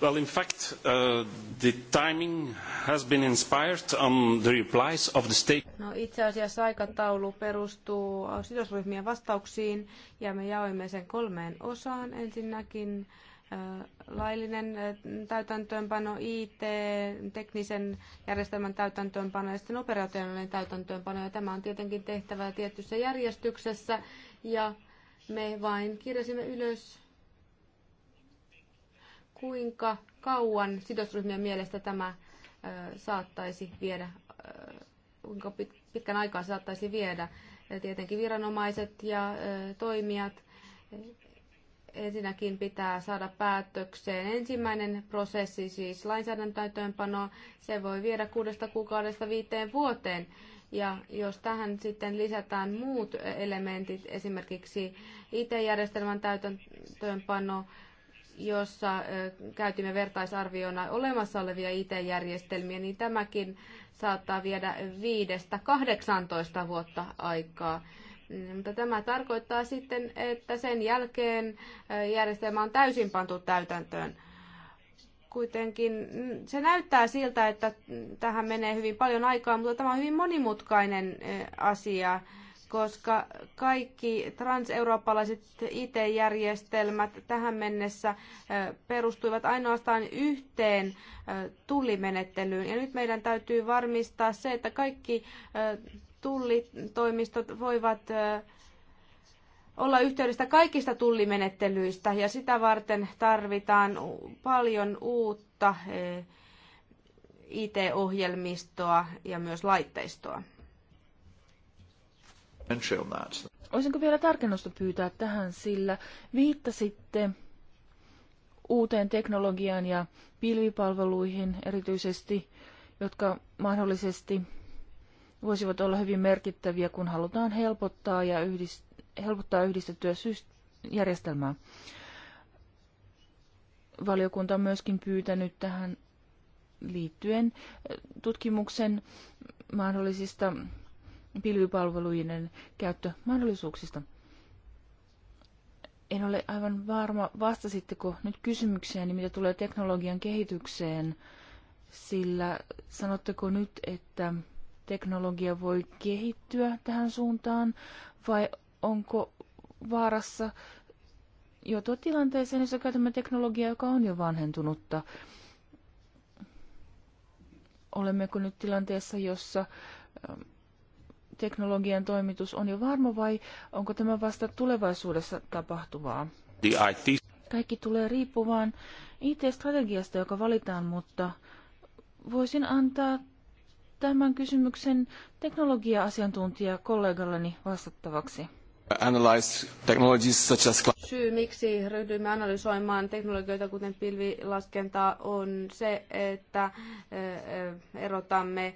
Well, in fact, uh, the timing has been inspired on the replies of the state. No, itse asiassa aikataulu perustuu sidosryhmien vastauksiin ja me jaoimme sen kolmeen osaan. Ensinnäkin laillinen täytäntöönpano, IT, teknisen järjestelmän täytäntöönpano ja sitten operationaalinen täytäntöönpano. Ja tämä on tietenkin tehtävä tietyssä järjestyksessä ja me vain kirjasimme ylös kuinka kauan sidosryhmien mielestä tämä saattaisi viedä, kuinka pitkän aikaa saattaisi viedä. Tietenkin viranomaiset ja toimijat e, ensinnäkin pitää saada päätökseen. Ensimmäinen prosessi siis lainsäädäntöönpano, se voi viedä kuudesta kuukaudesta viiteen vuoteen. Ja jos tähän sitten lisätään muut elementit, esimerkiksi IT-järjestelmän täytäntöönpano, jossa käytimme vertaisarviona olemassa olevia IT-järjestelmiä, niin tämäkin saattaa viedä 5-18 vuotta aikaa. Mm, mutta tämä tarkoittaa sitten, että sen jälkeen järjestelmä on täysin pantu täytäntöön. Kuitenkin mm, se näyttää siltä, että mm, tähän menee hyvin paljon aikaa, mutta tämä on hyvin monimutkainen asia koska kaikki transeurooppalaiset IT-järjestelmät tähän mennessä perustuivat ainoastaan yhteen tullimenettelyyn. Ja nyt meidän täytyy varmistaa se, että kaikki tullitoimistot voivat olla yhteydessä kaikista tullimenettelyistä ja sitä varten tarvitaan paljon uutta IT-ohjelmistoa ja myös laitteistoa. Olisinko vielä tarkennusta pyytää tähän, sillä viittasitte uuteen teknologiaan ja pilvipalveluihin erityisesti, jotka mahdollisesti voisivat olla hyvin merkittäviä, kun halutaan helpottaa ja yhdist- helpottaa yhdistettyä järjestelmää. Valiokunta on myöskin pyytänyt tähän liittyen tutkimuksen mahdollisista pilvipalvelujen käyttömahdollisuuksista. En ole aivan varma, vastasitteko nyt kysymykseen, niin mitä tulee teknologian kehitykseen, sillä sanotteko nyt, että teknologia voi kehittyä tähän suuntaan, vai onko vaarassa joutua tilanteeseen, jossa käytämme teknologiaa, joka on jo vanhentunutta? Olemmeko nyt tilanteessa, jossa teknologian toimitus on jo varma vai onko tämä vasta tulevaisuudessa tapahtuvaa? Kaikki tulee riippuvaan IT-strategiasta, joka valitaan, mutta voisin antaa tämän kysymyksen teknologia-asiantuntija kollegallani vastattavaksi. Syy, miksi ryhdymme analysoimaan teknologioita, kuten pilvilaskentaa, on se, että eh, eh, erotamme eh,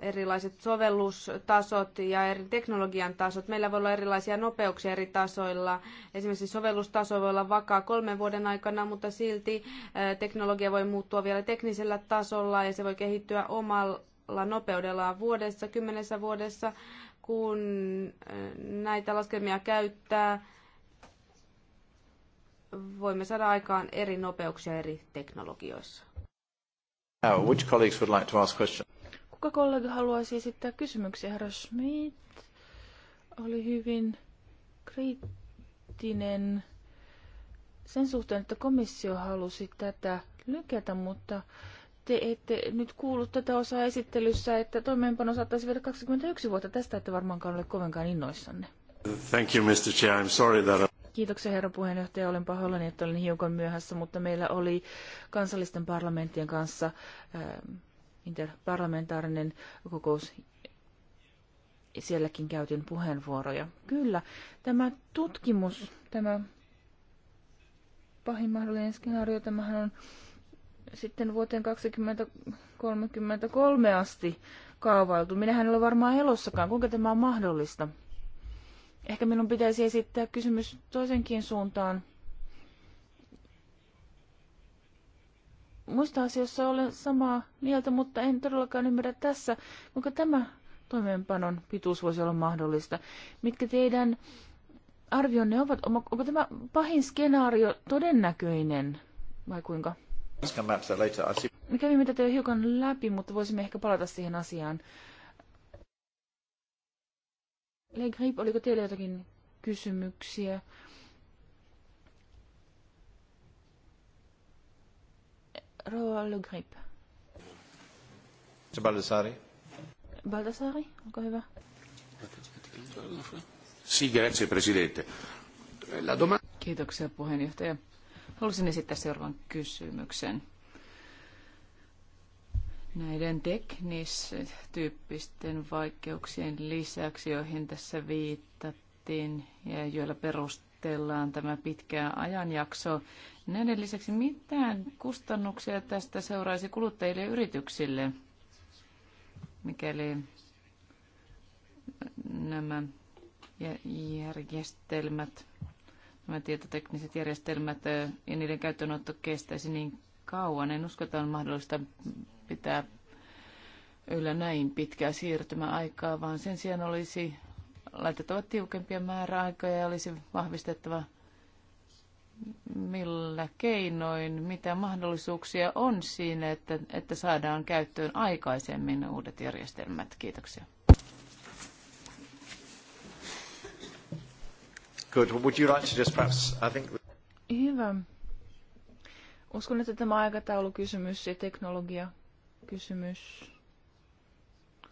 erilaiset sovellustasot ja eri teknologian tasot. Meillä voi olla erilaisia nopeuksia eri tasoilla. Esimerkiksi sovellustaso voi olla vakaa kolmen vuoden aikana, mutta silti eh, teknologia voi muuttua vielä teknisellä tasolla ja se voi kehittyä omalla nopeudellaan vuodessa, kymmenessä vuodessa, kun eh, näitä laskelmia käyttää. Voimme saada aikaan eri nopeuksia eri teknologioissa. Now, which colleagues would like to ask questions? Kuka kollega haluaisi esittää kysymyksiä? Herra Schmidt oli hyvin kriittinen sen suhteen, että komissio halusi tätä lykätä, mutta te ette nyt kuullut tätä osaa esittelyssä, että toimeenpano saattaisi viedä 21 vuotta. Tästä että varmaankaan ole kovinkaan innoissanne. Thank you, Mr. Chair. I'm sorry that I... Kiitoksia herra puheenjohtaja. Olen pahoillani, että olin hiukan myöhässä, mutta meillä oli kansallisten parlamenttien kanssa ähm, interparlamentaarinen kokous sielläkin käytin puheenvuoroja. Kyllä, tämä tutkimus, tämä pahin mahdollinen skenaario, tämähän on sitten vuoteen 2033 asti kaavailtu. Minähän en ole varmaan elossakaan. Kuinka tämä on mahdollista? Ehkä minun pitäisi esittää kysymys toisenkin suuntaan. muista asioissa olen samaa mieltä, mutta en todellakaan ymmärrä tässä, kuinka tämä toimeenpanon pituus voisi olla mahdollista. Mitkä teidän arvionne ovat? Onko tämä pahin skenaario todennäköinen vai kuinka? Me kävimme tätä jo hiukan läpi, mutta voisimme ehkä palata siihen asiaan. Le Grip, oliko teillä jotakin kysymyksiä? Roa Grip. Baldessari. Baldessari, onko hyvä. Si, grazie, presidente. La doma- Kiitoksia puheenjohtaja. Haluaisin esittää seuraavan kysymyksen. Näiden teknistyyppisten vaikeuksien lisäksi, joihin tässä viittattiin ja joilla perustellaan tämä pitkä ajanjakso, Näiden lisäksi mitään kustannuksia tästä seuraisi kuluttajille ja yrityksille, mikäli nämä järjestelmät, nämä tietotekniset järjestelmät ja niiden käyttöönotto kestäisi niin kauan. En usko, että on mahdollista pitää yllä näin pitkää siirtymäaikaa, vaan sen sijaan olisi laitettava tiukempia määräaikoja ja olisi vahvistettava millä keinoin, mitä mahdollisuuksia on siinä, että, että saadaan käyttöön aikaisemmin uudet järjestelmät? Kiitoksia. Good. Would you like to just perhaps, I think... Hyvä. Uskon, että tämä aikataulukysymys ja teknologiakysymys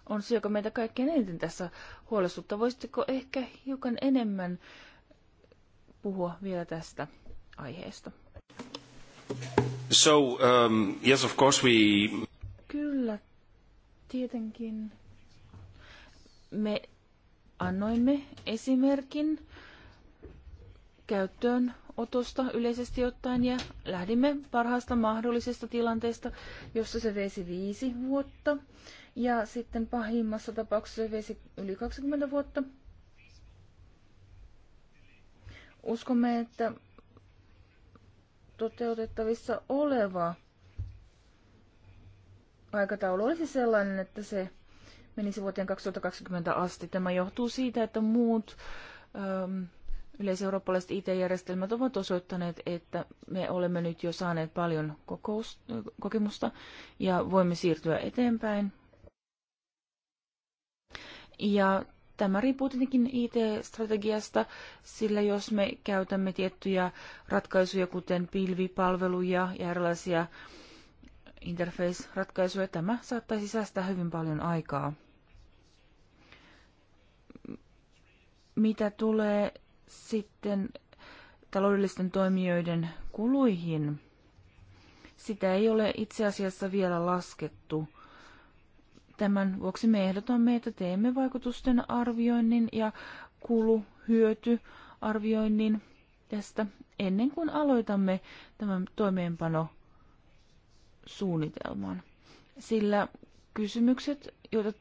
on se, joka meitä kaikkein eniten tässä huolestuttaa. Voisitteko ehkä hiukan enemmän puhua vielä tästä? aiheesta. So, um, yes, of course we... Kyllä, tietenkin. Me annoimme esimerkin käyttöön otosta yleisesti ottaen ja lähdimme parhaasta mahdollisesta tilanteesta, jossa se veisi viisi vuotta ja sitten pahimmassa tapauksessa se veisi yli 20 vuotta. Uskomme, että toteutettavissa oleva aikataulu olisi sellainen, että se menisi vuoteen 2020 asti. Tämä johtuu siitä, että muut ähm, yleiseurooppalaiset IT-järjestelmät ovat osoittaneet, että me olemme nyt jo saaneet paljon kokous, kokemusta ja voimme siirtyä eteenpäin. Ja Tämä riippuu tietenkin IT-strategiasta, sillä jos me käytämme tiettyjä ratkaisuja, kuten pilvipalveluja ja erilaisia interface-ratkaisuja, tämä saattaisi säästää hyvin paljon aikaa. Mitä tulee sitten taloudellisten toimijoiden kuluihin, sitä ei ole itse asiassa vielä laskettu – Tämän vuoksi me ehdotamme, että teemme vaikutusten arvioinnin ja kuluhyötyarvioinnin tästä ennen kuin aloitamme tämän toimeenpanosuunnitelman. Sillä kysymykset, joita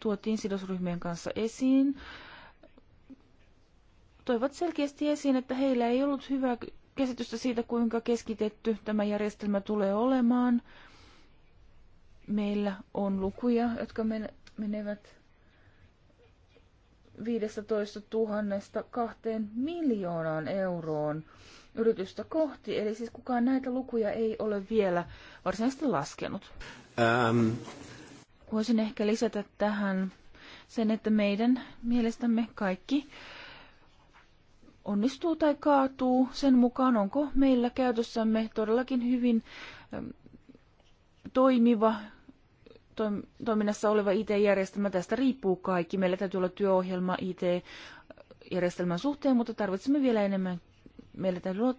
tuotiin sidosryhmien kanssa esiin, toivat selkeästi esiin, että heillä ei ollut hyvää käsitystä siitä, kuinka keskitetty tämä järjestelmä tulee olemaan – meillä on lukuja, jotka menevät 15 000 kahteen miljoonaan euroon yritystä kohti. Eli siis kukaan näitä lukuja ei ole vielä varsinaisesti laskenut. Um. Voisin ehkä lisätä tähän sen, että meidän mielestämme kaikki onnistuu tai kaatuu sen mukaan, onko meillä käytössämme todellakin hyvin ähm, toimiva toiminnassa oleva IT-järjestelmä, tästä riippuu kaikki. Meillä täytyy olla työohjelma IT-järjestelmän suhteen, mutta tarvitsemme vielä enemmän. Meillä täytyy olla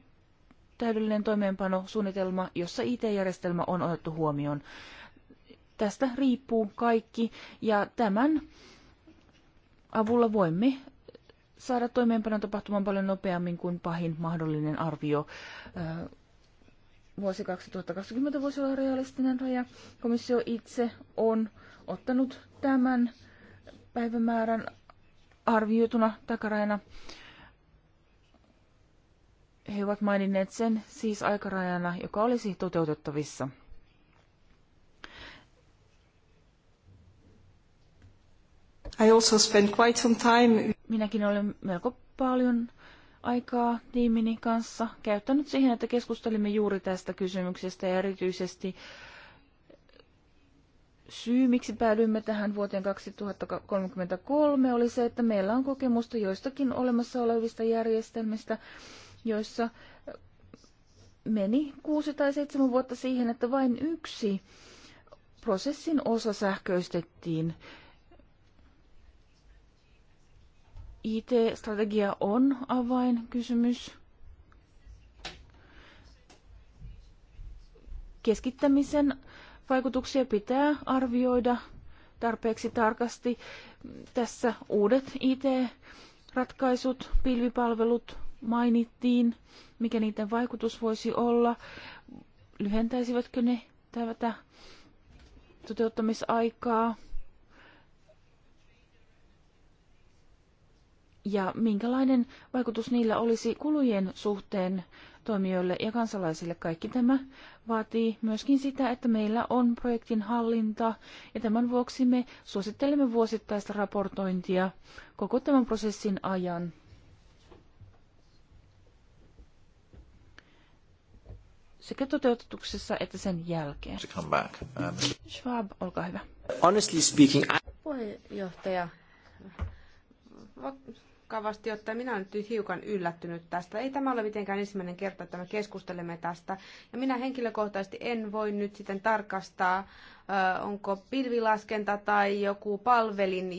täydellinen toimeenpanosuunnitelma, jossa IT-järjestelmä on otettu huomioon. Tästä riippuu kaikki ja tämän avulla voimme saada toimeenpanon tapahtumaan paljon nopeammin kuin pahin mahdollinen arvio vuosi 2020 voisi olla realistinen raja. Komissio itse on ottanut tämän päivämäärän arvioituna takarajana. He ovat maininneet sen siis aikarajana, joka olisi toteutettavissa. I also spend quite some time. Minäkin olen melko paljon aikaa tiimini kanssa käyttänyt siihen, että keskustelimme juuri tästä kysymyksestä ja erityisesti syy, miksi päädyimme tähän vuoteen 2033, oli se, että meillä on kokemusta joistakin olemassa olevista järjestelmistä, joissa meni kuusi tai seitsemän vuotta siihen, että vain yksi prosessin osa sähköistettiin IT-strategia on avainkysymys. Keskittämisen vaikutuksia pitää arvioida tarpeeksi tarkasti. Tässä uudet IT-ratkaisut, pilvipalvelut mainittiin, mikä niiden vaikutus voisi olla. Lyhentäisivätkö ne tätä toteuttamisaikaa? ja minkälainen vaikutus niillä olisi kulujen suhteen toimijoille ja kansalaisille. Kaikki tämä vaatii myöskin sitä, että meillä on projektin hallinta ja tämän vuoksi me suosittelemme vuosittaista raportointia koko tämän prosessin ajan. sekä toteutuksessa että sen jälkeen. Um, Schwab, olkaa hyvä. Honestly speaking, I... Puheenjohtaja, vakavasti ottaen minä olen nyt hiukan yllättynyt tästä. Ei tämä ole mitenkään ensimmäinen kerta, että me keskustelemme tästä. Ja minä henkilökohtaisesti en voi nyt sitten tarkastaa, onko pilvilaskenta tai joku palvelin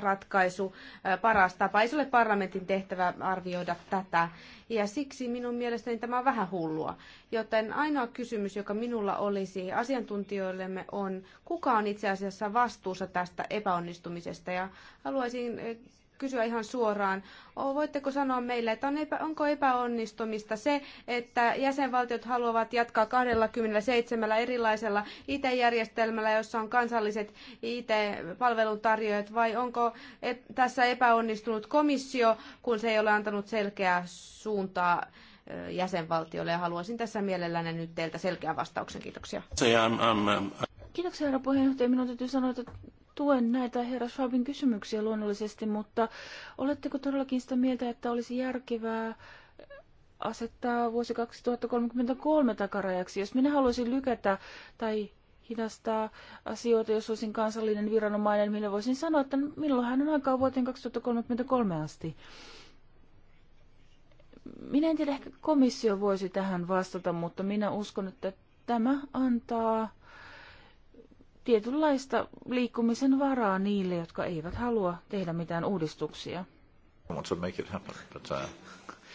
ratkaisu paras tapa. Ei se ole parlamentin tehtävä arvioida tätä. Ja siksi minun mielestäni tämä on vähän hullua. Joten ainoa kysymys, joka minulla olisi asiantuntijoillemme on, kuka on itse asiassa vastuussa tästä epäonnistumisesta. Ja haluaisin kysyä ihan suoraan. Voitteko sanoa meille, että on epä, onko epäonnistumista se, että jäsenvaltiot haluavat jatkaa 27 erilaisella IT-järjestelmällä, jossa on kansalliset IT-palveluntarjoajat, vai onko tässä epäonnistunut komissio, kun se ei ole antanut selkeää suuntaa jäsenvaltiolle, ja haluaisin tässä mielelläni nyt teiltä selkeän vastauksen. Kiitoksia. Um, uh, Kiitoksia, herra puheenjohtaja. Minun täytyy sanoa, että tuen näitä herra Schwabin kysymyksiä luonnollisesti, mutta oletteko todellakin sitä mieltä, että olisi järkevää asettaa vuosi 2033 takarajaksi? Jos minä haluaisin lykätä tai hidastaa asioita, jos olisin kansallinen viranomainen, minä voisin sanoa, että hän on aikaa vuoteen 2033 asti. Minä en tiedä, ehkä komissio voisi tähän vastata, mutta minä uskon, että tämä antaa tietynlaista liikkumisen varaa niille, jotka eivät halua tehdä mitään uudistuksia. Uh,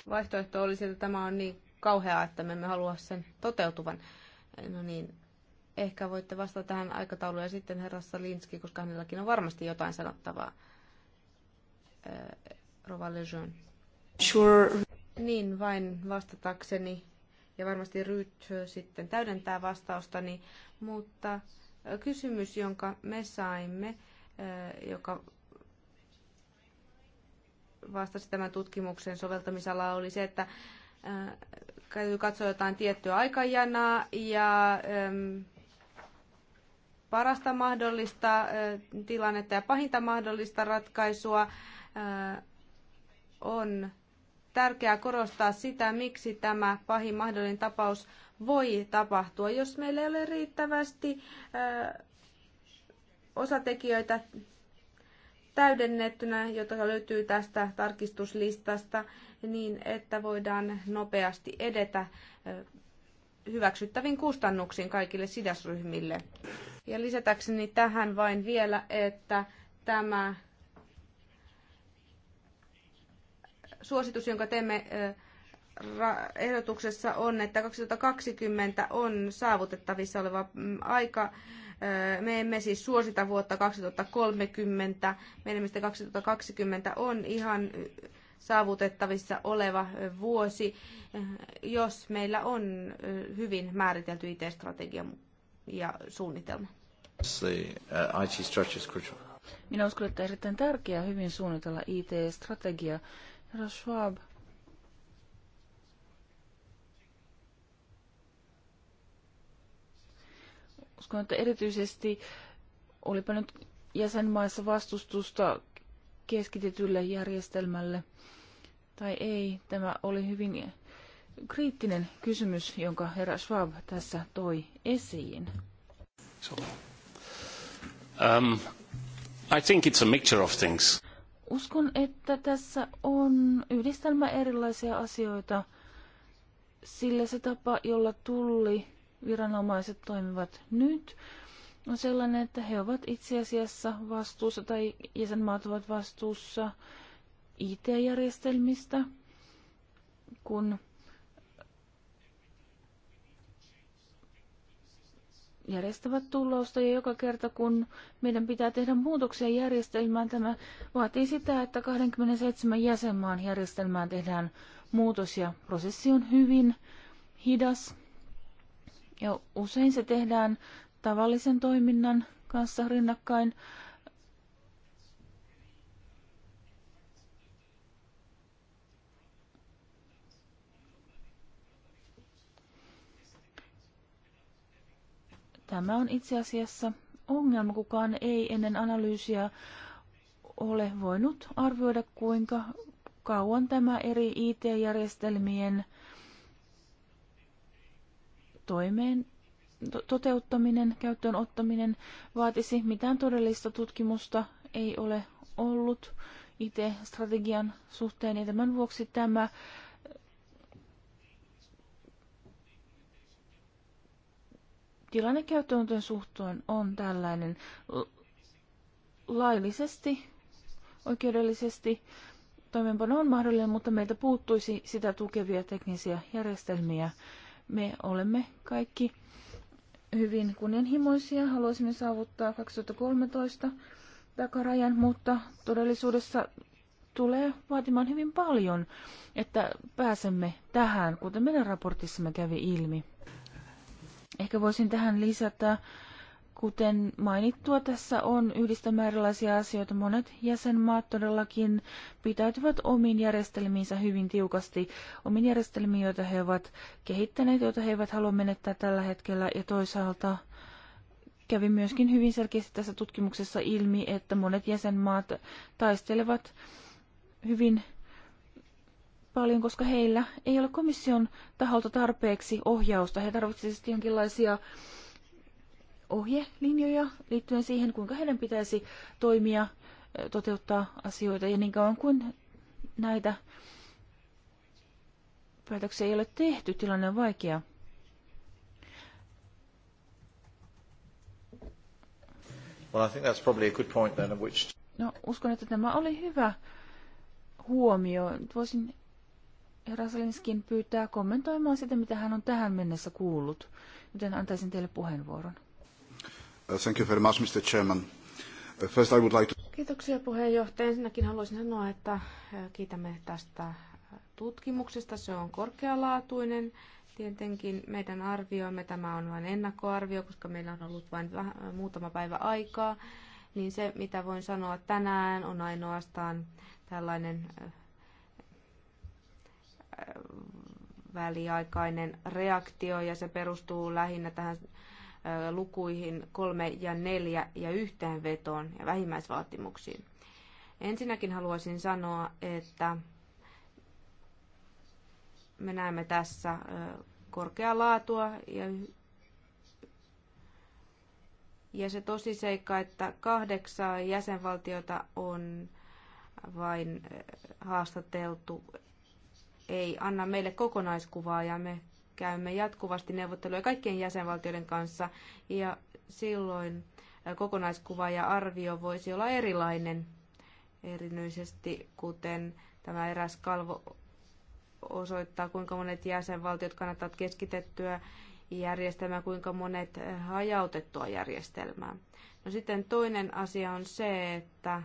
Vaihtoehto olisi, että tämä on niin kauheaa, että me emme halua sen toteutuvan. No niin, ehkä voitte vastata tähän aikatauluun ja sitten herra Salinski, koska hänelläkin on varmasti jotain sanottavaa. Äh, Rova Lejeune. Sure. Niin, vain vastatakseni, ja varmasti Ryt sitten täydentää vastaustani, mutta kysymys, jonka me saimme, eh, joka vastasi tämän tutkimuksen soveltamisalaa, oli se, että eh, täytyy katsoa jotain tiettyä aikajanaa ja parasta mahdollista eh, tilannetta ja pahinta mahdollista ratkaisua on tärkeää korostaa sitä, miksi tämä pahin mahdollinen tapaus voi tapahtua, jos meillä ei ole riittävästi osatekijöitä täydennettynä, jota löytyy tästä tarkistuslistasta, niin että voidaan nopeasti edetä hyväksyttävin kustannuksiin kaikille sidasryhmille. Ja lisätäkseni tähän vain vielä, että tämä suositus, jonka teemme ehdotuksessa on, että 2020 on saavutettavissa oleva mm, aika. Me emme siis suosita vuotta 2030. Meidän mielestä 2020 on ihan saavutettavissa oleva vuosi, jos meillä on hyvin määritelty IT-strategia ja suunnitelma. Uh, Minä uskon, että on erittäin tärkeää hyvin suunnitella IT-strategia. Herra Schwab, uskon, että erityisesti olipa nyt jäsenmaissa vastustusta keskitetylle järjestelmälle tai ei, tämä oli hyvin kriittinen kysymys, jonka herra Schwab tässä toi esiin. So, um, I think it's a mixture of things. Uskon, että tässä on yhdistelmä erilaisia asioita, sillä se tapa, jolla tulli viranomaiset toimivat nyt, on sellainen, että he ovat itse asiassa vastuussa tai jäsenmaat ovat vastuussa IT-järjestelmistä, kun järjestävät tullausta ja joka kerta kun meidän pitää tehdä muutoksia järjestelmään, tämä vaatii sitä, että 27 jäsenmaan järjestelmään tehdään muutos ja prosessi on hyvin hidas. Ja usein se tehdään tavallisen toiminnan kanssa rinnakkain. Tämä on itse asiassa ongelma. Kukaan ei ennen analyysiä ole voinut arvioida, kuinka kauan tämä eri IT-järjestelmien toimeen toteuttaminen, käyttöön ottaminen vaatisi mitään todellista tutkimusta ei ole ollut itse strategian suhteen ja tämän vuoksi tämä tilanne käyttöönoton suhteen on tällainen laillisesti, oikeudellisesti toimeenpano on mahdollinen, mutta meiltä puuttuisi sitä tukevia teknisiä järjestelmiä. Me olemme kaikki hyvin kunnianhimoisia. Haluaisimme saavuttaa 2013 takarajan, mutta todellisuudessa tulee vaatimaan hyvin paljon, että pääsemme tähän, kuten meidän raportissamme kävi ilmi. Ehkä voisin tähän lisätä Kuten mainittua, tässä on yhdistämä erilaisia asioita. Monet jäsenmaat todellakin pitäytyvät omiin järjestelmiinsä hyvin tiukasti, omiin järjestelmiin, joita he ovat kehittäneet, joita he eivät halua menettää tällä hetkellä, ja toisaalta kävi myöskin hyvin selkeästi tässä tutkimuksessa ilmi, että monet jäsenmaat taistelevat hyvin paljon, koska heillä ei ole komission taholta tarpeeksi ohjausta. He tarvitsevat jonkinlaisia ohjelinjoja liittyen siihen, kuinka heidän pitäisi toimia, toteuttaa asioita ja niin kauan kuin näitä päätöksiä ei ole tehty, tilanne on vaikea. Well, I think that's probably a good point then, which... No, uskon, että tämä oli hyvä huomio. Voisin herra pyytää kommentoimaan sitä, mitä hän on tähän mennessä kuullut, joten antaisin teille puheenvuoron. Uh, thank you very much, Mr. Chairman. Uh, first I would like to... Kiitoksia puheenjohtaja. Ensinnäkin haluaisin sanoa, että uh, kiitämme tästä tutkimuksesta. Se on korkealaatuinen. Tietenkin meidän arvioimme, tämä on vain ennakkoarvio, koska meillä on ollut vain muutama päivä aikaa, niin se mitä voin sanoa tänään on ainoastaan tällainen väliaikainen reaktio ja se perustuu lähinnä tähän lukuihin kolme ja neljä ja yhteenvetoon ja vähimmäisvaatimuksiin. Ensinnäkin haluaisin sanoa, että me näemme tässä korkeaa laatua ja, ja se tosiseikka, että kahdeksaa jäsenvaltiota on vain haastateltu, ei anna meille kokonaiskuvaa ja me käymme jatkuvasti neuvotteluja kaikkien jäsenvaltioiden kanssa ja silloin kokonaiskuva ja arvio voisi olla erilainen, erityisesti kuten tämä eräs kalvo osoittaa, kuinka monet jäsenvaltiot kannattavat keskitettyä järjestelmää, kuinka monet hajautettua järjestelmää. No sitten toinen asia on se, että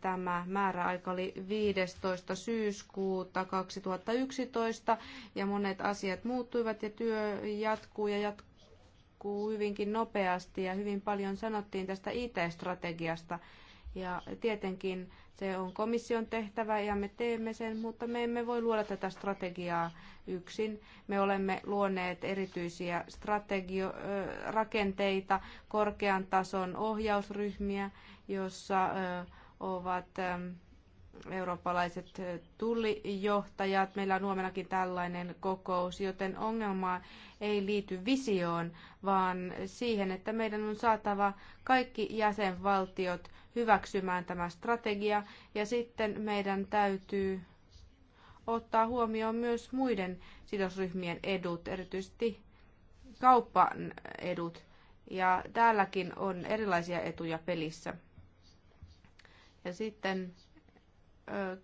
tämä määräaika oli 15. syyskuuta 2011 ja monet asiat muuttuivat ja työ jatkuu ja jatkuu hyvinkin nopeasti ja hyvin paljon sanottiin tästä IT-strategiasta. Ja tietenkin se on komission tehtävä ja me teemme sen, mutta me emme voi luoda tätä strategiaa yksin. Me olemme luoneet erityisiä strategio- rakenteita, korkean tason ohjausryhmiä, jossa ovat ähm, eurooppalaiset äh, tullijohtajat. Meillä on huomenakin tällainen kokous, joten ongelma ei liity visioon, vaan siihen, että meidän on saatava kaikki jäsenvaltiot hyväksymään tämä strategia ja sitten meidän täytyy ottaa huomioon myös muiden sidosryhmien edut, erityisesti kauppan edut. Ja täälläkin on erilaisia etuja pelissä. Ja sitten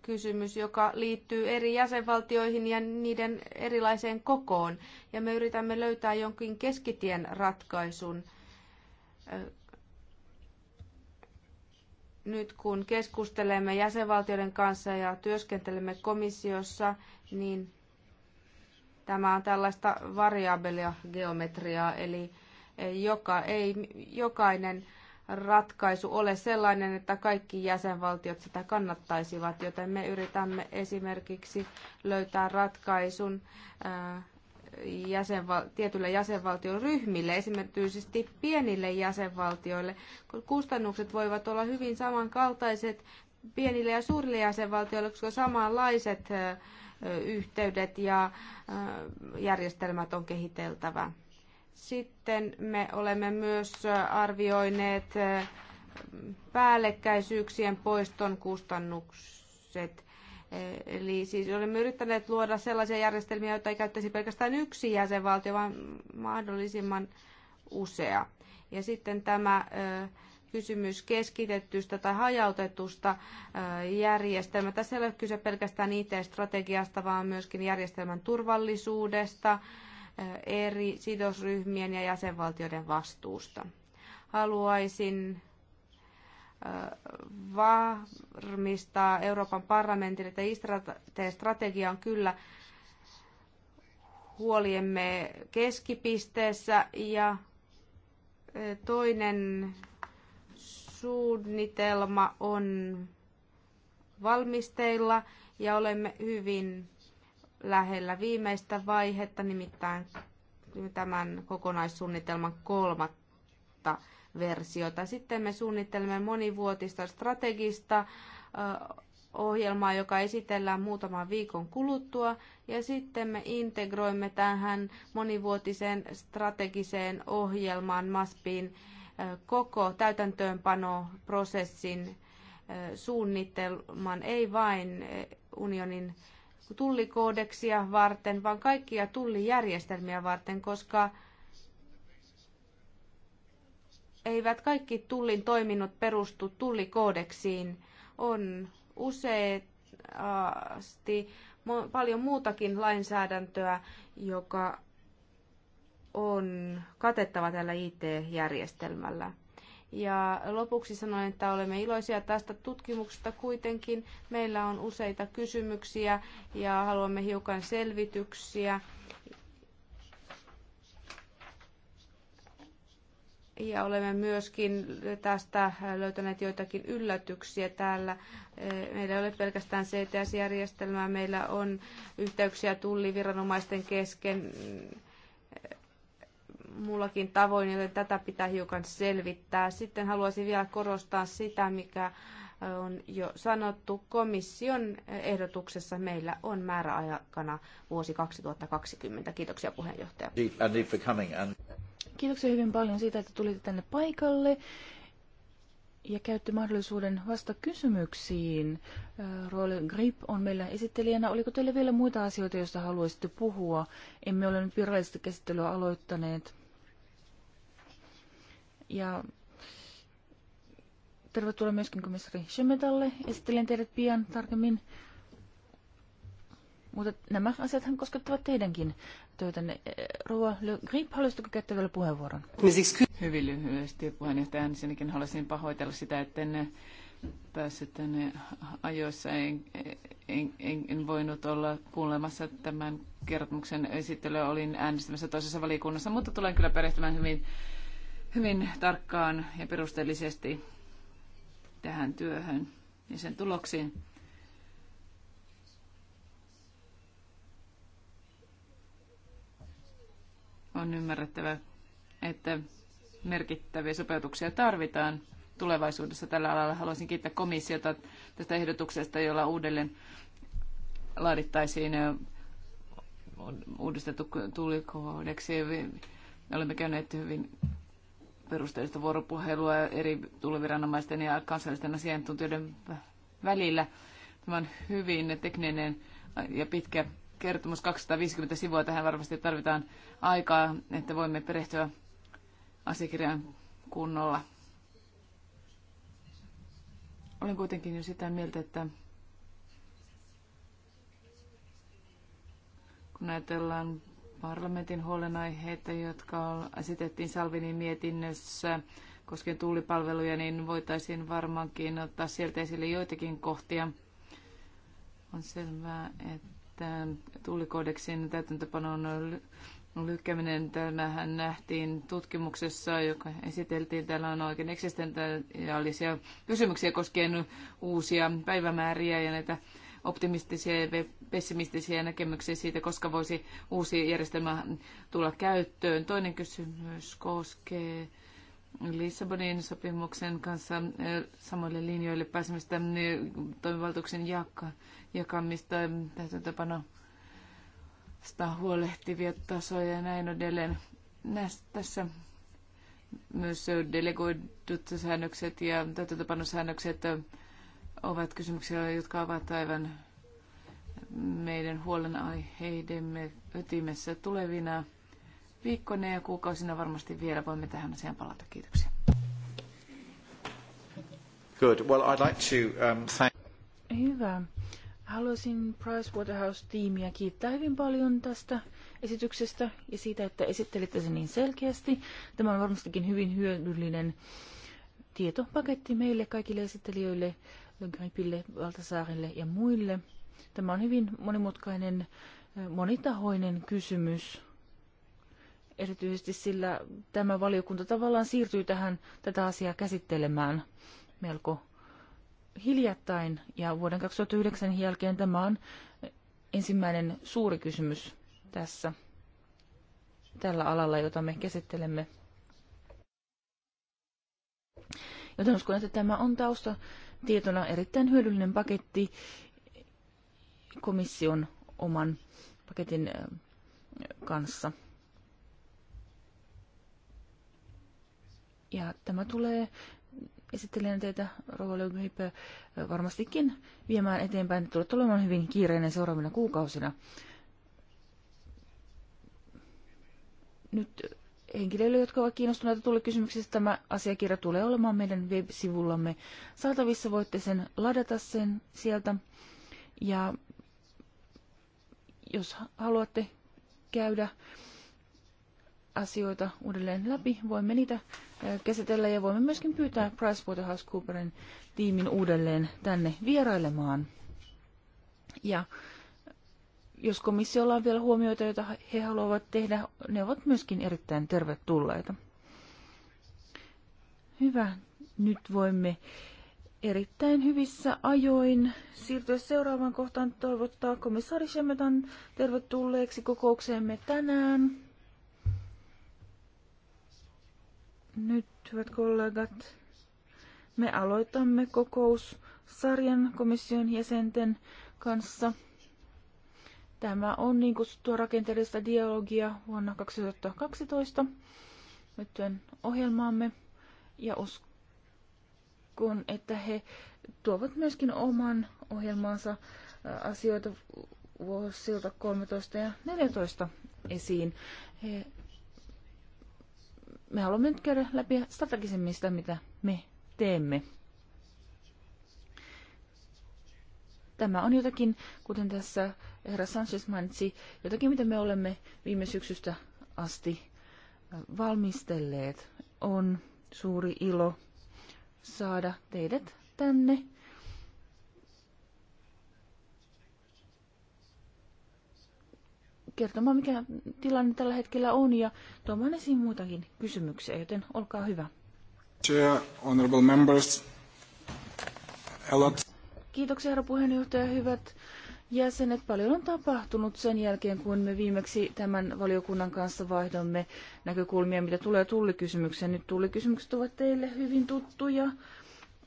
kysymys, joka liittyy eri jäsenvaltioihin ja niiden erilaiseen kokoon. Ja me yritämme löytää jonkin keskitien ratkaisun. Nyt kun keskustelemme jäsenvaltioiden kanssa ja työskentelemme komissiossa, niin tämä on tällaista variabelia geometriaa, eli e, joka, ei, jokainen ratkaisu ole sellainen, että kaikki jäsenvaltiot sitä kannattaisivat, joten me yritämme esimerkiksi löytää ratkaisun äh, jäsenval- tietylle jäsenvaltioryhmille, esimerkiksi pienille jäsenvaltioille, kun kustannukset voivat olla hyvin samankaltaiset pienille ja suurille jäsenvaltioille, koska samanlaiset äh, yhteydet ja äh, järjestelmät on kehiteltävä. Sitten me olemme myös arvioineet päällekkäisyyksien poiston kustannukset. Eli siis olemme yrittäneet luoda sellaisia järjestelmiä, joita ei käyttäisi pelkästään yksi jäsenvaltio, vaan mahdollisimman usea. Ja sitten tämä kysymys keskitettystä tai hajautetusta järjestelmästä. Tässä ei ole kyse pelkästään IT-strategiasta, vaan myöskin järjestelmän turvallisuudesta, eri sidosryhmien ja jäsenvaltioiden vastuusta. Haluaisin varmistaa Euroopan parlamentille, että strategia on kyllä huoliemme keskipisteessä ja toinen suunnitelma on valmisteilla ja olemme hyvin lähellä viimeistä vaihetta, nimittäin tämän kokonaissuunnitelman kolmatta versiota. Sitten me suunnittelemme monivuotista strategista ohjelmaa, joka esitellään muutaman viikon kuluttua, ja sitten me integroimme tähän monivuotiseen strategiseen ohjelmaan MASPin koko täytäntöönpanoprosessin suunnitelman, ei vain unionin tullikoodeksia varten, vaan kaikkia tullijärjestelmiä varten, koska eivät kaikki tullin toiminnot perustu tullikoodeksiin. On useasti paljon muutakin lainsäädäntöä, joka on katettava tällä IT-järjestelmällä. Ja lopuksi sanoin, että olemme iloisia tästä tutkimuksesta kuitenkin. Meillä on useita kysymyksiä ja haluamme hiukan selvityksiä. ja olemme myöskin tästä löytäneet joitakin yllätyksiä täällä. Meillä ei ole pelkästään CTS-järjestelmää, meillä on yhteyksiä tulliviranomaisten kesken muullakin tavoin, joten tätä pitää hiukan selvittää. Sitten haluaisin vielä korostaa sitä, mikä on jo sanottu. Komission ehdotuksessa meillä on määräaikana vuosi 2020. Kiitoksia puheenjohtaja. Kiitoksia hyvin paljon siitä, että tulitte tänne paikalle ja käytti mahdollisuuden vasta kysymyksiin. Roel Grip on meillä esittelijänä. Oliko teillä vielä muita asioita, joista haluaisitte puhua? Emme ole nyt virallista käsittelyä aloittaneet ja tervetuloa myöskin komissari Schemetalle. Esittelen teidät pian tarkemmin. Mutta nämä asiathan koskettavat teidänkin työtänne. Rouva Le Grip, haluaisitko käyttää vielä puheenvuoron? Hyvin lyhyesti puheenjohtaja. Ensinnäkin haluaisin pahoitella sitä, että en päässyt tänne ajoissa. En, en, en, en voinut olla kuulemassa tämän kertomuksen esittelyä. Olin äänestämässä toisessa valiokunnassa, mutta tulen kyllä perehtymään hyvin hyvin tarkkaan ja perusteellisesti tähän työhön ja sen tuloksiin. On ymmärrettävä, että merkittäviä sopeutuksia tarvitaan tulevaisuudessa tällä alalla. Haluaisin kiittää komissiota tästä ehdotuksesta, jolla uudelleen laadittaisiin uudistettu tulikohdeksi. Olemme käyneet hyvin perusteellista vuoropuhelua eri tuliviranomaisten ja kansallisten asiantuntijoiden välillä. Tämä on hyvin tekninen ja pitkä kertomus, 250 sivua. Tähän varmasti tarvitaan aikaa, että voimme perehtyä asiakirjan kunnolla. Olen kuitenkin jo sitä mieltä, että kun ajatellaan parlamentin huolenaiheita, jotka esitettiin Salvinin mietinnössä koskien tuulipalveluja, niin voitaisiin varmaankin ottaa sieltä esille joitakin kohtia. On selvää, että tuulikodeksin täytäntöpanon lykkääminen tämähän nähtiin tutkimuksessa, joka esiteltiin. Täällä on oikein eksistentiaalisia kysymyksiä koskien uusia päivämääriä ja näitä optimistisia ja pessimistisiä näkemyksiä siitä, koska voisi uusi järjestelmä tulla käyttöön. Toinen kysymys koskee Lissabonin sopimuksen kanssa eh, samoille linjoille pääsemistä eh, toimivaltuuksien jakamista eh, täytäntöpano sitä huolehtivia tasoja ja näin edelleen. näissä tässä myös delegoidut säännökset ja täytäntöpanosäännökset säännökset ovat kysymyksiä, jotka ovat aivan meidän huolenaiheidemme ytimessä tulevina viikkoina ja kuukausina varmasti vielä voimme tähän asiaan palata. Kiitoksia. Good. Well, I'd like to, um, thank... Hyvä. Haluaisin Pricewaterhouse-tiimiä kiittää hyvin paljon tästä esityksestä ja siitä, että esittelitte sen niin selkeästi. Tämä on varmastikin hyvin hyödyllinen tietopaketti meille kaikille esittelijöille Gripille, Valtasaarille ja muille. Tämä on hyvin monimutkainen, äh, monitahoinen kysymys, erityisesti sillä tämä valiokunta tavallaan siirtyy tähän tätä asiaa käsittelemään melko hiljattain ja vuoden 2009 jälkeen tämä on ensimmäinen suuri kysymys tässä tällä alalla, jota me käsittelemme. Joten uskon, että tämä on tausta tietona erittäin hyödyllinen paketti komission oman paketin kanssa. Ja tämä tulee esittelen teitä Rova varmastikin viemään eteenpäin. Tulee olemaan hyvin kiireinen seuraavina kuukausina. Nyt henkilöille, jotka ovat kiinnostuneita kysymyksistä, tämä asiakirja tulee olemaan meidän web-sivullamme saatavissa. Voitte sen ladata sen sieltä. Ja jos haluatte käydä asioita uudelleen läpi, voimme niitä käsitellä ja voimme myöskin pyytää PricewaterhouseCooperin tiimin uudelleen tänne vierailemaan. Ja jos komissiolla on vielä huomioita, joita he haluavat tehdä, ne ovat myöskin erittäin tervetulleita. Hyvä. Nyt voimme erittäin hyvissä ajoin siirtyä seuraavaan kohtaan toivottaa komissaari Shemetan tervetulleeksi kokoukseemme tänään. Nyt, hyvät kollegat, me aloitamme kokoussarjan komission jäsenten kanssa – Tämä on niin kutsuttua rakenteellista dialogia vuonna 2012 liittyen ohjelmaamme ja uskon, että he tuovat myöskin oman ohjelmaansa asioita vuosilta 13 ja 14 esiin. He, me haluamme nyt käydä läpi strategisemmista, mitä me teemme. Tämä on jotakin, kuten tässä herra Sanchez mainitsi jotakin, mitä me olemme viime syksystä asti valmistelleet. On suuri ilo saada teidät tänne. kertomaan, mikä tilanne tällä hetkellä on ja tuomaan esiin muitakin kysymyksiä, joten olkaa hyvä. Chair, honorable members, a lot. Kiitoksia herra puheenjohtaja, hyvät jäsenet, paljon on tapahtunut sen jälkeen, kun me viimeksi tämän valiokunnan kanssa vaihdomme näkökulmia, mitä tulee tullikysymykseen. Nyt tullikysymykset ovat teille hyvin tuttuja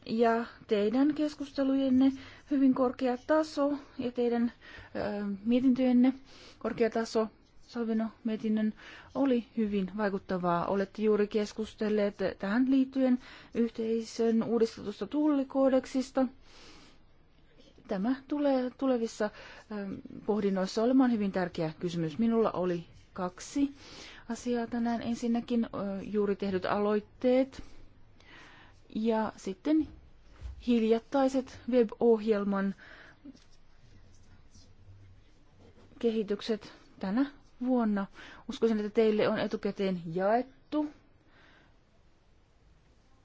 ja teidän keskustelujenne hyvin korkea taso ja teidän ö, mietintöjenne korkea taso Salvino mietinnön oli hyvin vaikuttavaa. Olette juuri keskustelleet tähän liittyen yhteisön uudistetusta tullikoodeksista tämä tulee tulevissa ähm, pohdinnoissa olemaan hyvin tärkeä kysymys. Minulla oli kaksi asiaa tänään. Ensinnäkin juuri tehdyt aloitteet ja sitten hiljattaiset web-ohjelman kehitykset tänä vuonna. Uskoisin, että teille on etukäteen jaettu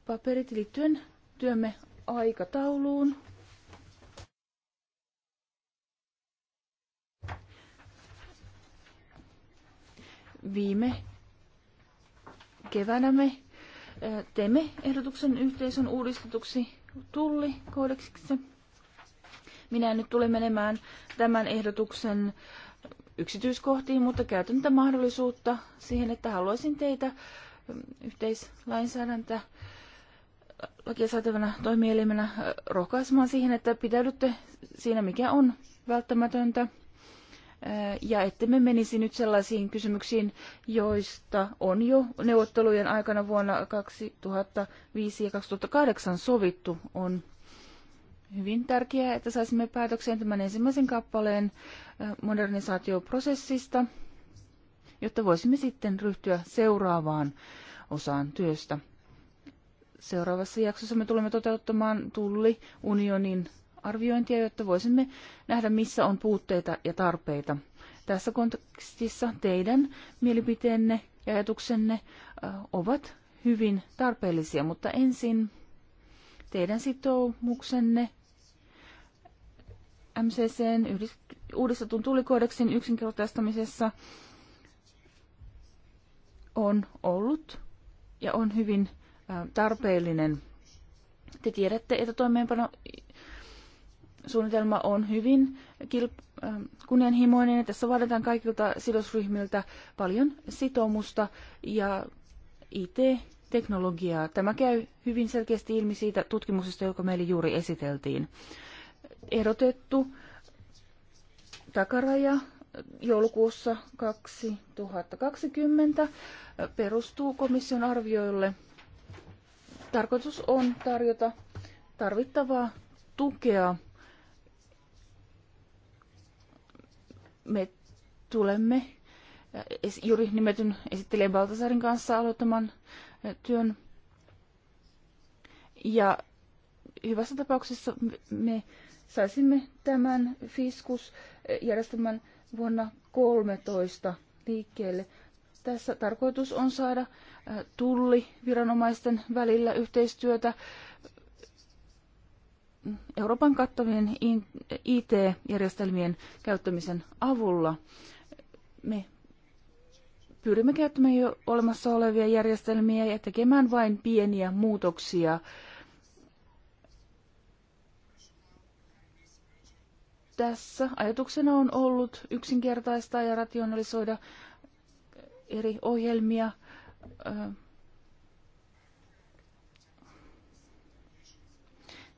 paperit liittyen työmme aikatauluun. viime keväänä me teemme ehdotuksen yhteisön uudistetuksi tullikoodeksiksi. Minä en nyt tule menemään tämän ehdotuksen yksityiskohtiin, mutta käytän tätä mahdollisuutta siihen, että haluaisin teitä yhteislainsäädäntö lakia säätävänä toimielimenä rohkaisemaan siihen, että pitäydytte siinä, mikä on välttämätöntä ja ettemme menisi nyt sellaisiin kysymyksiin, joista on jo neuvottelujen aikana vuonna 2005 ja 2008 sovittu, on hyvin tärkeää, että saisimme päätökseen tämän ensimmäisen kappaleen modernisaatioprosessista, jotta voisimme sitten ryhtyä seuraavaan osaan työstä. Seuraavassa jaksossa me tulemme toteuttamaan tulliunionin arviointia, jotta voisimme nähdä, missä on puutteita ja tarpeita. Tässä kontekstissa teidän mielipiteenne ja ajatuksenne äh, ovat hyvin tarpeellisia, mutta ensin teidän sitoumuksenne MCCn uudistetun tulikoodeksin yksinkertaistamisessa on ollut ja on hyvin äh, tarpeellinen. Te tiedätte, että toimeenpano suunnitelma on hyvin kilp- ähm, kunnianhimoinen tässä vaaditaan kaikilta sidosryhmiltä paljon sitoumusta ja IT-teknologiaa. Tämä käy hyvin selkeästi ilmi siitä tutkimuksesta, joka meille juuri esiteltiin. Erotettu takaraja joulukuussa 2020 perustuu komission arvioille. Tarkoitus on tarjota tarvittavaa tukea me tulemme äh, juuri nimetyn esittelijän Baltasarin kanssa aloittamaan äh, työn. Ja hyvässä tapauksessa me saisimme tämän Fiskus-järjestelmän vuonna 2013 liikkeelle. Tässä tarkoitus on saada äh, tulliviranomaisten välillä yhteistyötä Euroopan kattavien IT-järjestelmien käyttämisen avulla me pyrimme käyttämään jo olemassa olevia järjestelmiä ja tekemään vain pieniä muutoksia. Tässä ajatuksena on ollut yksinkertaistaa ja rationalisoida eri ohjelmia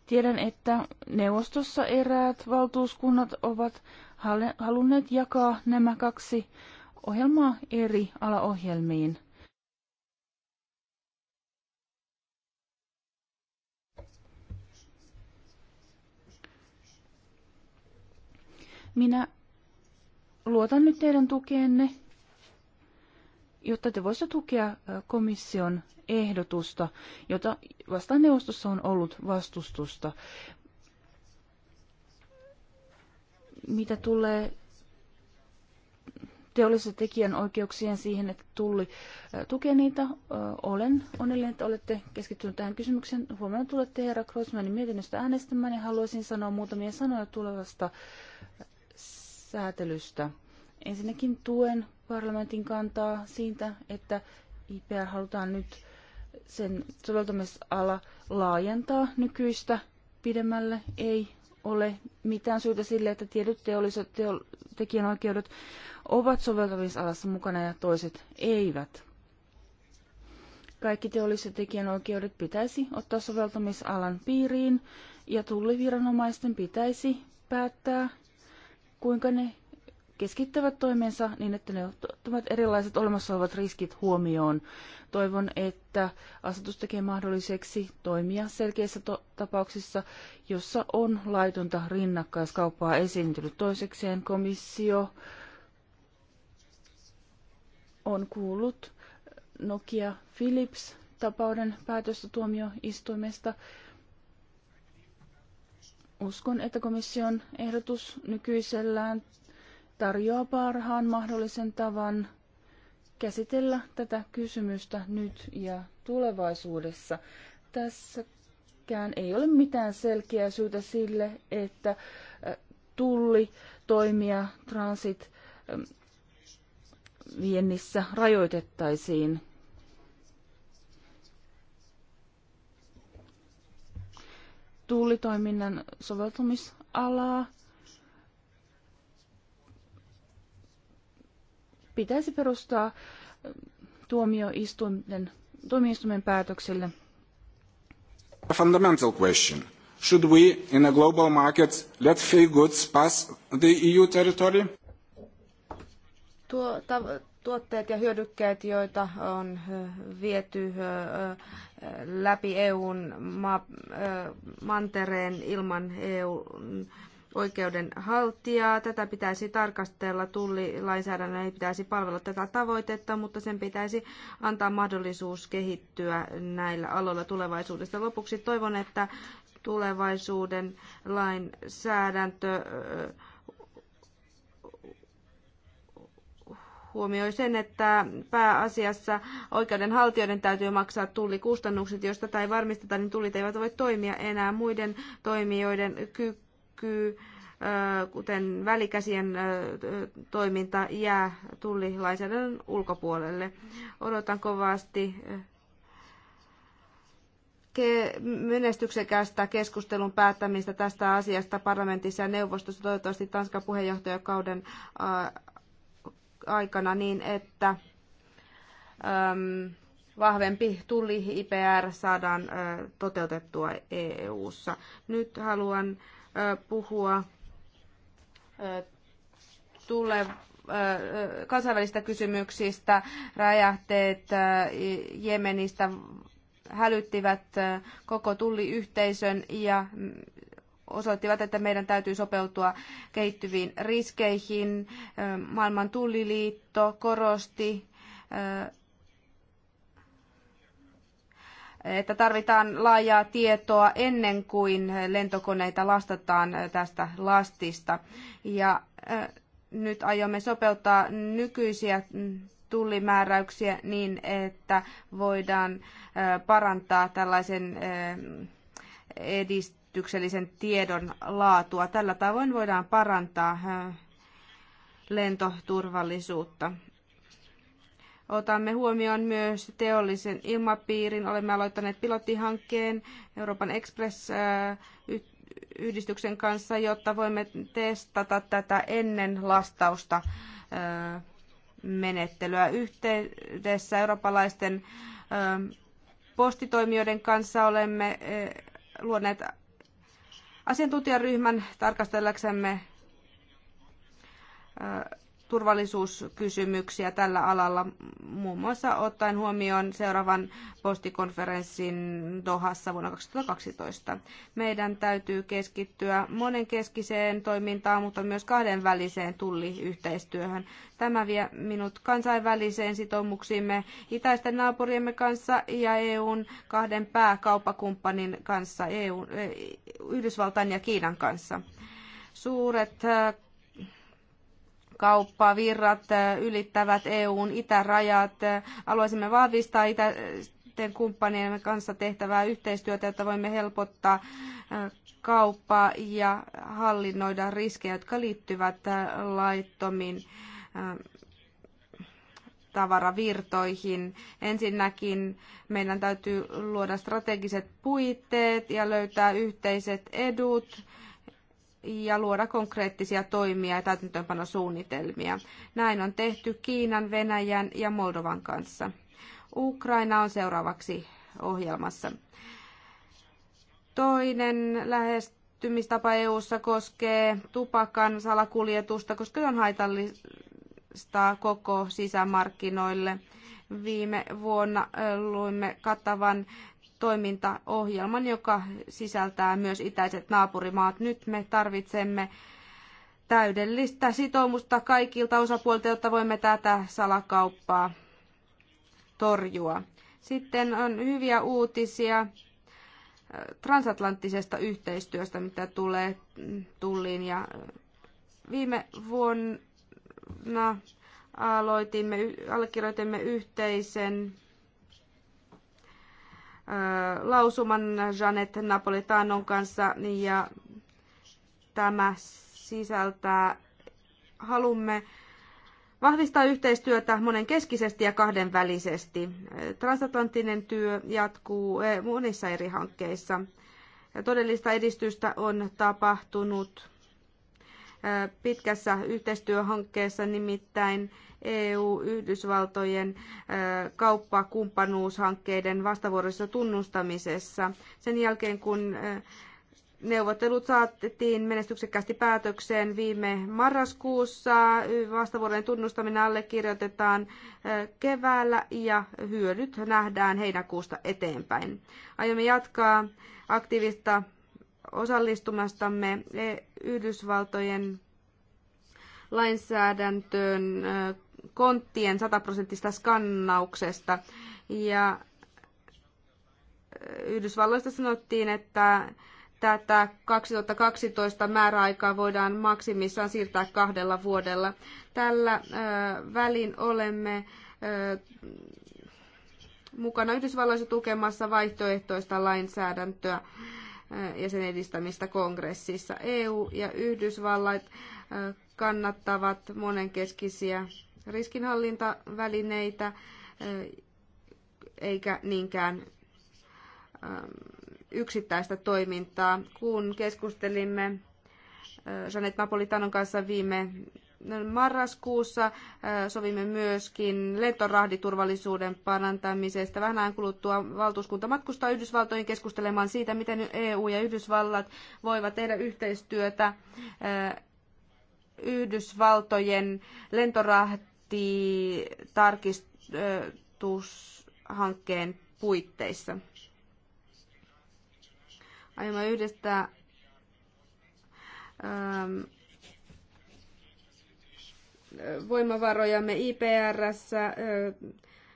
Tiedän, että neuvostossa eräät valtuuskunnat ovat halunneet jakaa nämä kaksi ohjelmaa eri alaohjelmiin. Minä luotan nyt teidän tukeenne jotta te voisitte tukea komission ehdotusta, jota vastaan neuvostossa on ollut vastustusta. Mitä tulee teollisen tekijän oikeuksien siihen, että tulli tukee niitä. Olen onnellinen, että olette keskittyneet tähän kysymykseen. Huomenna tulette herra Grossmanin mietinnöstä äänestämään ja haluaisin sanoa muutamia sanoja tulevasta säätelystä. Ensinnäkin tuen parlamentin kantaa siitä, että IPR halutaan nyt sen soveltamisala laajentaa nykyistä pidemmälle. Ei ole mitään syytä sille, että tietyt teolliset teo, tekijänoikeudet ovat soveltamisalassa mukana ja toiset eivät. Kaikki teolliset tekijänoikeudet pitäisi ottaa soveltamisalan piiriin ja tulliviranomaisten pitäisi päättää, kuinka ne keskittävät toimensa niin, että ne ottavat erilaiset olemassa olevat riskit huomioon. Toivon, että asetus tekee mahdolliseksi toimia selkeissä to- tapauksissa, jossa on laitonta rinnakkaiskauppaa esiintynyt. Toisekseen komissio on kuullut Nokia Philips tapauden päätöstä tuomioistuimesta. Uskon, että komission ehdotus nykyisellään tarjoaa parhaan mahdollisen tavan käsitellä tätä kysymystä nyt ja tulevaisuudessa. Tässäkään ei ole mitään selkeää syytä sille, että äh, tulli toimia transit ähm, viennissä rajoitettaisiin. Tullitoiminnan soveltumisalaa pitäisi perustaa tuomioistuimen, tuomioistuimen päätöksille. A fundamental question. Should we, in a global market, let free goods pass the EU territory? Tuo, tuotteet ja hyödykkeet, joita on viety läpi EUn ma- mantereen ilman EUn oikeuden haltijaa. Tätä pitäisi tarkastella. Tullilainsäädännön ei pitäisi palvella tätä tavoitetta, mutta sen pitäisi antaa mahdollisuus kehittyä näillä aloilla tulevaisuudesta. Lopuksi toivon, että tulevaisuuden lainsäädäntö huomioi sen, että pääasiassa oikeudenhaltijoiden täytyy maksaa tullikustannukset. Jos tätä ei varmisteta, niin tullit eivät voi toimia enää muiden toimijoiden kyky näkyy, kuten välikäsien toiminta jää tullilainsäädännön ulkopuolelle. Odotan kovasti menestyksekästä keskustelun päättämistä tästä asiasta parlamentissa ja neuvostossa, toivottavasti Tanskan puheenjohtajakauden aikana niin, että vahvempi tulli IPR saadaan toteutettua EU:ssa. Nyt haluan puhua tule, kansainvälistä kysymyksistä, räjähteet Jemenistä hälyttivät koko tulliyhteisön ja osoittivat, että meidän täytyy sopeutua kehittyviin riskeihin. Maailman tulliliitto korosti että tarvitaan laajaa tietoa ennen kuin lentokoneita lastataan tästä lastista. Ja nyt aiomme sopeuttaa nykyisiä tullimääräyksiä niin, että voidaan parantaa tällaisen edistyksellisen tiedon laatua. Tällä tavoin voidaan parantaa lentoturvallisuutta. Otamme huomioon myös teollisen ilmapiirin. Olemme aloittaneet pilottihankkeen Euroopan Express-yhdistyksen äh, kanssa, jotta voimme testata tätä ennen lastausta äh, menettelyä yhteydessä eurooppalaisten ähm, postitoimijoiden kanssa olemme äh, luoneet asiantuntijaryhmän tarkastellaksemme turvallisuuskysymyksiä tällä alalla, muun muassa ottaen huomioon seuraavan postikonferenssin Dohassa vuonna 2012. Meidän täytyy keskittyä monenkeskiseen toimintaan, mutta myös kahdenväliseen tulliyhteistyöhön. Tämä vie minut kansainväliseen sitoumuksiimme itäisten naapuriemme kanssa ja EUn kahden pääkauppakumppanin kanssa, EU:n e, Yhdysvaltain ja Kiinan kanssa. Suuret kauppavirrat eh, ylittävät EUn itärajat. Eh, haluaisimme vahvistaa itäisten kumppanien kanssa tehtävää yhteistyötä, jotta voimme helpottaa eh, kauppaa ja hallinnoida riskejä, jotka liittyvät laittomiin tavaravirtoihin. Ensinnäkin meidän täytyy luoda strategiset puitteet ja löytää yhteiset edut ja luoda konkreettisia toimia ja täytäntöönpanosuunnitelmia. Näin on tehty Kiinan, Venäjän ja Moldovan kanssa. Ukraina on seuraavaksi ohjelmassa. Toinen lähestymistapa EU:ssa koskee tupakan salakuljetusta, koska se on haitallista koko sisämarkkinoille. Viime vuonna äh, luimme kattavan toimintaohjelman, joka sisältää myös itäiset naapurimaat. Nyt me tarvitsemme täydellistä sitoumusta kaikilta osapuolilta, jotta voimme tätä salakauppaa torjua. Sitten on hyviä uutisia äh, transatlanttisesta yhteistyöstä, mitä tulee tulliin. Ja äh, viime vuonna aloitimme, allekirjoitimme yhteisen lausuman Janet Napoletanon kanssa ja tämä sisältää, haluamme vahvistaa yhteistyötä monenkeskisesti ja kahdenvälisesti. Transatlanttinen työ jatkuu monissa eri hankkeissa. Todellista edistystä on tapahtunut pitkässä yhteistyöhankkeessa, nimittäin EU-Yhdysvaltojen kauppakumppanuushankkeiden vastavuoroisessa tunnustamisessa. Sen jälkeen, kun Neuvottelut saatettiin menestyksekkäästi päätökseen viime marraskuussa. Vastavuoroinen tunnustaminen allekirjoitetaan keväällä ja hyödyt nähdään heinäkuusta eteenpäin. Aiomme jatkaa aktiivista osallistumastamme e Yhdysvaltojen lainsäädäntöön konttien sataprosenttista skannauksesta. Ja Yhdysvalloista sanottiin, että tätä 2012 määräaikaa voidaan maksimissaan siirtää kahdella vuodella. Tällä välin olemme mukana Yhdysvalloissa tukemassa vaihtoehtoista lainsäädäntöä ja sen edistämistä kongressissa. EU ja Yhdysvallat kannattavat monenkeskisiä riskinhallintavälineitä eikä niinkään yksittäistä toimintaa. Kun keskustelimme Janet Napolitanon kanssa viime no, marraskuussa sovimme myöskin lentorahditurvallisuuden parantamisesta. Vähän ajan kuluttua valtuuskunta matkustaa Yhdysvaltoihin keskustelemaan siitä, miten EU ja Yhdysvallat voivat tehdä yhteistyötä Yhdysvaltojen lentorahti tarkistushankkeen puitteissa. Aiomme yhdestä ähm, voimavarojamme IPRssä, äh,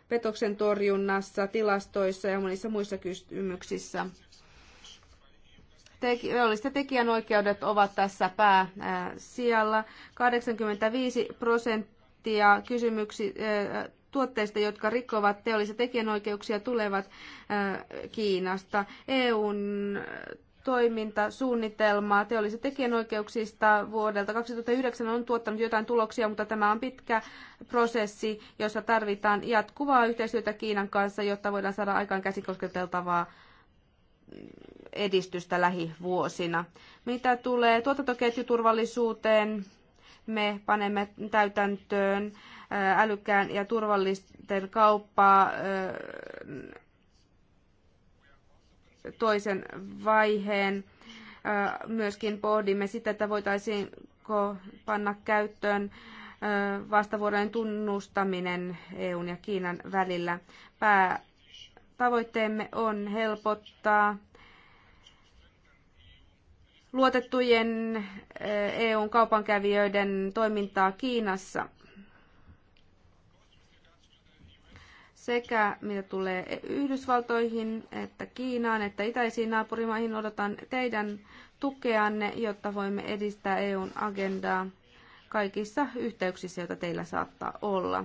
petoksen torjunnassa, tilastoissa ja monissa muissa kysymyksissä. Teolliset tekijänoikeudet ovat tässä pääsijalla. 85 prosenttia prosenttia kysymyksi, tuotteista, jotka rikkovat teollisia tekijänoikeuksia, tulevat Kiinasta. EUn toimintasuunnitelma teollisista tekijänoikeuksista vuodelta 2009 on tuottanut jotain tuloksia, mutta tämä on pitkä prosessi, jossa tarvitaan jatkuvaa yhteistyötä Kiinan kanssa, jotta voidaan saada aikaan käsikosketeltavaa edistystä lähivuosina. Mitä tulee tuotantoketjuturvallisuuteen, me panemme täytäntöön äh, älykkään ja turvallisten kauppaa äh, toisen vaiheen. Äh, myöskin pohdimme sitä, että voitaisiinko panna käyttöön vastavuoroinen tunnustaminen EUn ja Kiinan välillä. Päätavoitteemme on helpottaa luotettujen eh, EUn kaupankävijöiden toimintaa Kiinassa. sekä mitä tulee Yhdysvaltoihin, että Kiinaan, että itäisiin naapurimaihin odotan teidän tukeanne, jotta voimme edistää EUn agendaa kaikissa yhteyksissä, joita teillä saattaa olla.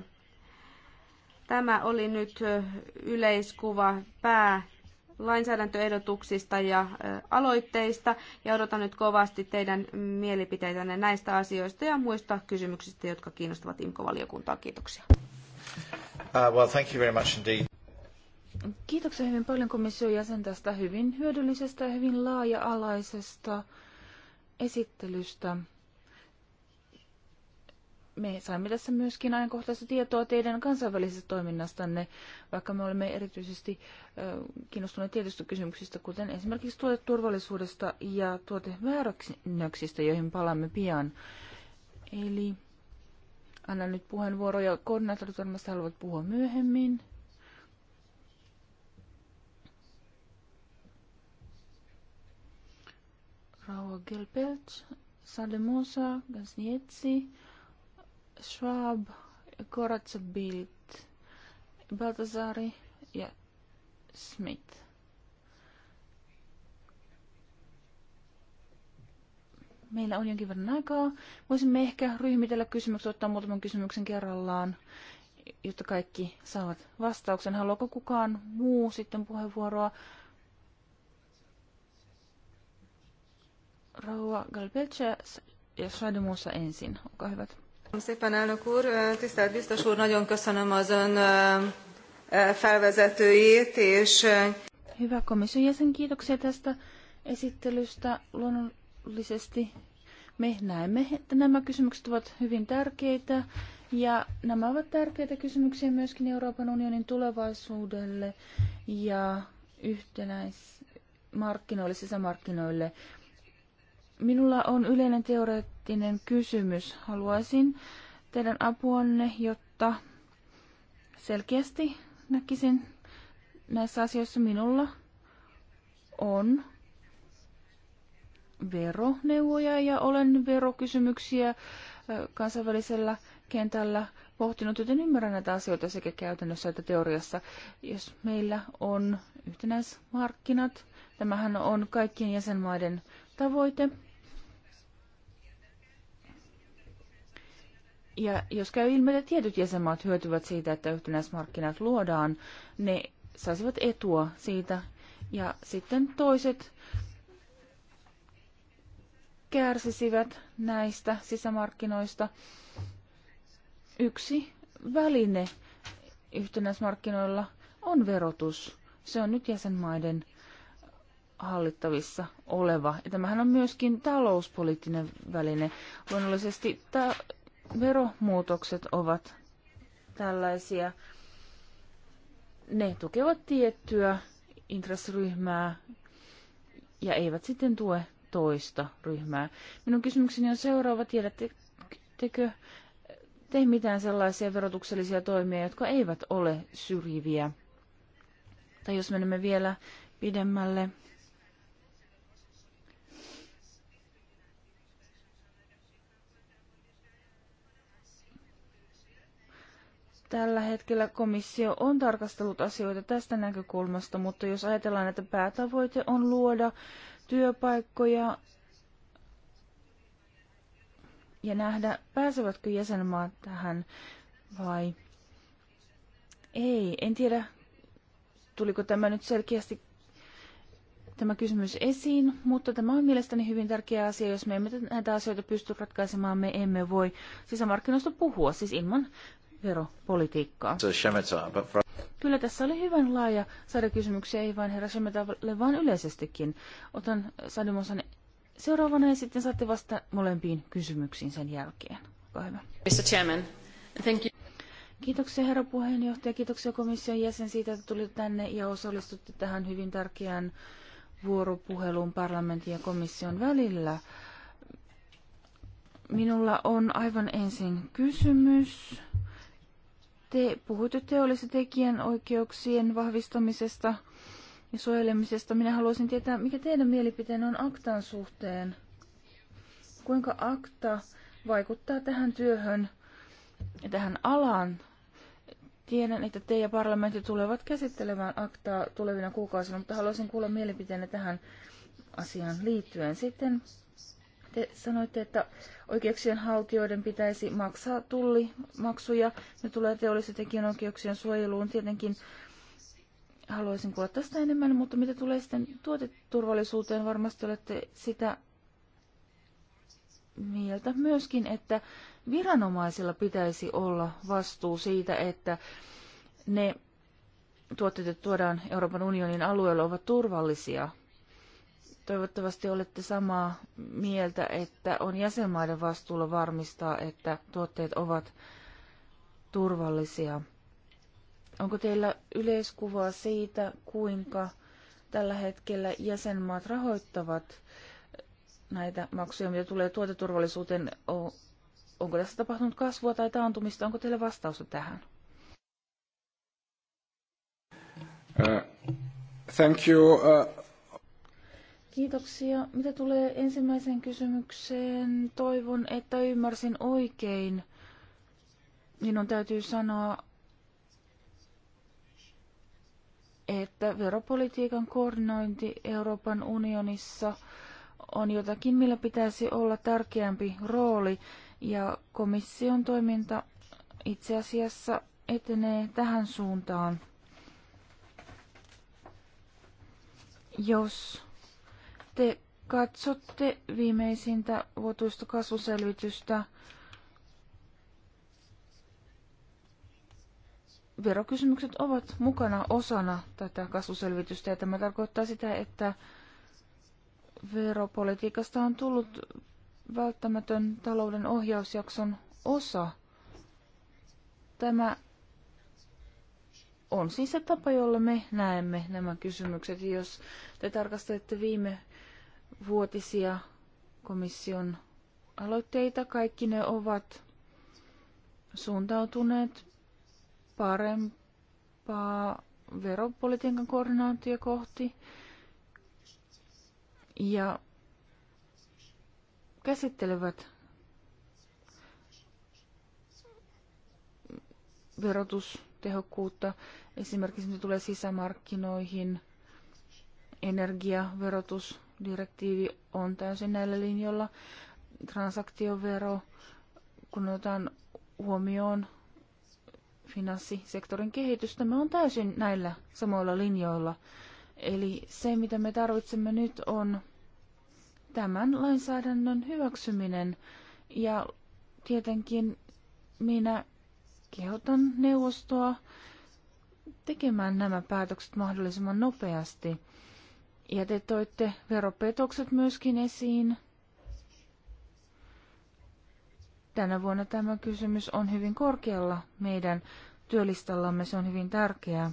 Tämä oli nyt eh, yleiskuva pää lainsäädäntöehdotuksista ja aloitteista ja odotan nyt kovasti teidän mielipiteitänne näistä asioista ja muista kysymyksistä, jotka kiinnostavat imco valiokuntaa Kiitoksia. Uh, well, thank you very much indeed. Kiitoksia hyvin paljon komission jäsen tästä hyvin hyödyllisestä ja hyvin laaja-alaisesta esittelystä me saimme tässä myöskin ajankohtaista tietoa teidän kansainvälisestä toiminnastanne, vaikka me olemme erityisesti kiinnostuneet tietystä kysymyksistä, kuten esimerkiksi tuoteturvallisuudesta ja tuoteväärännöksistä, joihin palaamme pian. Eli annan nyt puheenvuoroja. koordinaattorit varmasti haluavat puhua myöhemmin. Rauha Gelpelt, Sademosa, Gansnietsi. Schwab, Koratsa Bild, Baltasari ja Smith. Meillä on jonkin verran aikaa. Voisimme ehkä ryhmitellä kysymyksiä ottaa muutaman kysymyksen kerrallaan, jotta kaikki saavat vastauksen. Haluaako kukaan muu sitten puheenvuoroa? Rauha Galpelce ja Shademuussa ensin. Olkaa hyvät. Szépen elnök úr, tisztelt biztos úr, nagyon köszönöm az ön felvezetőjét, és... Hyvä komission jäsen, kiitoksia tästä esittelystä. Luonnollisesti me näemme, että nämä kysymykset ovat hyvin tärkeitä ja nämä ovat tärkeitä kysymyksiä myöskin Euroopan unionin tulevaisuudelle ja yhtenäis markkinoille, sisämarkkinoille. Minulla on yleinen teoreettinen kysymys. Haluaisin teidän apuanne, jotta selkeästi näkisin näissä asioissa minulla on veroneuvoja ja olen verokysymyksiä kansainvälisellä kentällä pohtinut, joten ymmärrän näitä asioita sekä käytännössä että teoriassa. Jos meillä on yhtenäismarkkinat, tämähän on kaikkien jäsenmaiden tavoite. Ja jos käy ilmi, että tietyt jäsenmaat hyötyvät siitä, että yhtenäismarkkinat luodaan, ne saisivat etua siitä. Ja sitten toiset kärsisivät näistä sisämarkkinoista. Yksi väline yhtenäismarkkinoilla on verotus. Se on nyt jäsenmaiden hallittavissa oleva. Ja tämähän on myöskin talouspoliittinen väline. Luonnollisesti ta- veromuutokset ovat tällaisia. Ne tukevat tiettyä intressiryhmää ja eivät sitten tue toista ryhmää. Minun kysymykseni on seuraava. Tiedättekö te mitään sellaisia verotuksellisia toimia, jotka eivät ole syrjiviä? Tai jos menemme vielä pidemmälle, Tällä hetkellä komissio on tarkastellut asioita tästä näkökulmasta, mutta jos ajatellaan, että päätavoite on luoda työpaikkoja ja nähdä, pääsevätkö jäsenmaat tähän vai ei. En tiedä, tuliko tämä nyt selkeästi tämä kysymys esiin, mutta tämä on mielestäni hyvin tärkeä asia. Jos me emme näitä asioita pysty ratkaisemaan, me emme voi sisämarkkinoista puhua, siis ilman veropolitiikkaa. Kyllä tässä oli hyvän laaja saada kysymyksiä, ei vain herra Shemetalle, vaan yleisestikin. Otan Sadimosan seuraavana ja sitten saatte vasta molempiin kysymyksiin sen jälkeen. Olkaa hyvä. Mr. Chairman, thank you. Kiitoksia herra puheenjohtaja, kiitoksia komission jäsen siitä, että tulit tänne ja osallistutte tähän hyvin tärkeään vuoropuheluun parlamentin ja komission välillä. Minulla on aivan ensin kysymys. Te puhuitte teollisen tekijän oikeuksien vahvistamisesta ja suojelemisesta. Minä haluaisin tietää, mikä teidän mielipiteen on aktan suhteen? Kuinka akta vaikuttaa tähän työhön ja tähän alaan? Tiedän, että te ja parlamentti tulevat käsittelemään aktaa tulevina kuukausina, mutta haluaisin kuulla mielipiteenne tähän asiaan liittyen. Sitten te sanoitte, että oikeuksien haltijoiden pitäisi maksaa tullimaksuja. Ne tulee teollisen tekijänoikeuksien suojeluun. Tietenkin haluaisin kuulla tästä enemmän, mutta mitä tulee sitten tuoteturvallisuuteen, varmasti olette sitä mieltä myöskin, että viranomaisilla pitäisi olla vastuu siitä, että ne tuotteet, jotka tuodaan Euroopan unionin alueella, ovat turvallisia. Toivottavasti olette samaa mieltä, että on jäsenmaiden vastuulla varmistaa, että tuotteet ovat turvallisia. Onko teillä yleiskuvaa siitä, kuinka tällä hetkellä jäsenmaat rahoittavat näitä maksuja, mitä tulee tuoteturvallisuuteen? Onko tässä tapahtunut kasvua tai taantumista? Onko teillä vastausta tähän? Uh, thank you. Uh... Kiitoksia. Mitä tulee ensimmäiseen kysymykseen, toivon, että ymmärsin oikein. Minun täytyy sanoa, että veropolitiikan koordinointi Euroopan unionissa on jotakin, millä pitäisi olla tärkeämpi rooli, ja komission toiminta itse asiassa etenee tähän suuntaan. Jos te katsotte viimeisintä vuotuista kasvuselvitystä, verokysymykset ovat mukana osana tätä kasvuselvitystä ja tämä tarkoittaa sitä, että veropolitiikasta on tullut välttämätön talouden ohjausjakson osa. Tämä on siis se tapa, jolla me näemme nämä kysymykset. Jos te tarkastelette viime vuotisia komission aloitteita. Kaikki ne ovat suuntautuneet parempaa veropolitiikan koordinaatio kohti. Ja käsittelevät verotustehokkuutta, esimerkiksi mitä tulee sisämarkkinoihin, energiaverotus, Direktiivi on täysin näillä linjoilla. Transaktiovero, kun otetaan huomioon finanssisektorin kehitystä, me on täysin näillä samoilla linjoilla. Eli se, mitä me tarvitsemme nyt, on tämän lainsäädännön hyväksyminen. Ja tietenkin minä kehotan neuvostoa tekemään nämä päätökset mahdollisimman nopeasti. Ja te toitte veropetokset myöskin esiin. Tänä vuonna tämä kysymys on hyvin korkealla meidän työlistallamme. Se on hyvin tärkeää.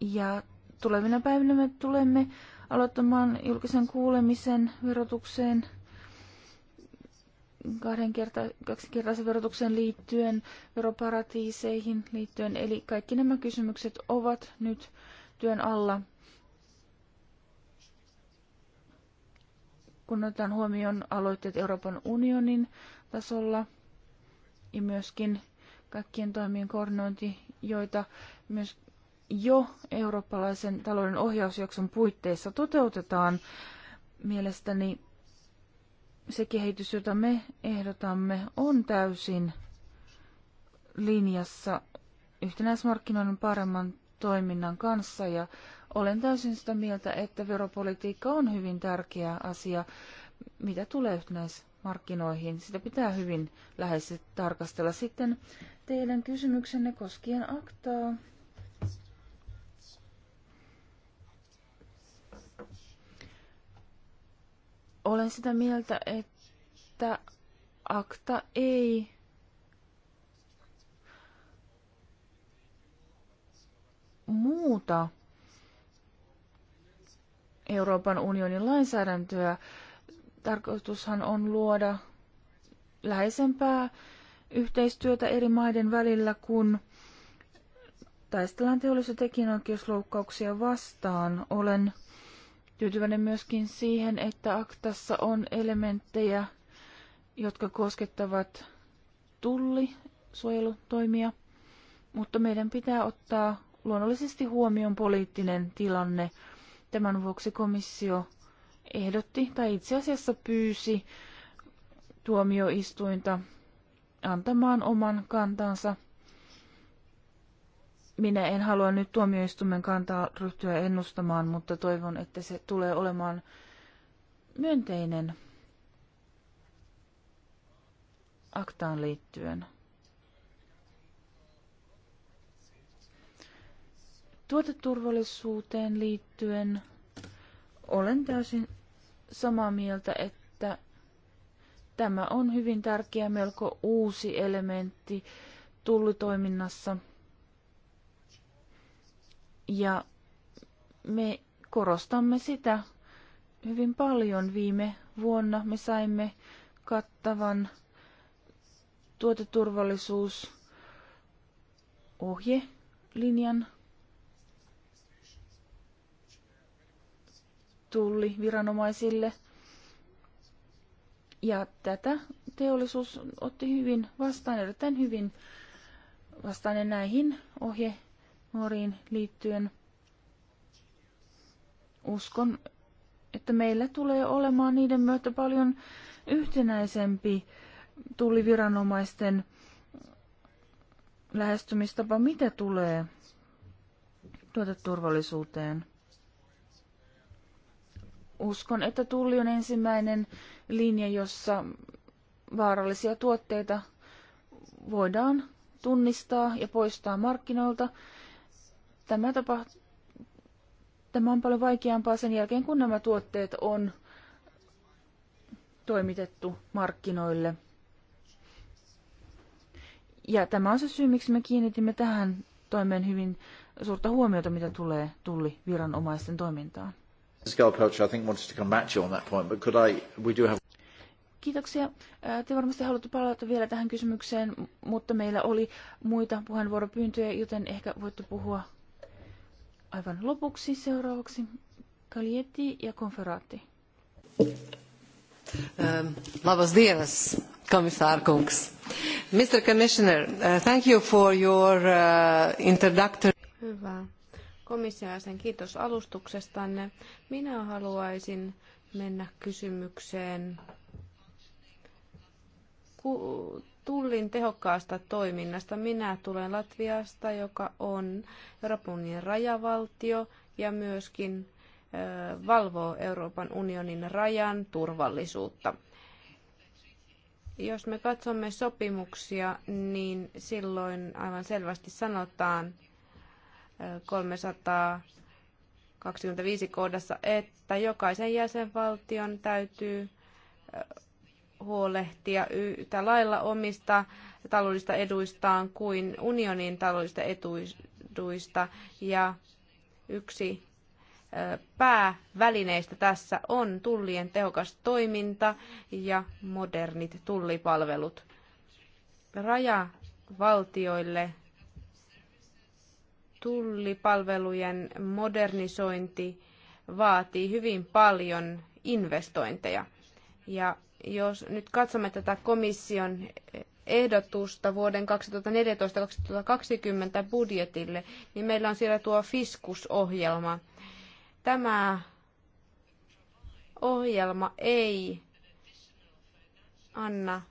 Ja tulevina päivinä me tulemme aloittamaan julkisen kuulemisen verotukseen – kahden kerta, kaksinkertaisen verotuksen liittyen, veroparatiiseihin liittyen. Eli kaikki nämä kysymykset ovat nyt työn alla. Kun otetaan huomioon aloitteet Euroopan unionin tasolla ja myöskin kaikkien toimien koordinointi, joita myös jo eurooppalaisen talouden ohjausjakson puitteissa toteutetaan, mielestäni se kehitys, jota me ehdotamme, on täysin linjassa yhtenäismarkkinoiden paremman toiminnan kanssa ja olen täysin sitä mieltä, että veropolitiikka on hyvin tärkeä asia, mitä tulee yhtenäismarkkinoihin. Sitä pitää hyvin läheisesti tarkastella. Sitten teidän kysymyksenne koskien aktaa. Olen sitä mieltä, että akta ei muuta Euroopan unionin lainsäädäntöä. Tarkoitushan on luoda läheisempää yhteistyötä eri maiden välillä, kun taistellaan teollisia tekijänoikeusloukkauksia vastaan. Olen tyytyväinen myöskin siihen, että aktassa on elementtejä, jotka koskettavat tulli, suojelutoimia, mutta meidän pitää ottaa luonnollisesti huomioon poliittinen tilanne. Tämän vuoksi komissio ehdotti tai itse asiassa pyysi tuomioistuinta antamaan oman kantansa – minä en halua nyt tuomioistuimen kantaa ryhtyä ennustamaan, mutta toivon, että se tulee olemaan myönteinen aktaan liittyen. Tuoteturvallisuuteen liittyen olen täysin samaa mieltä, että tämä on hyvin tärkeä, melko uusi elementti tullitoiminnassa – ja me korostamme sitä hyvin paljon. Viime vuonna me saimme kattavan linjan tulli viranomaisille. Ja tätä teollisuus otti hyvin vastaan, erittäin hyvin vastaan näihin ohje nuoriin liittyen. Uskon, että meillä tulee olemaan niiden myötä paljon yhtenäisempi tulliviranomaisten lähestymistapa, mitä tulee tuoteturvallisuuteen. Uskon, että tulli on ensimmäinen linja, jossa vaarallisia tuotteita voidaan tunnistaa ja poistaa markkinoilta Tämä, tapa, tämä on paljon vaikeampaa sen jälkeen, kun nämä tuotteet on toimitettu markkinoille. Ja tämä on se syy, miksi me kiinnitimme tähän toimeen hyvin suurta huomiota, mitä tulee viranomaisten toimintaan. Kiitoksia. Te varmasti haluatte palata vielä tähän kysymykseen, mutta meillä oli muita puheenvuoropyyntöjä, joten ehkä voitte puhua aivan lopuksi seuraavaksi Kalietti ja Konferaatti. Ähm, labas dienas, komissaarkungs. Mr. Commissioner, uh, thank you for your uh, introductory... Hyvä. Komissiaisen kiitos alustuksestanne. Minä haluaisin mennä kysymykseen tullin tehokkaasta toiminnasta. Minä tulen Latviasta, joka on Euroopan unionin rajavaltio ja myöskin valvoo Euroopan unionin rajan turvallisuutta. Jos me katsomme sopimuksia, niin silloin aivan selvästi sanotaan 325 kohdassa, että jokaisen jäsenvaltion täytyy huolehtia yhtä lailla omista taloudellisista eduistaan kuin unionin taloudellisista etuista. Ja yksi päävälineistä tässä on tullien tehokas toiminta ja modernit tullipalvelut. Rajavaltioille tullipalvelujen modernisointi vaatii hyvin paljon investointeja. Ja jos nyt katsomme tätä komission ehdotusta vuoden 2014-2020 budjetille, niin meillä on siellä tuo Fiskus-ohjelma. Tämä ohjelma ei anna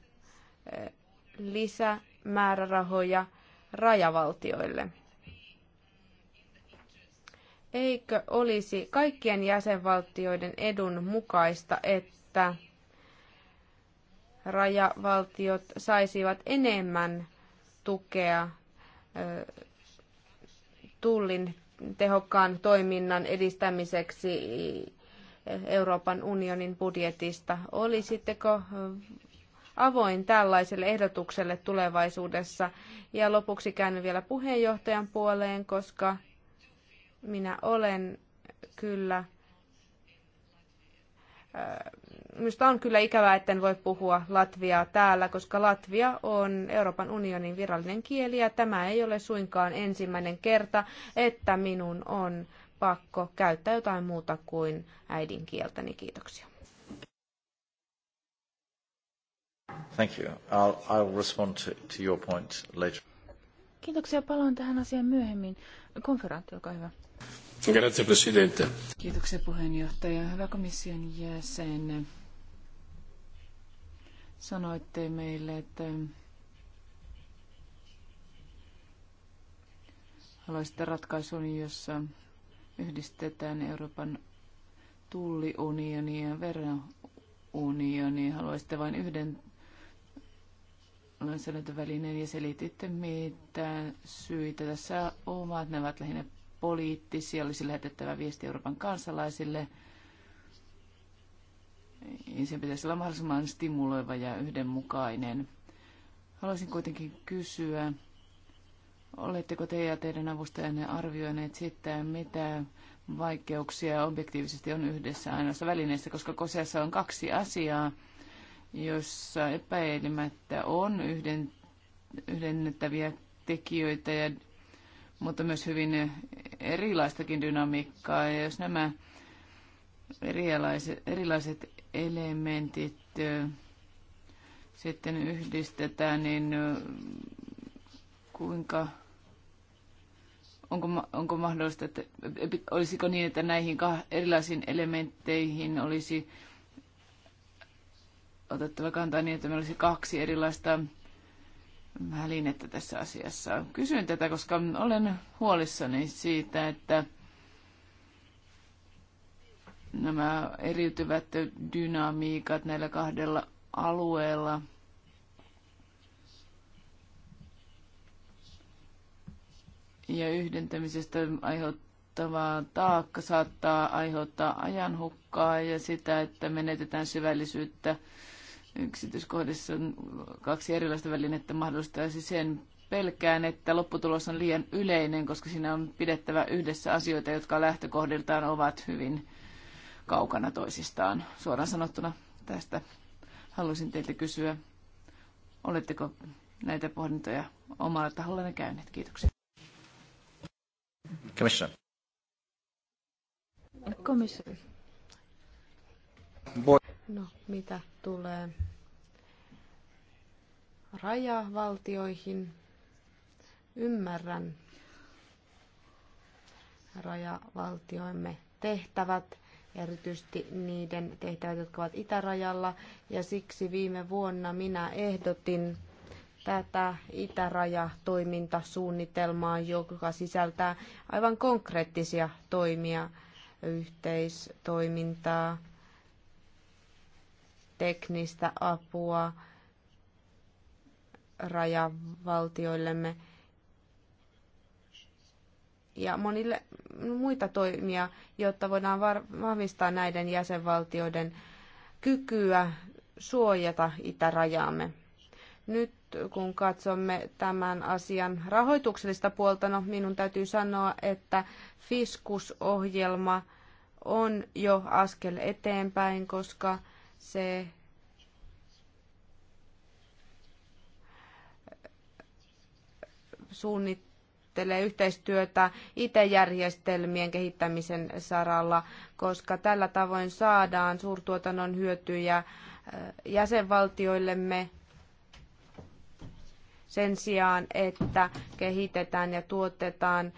lisämäärärahoja rajavaltioille. Eikö olisi kaikkien jäsenvaltioiden edun mukaista, että rajavaltiot saisivat enemmän tukea tullin tehokkaan toiminnan edistämiseksi Euroopan unionin budjetista. Olisitteko avoin tällaiselle ehdotukselle tulevaisuudessa? Ja lopuksi käyn vielä puheenjohtajan puoleen, koska minä olen kyllä Minusta on kyllä ikävää, en voi puhua Latviaa täällä, koska Latvia on Euroopan unionin virallinen kieli ja tämä ei ole suinkaan ensimmäinen kerta, että minun on pakko käyttää jotain muuta kuin äidinkieltäni. Kiitoksia. Thank you. I'll, I'll respond to, to your point later. Kiitoksia. Palaan tähän asiaan myöhemmin. Konferaatti, olkaa hyvä. Grazie, Presidente. Kiitoksia puheenjohtaja. Hyvä komission jäsen. Sanoitte meille, että haluaisitte ratkaisun, jossa yhdistetään Euroopan tulliunioni ja verounioni. Haluaisitte vain yhden lainsäädäntövälineen ja selititte, mitä syitä tässä ovat. Ne ovat lähinnä poliittisia. Olisi lähetettävä viesti Euroopan kansalaisille – niin se pitäisi olla mahdollisimman stimuloiva ja yhdenmukainen. Haluaisin kuitenkin kysyä, oletteko te ja teidän avustajanne arvioineet sitten, mitä vaikeuksia objektiivisesti on yhdessä ainoassa välineessä, koska koseassa on kaksi asiaa, jossa epäilemättä on yhden, yhdennettäviä tekijöitä, ja, mutta myös hyvin erilaistakin dynamiikkaa. Ja jos nämä erilaiset, erilaiset elementit sitten yhdistetään, niin kuinka onko, onko mahdollista, että olisiko niin, että näihin erilaisiin elementteihin olisi otettava kantaa niin, että meillä olisi kaksi erilaista välinettä tässä asiassa. Kysyn tätä, koska olen huolissani siitä, että nämä eriytyvät dynamiikat näillä kahdella alueella. Ja yhdentämisestä aiheuttava taakka saattaa aiheuttaa ajanhukkaa ja sitä, että menetetään syvällisyyttä yksityiskohdissa on kaksi erilaista välinettä mahdollistaisi sen pelkään, että lopputulos on liian yleinen, koska siinä on pidettävä yhdessä asioita, jotka lähtökohdiltaan ovat hyvin kaukana toisistaan. Suoraan sanottuna tästä haluaisin teiltä kysyä, oletteko näitä pohdintoja omalla tahollanne käyneet? Kiitoksia. Commissioner. Komissari. No, mitä tulee rajavaltioihin? Ymmärrän rajavaltioimme tehtävät erityisesti niiden tehtävät, jotka ovat itärajalla. Ja siksi viime vuonna minä ehdotin tätä itärajatoimintasuunnitelmaa, joka sisältää aivan konkreettisia toimia, yhteistoimintaa, teknistä apua rajavaltioillemme – ja monille muita toimia, jotta voidaan vahvistaa näiden jäsenvaltioiden kykyä suojata itärajaamme. Nyt kun katsomme tämän asian rahoituksellista puolta, no minun täytyy sanoa, että Fiskus-ohjelma on jo askel eteenpäin, koska se suunnittelee suunnittelee yhteistyötä IT-järjestelmien kehittämisen saralla, koska tällä tavoin saadaan suurtuotannon hyötyjä jäsenvaltioillemme sen sijaan, että kehitetään ja tuotetaan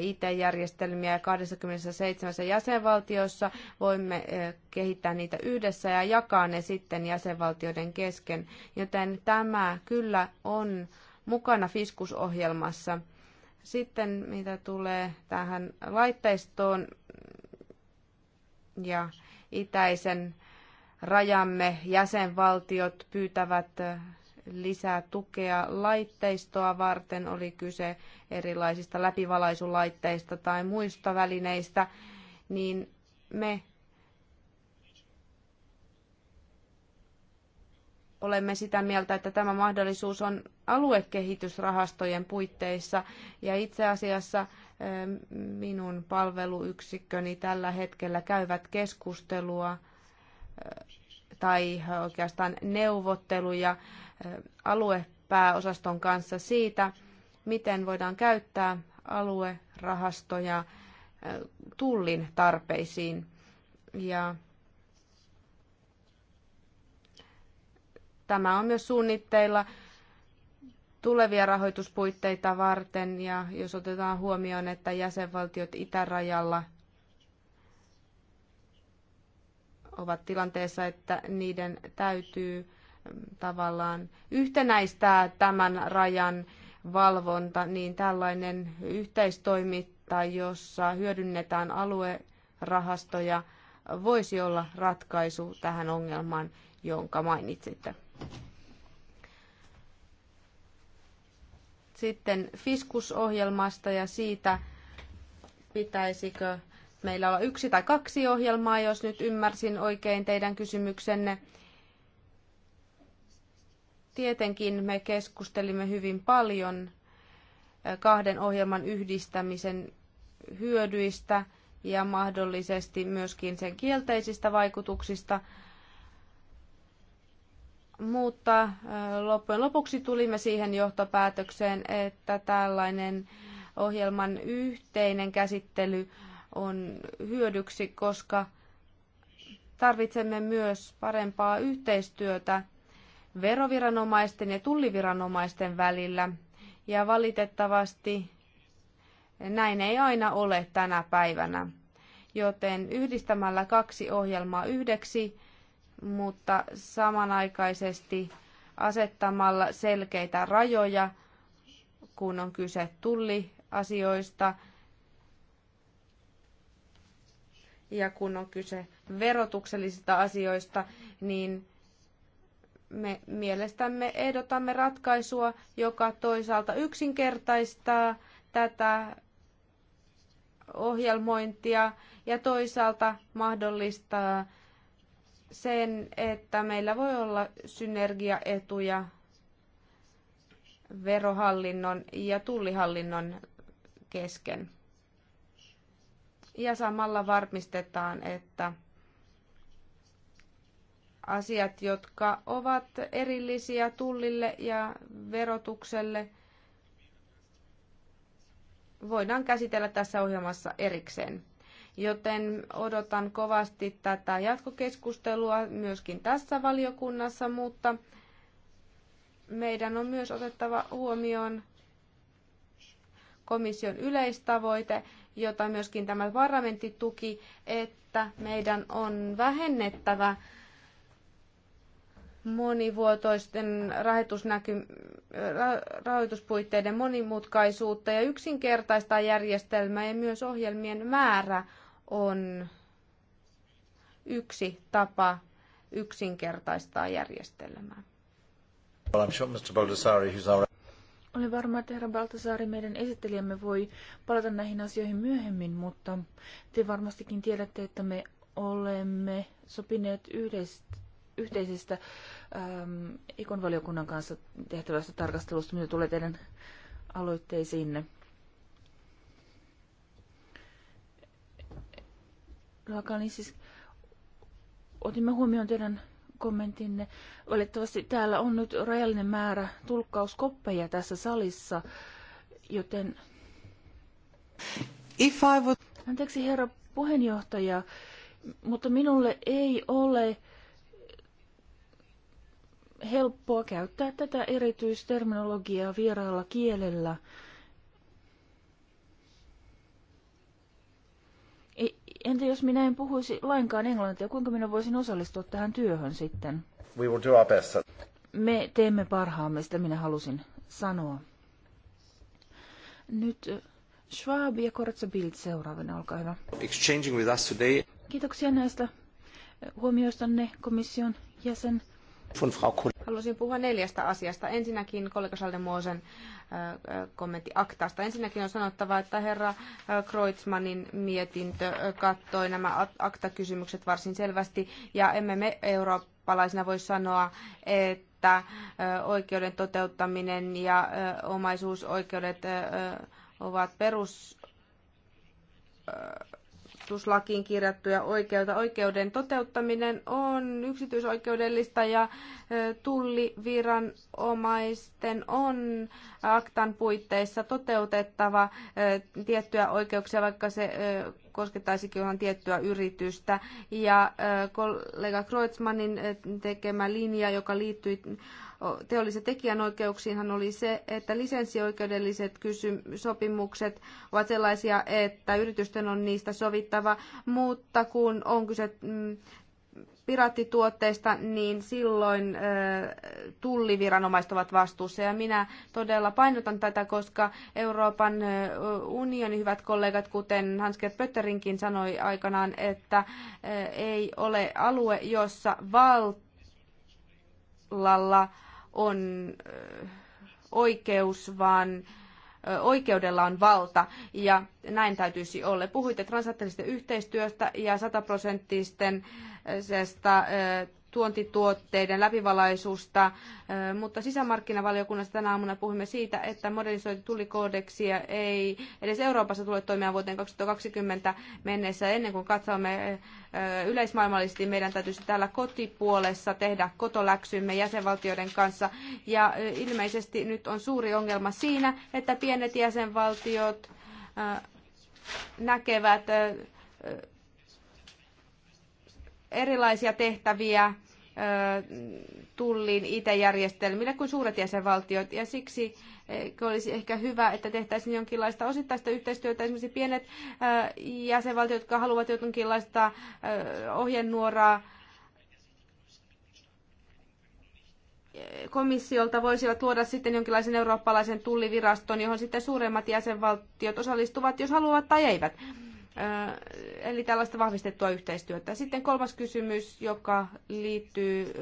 IT-järjestelmiä 27 jäsenvaltiossa, voimme kehittää niitä yhdessä ja jakaa ne sitten jäsenvaltioiden kesken. Joten tämä kyllä on mukana Fiskusohjelmassa. Sitten mitä tulee tähän laitteistoon ja itäisen rajamme jäsenvaltiot pyytävät lisää tukea laitteistoa varten, oli kyse erilaisista läpivalaisulaitteista tai muista välineistä, niin me olemme sitä mieltä, että tämä mahdollisuus on aluekehitysrahastojen puitteissa. Ja itse asiassa ähm, minun palveluyksikköni tällä hetkellä käyvät keskustelua äh, tai oikeastaan neuvotteluja äh, aluepääosaston kanssa siitä, miten voidaan käyttää aluerahastoja äh, tullin tarpeisiin. Ja Tämä on myös suunnitteilla tulevia rahoituspuitteita varten ja jos otetaan huomioon, että jäsenvaltiot itärajalla ovat tilanteessa, että niiden täytyy mm, tavallaan yhtenäistää tämän rajan valvonta, niin tällainen yhteistoiminta, jossa hyödynnetään aluerahastoja, voisi olla ratkaisu tähän ongelmaan, jonka mainitsitte. Sitten Fiskus-ohjelmasta ja siitä, pitäisikö meillä olla yksi tai kaksi ohjelmaa, jos nyt ymmärsin oikein teidän kysymyksenne. Tietenkin me keskustelimme hyvin paljon eh, kahden ohjelman yhdistämisen hyödyistä ja mahdollisesti myöskin sen kielteisistä vaikutuksista – mutta äh, loppujen lopuksi tulimme siihen johtopäätökseen, että tällainen ohjelman yhteinen käsittely on hyödyksi, koska tarvitsemme myös parempaa yhteistyötä veroviranomaisten ja tulliviranomaisten välillä. Ja valitettavasti näin ei aina ole tänä päivänä. Joten yhdistämällä kaksi ohjelmaa yhdeksi mutta samanaikaisesti asettamalla selkeitä rajoja, kun on kyse tulliasioista ja kun on kyse verotuksellisista asioista, niin me mielestämme ehdotamme ratkaisua, joka toisaalta yksinkertaistaa tätä ohjelmointia ja toisaalta mahdollistaa sen, että meillä voi olla synergiaetuja verohallinnon ja tullihallinnon kesken. Ja samalla varmistetaan, että asiat, jotka ovat erillisiä tullille ja verotukselle, voidaan käsitellä tässä ohjelmassa erikseen joten odotan kovasti tätä jatkokeskustelua myöskin tässä valiokunnassa, mutta meidän on myös otettava huomioon komission yleistavoite, jota myöskin tämä parlamentti tuki, että meidän on vähennettävä monivuotoisten rahoituspuitteiden monimutkaisuutta ja yksinkertaistaa järjestelmää ja myös ohjelmien määrä on yksi tapa yksinkertaistaa järjestelmää. Well, I'm sure Mr. Baldessari, who's our... Olen varma, että herra Baltasaari, meidän esittelijämme voi palata näihin asioihin myöhemmin, mutta te varmastikin tiedätte, että me olemme sopineet yhdestä yhteisestä ähm, ikon valiokunnan kanssa tehtävästä tarkastelusta, mitä tulee teidän aloitteisiinne. Raakaan, niin siis otimme huomioon teidän kommentinne. Valitettavasti täällä on nyt rajallinen määrä tulkkauskoppeja tässä salissa, joten... If I would... Anteeksi herra puheenjohtaja, mutta minulle ei ole helppoa käyttää tätä erityisterminologiaa vieraalla kielellä. Entä jos minä en puhuisi lainkaan englantia, kuinka minä voisin osallistua tähän työhön sitten? We will do our best. Me teemme parhaamme, sitä minä halusin sanoa. Nyt eh, Schwab ja Kortsa Bild seuraavana, olkaa hyvä. Exchanging with us today. Kiitoksia näistä huomioistanne komission jäsen. Haluaisin puhua neljästä asiasta. Ensinnäkin kollega Schaldemoosen äh, äh, kommentti Aktaasta. Ensinnäkin on sanottava, että herra äh, Kreutzmannin mietintö kattoi nämä aktakysymykset varsin selvästi, ja emme me eurooppalaisina voi sanoa, että oikeuden toteuttaminen ja omaisuusoikeudet ovat perus perustuslakiin kirjattuja oikeutta. Oikeuden toteuttaminen on yksityisoikeudellista ja tulliviranomaisten on aktan puitteissa toteutettava tiettyjä oikeuksia, vaikka se koskettaisikin ihan tiettyä yritystä. Ja kollega Kreutzmannin tekemä linja, joka liittyy teollisen tekijänoikeuksiinhan oli se, että lisenssioikeudelliset sopimukset ovat sellaisia, että yritysten on niistä sovittava, mutta kun on kyse mm, piraattituotteista, niin silloin ö, tulliviranomaiset ovat vastuussa. Ja minä todella painotan tätä, koska Euroopan unionin hyvät kollegat, kuten Hansker Pötterinkin sanoi aikanaan, että ö, ei ole alue, jossa valtiolla on oikeus, vaan oikeudella on valta ja näin täytyisi olla. Puhuitte transatlanttisesta yhteistyöstä ja sataprosenttisten tuontituotteiden läpivalaisusta, eh, mutta sisämarkkinavaliokunnassa tänä aamuna puhumme siitä, että modernisoitu tullikoodeksia ei edes Euroopassa tule toimia vuoteen 2020 mennessä. Ennen kuin katsomme eh, yleismaailmallisesti, meidän täytyisi täällä kotipuolessa tehdä kotoläksymme jäsenvaltioiden kanssa. Ja eh, ilmeisesti nyt on suuri ongelma siinä, että pienet jäsenvaltiot näkevät erilaisia tehtäviä tulliin IT-järjestelmille kuin suuret jäsenvaltiot. Ja siksi eh, olisi ehkä hyvä, että tehtäisiin jonkinlaista osittaista yhteistyötä. Esimerkiksi pienet eh, jäsenvaltiot, jotka haluavat jonkinlaista eh, ohjenuoraa komissiolta voisivat luoda sitten jonkinlaisen eurooppalaisen tulliviraston, johon sitten suuremmat jäsenvaltiot osallistuvat, jos haluavat tai eivät. Eli tällaista vahvistettua yhteistyötä. Sitten kolmas kysymys, joka liittyy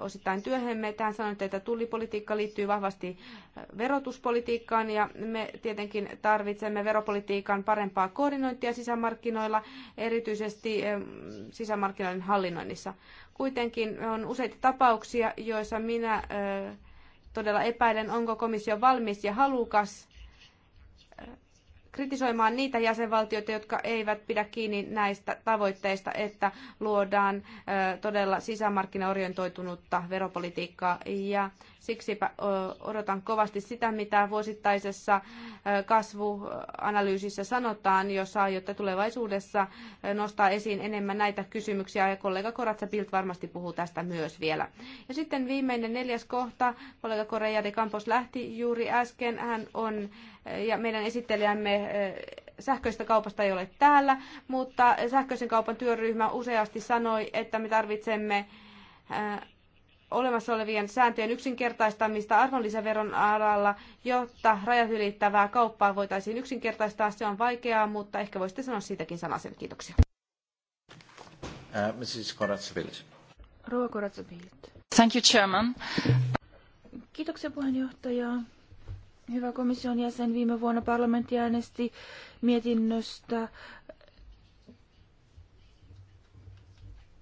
osittain työhemme, Tähän sanoitte, että tullipolitiikka liittyy vahvasti verotuspolitiikkaan ja me tietenkin tarvitsemme veropolitiikan parempaa koordinointia sisämarkkinoilla, erityisesti sisämarkkinoiden hallinnoinnissa. Kuitenkin on useita tapauksia, joissa minä todella epäilen, onko komissio valmis ja halukas kritisoimaan niitä jäsenvaltioita, jotka eivät pidä kiinni näistä tavoitteista, että luodaan todella sisämarkkinaorientoitunutta veropolitiikkaa. Ja Siksipä odotan kovasti sitä, mitä vuosittaisessa kasvuanalyysissä sanotaan, jos aiotte tulevaisuudessa nostaa esiin enemmän näitä kysymyksiä. Ja kollega Koratsa Pilt varmasti puhuu tästä myös vielä. Ja sitten viimeinen neljäs kohta. Kollega Koreja de Campos lähti juuri äsken. Hän on ja meidän esittelijämme sähköistä kaupasta ei ole täällä, mutta sähköisen kaupan työryhmä useasti sanoi, että me tarvitsemme olemassa olevien sääntöjen yksinkertaistamista arvonlisäveron alalla, jotta rajat ylittävää kauppaa voitaisiin yksinkertaistaa. Se on vaikeaa, mutta ehkä voisitte sanoa siitäkin sanasen. Kiitoksia. Thank you, Chairman. Kiitoksia puheenjohtaja. Hyvä komission jäsen, viime vuonna parlamentti äänesti mietinnöstä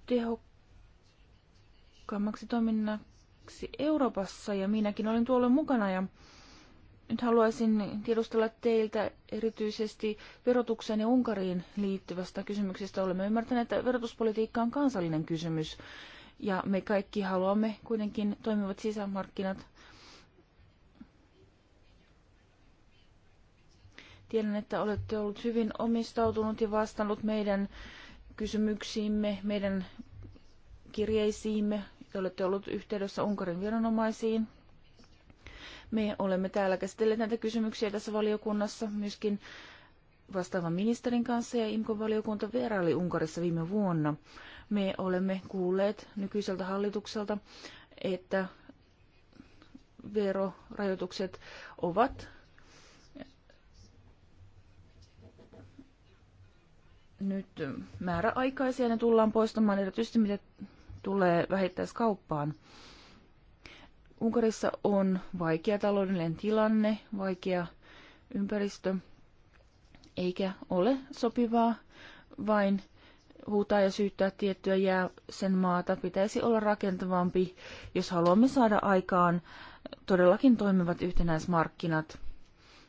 tehokkaasti tehokkaammaksi toiminnaksi Euroopassa ja minäkin olin tuolloin mukana ja nyt haluaisin tiedustella teiltä erityisesti verotukseen ja Unkariin liittyvästä kysymyksestä. Olemme ymmärtäneet, että verotuspolitiikka on kansallinen kysymys ja me kaikki haluamme kuitenkin toimivat sisämarkkinat. Tiedän, että olette ollut hyvin omistautunut ja vastannut meidän kysymyksiimme, meidän kirjeisiimme, te olette ollut yhteydessä Unkarin viranomaisiin. Me olemme täällä käsitelleet näitä kysymyksiä tässä valiokunnassa myöskin vastaavan ministerin kanssa ja IMKon valiokunta vieraili Unkarissa viime vuonna. Me olemme kuulleet nykyiseltä hallitukselta, että verorajoitukset ovat nyt määräaikaisia. Ne tullaan poistamaan erityisesti mitä tulee vähittäiskauppaan. Unkarissa on vaikea taloudellinen tilanne, vaikea ympäristö, eikä ole sopivaa vain huutaa ja syyttää tiettyä maata. Pitäisi olla rakentavampi, jos haluamme saada aikaan todellakin toimivat yhtenäismarkkinat.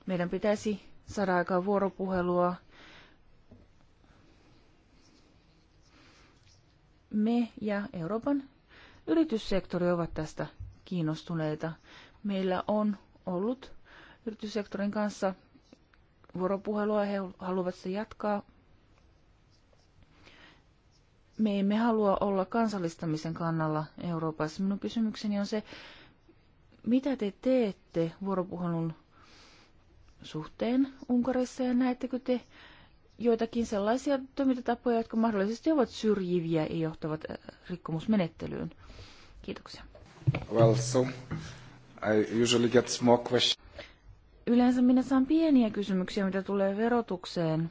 Meidän pitäisi saada aikaan vuoropuhelua me ja Euroopan yrityssektori ovat tästä kiinnostuneita. Meillä on ollut yrityssektorin kanssa vuoropuhelua, he haluavat se jatkaa. Me emme halua olla kansallistamisen kannalla Euroopassa. Minun kysymykseni on se, mitä te teette vuoropuhelun suhteen Unkarissa ja näettekö te joitakin sellaisia toimintatapoja, jotka mahdollisesti ovat syrjiviä ja johtavat äh, rikkomusmenettelyyn? Kiitoksia. Well, so I usually get small questions. Yleensä minä saan pieniä kysymyksiä, mitä tulee verotukseen.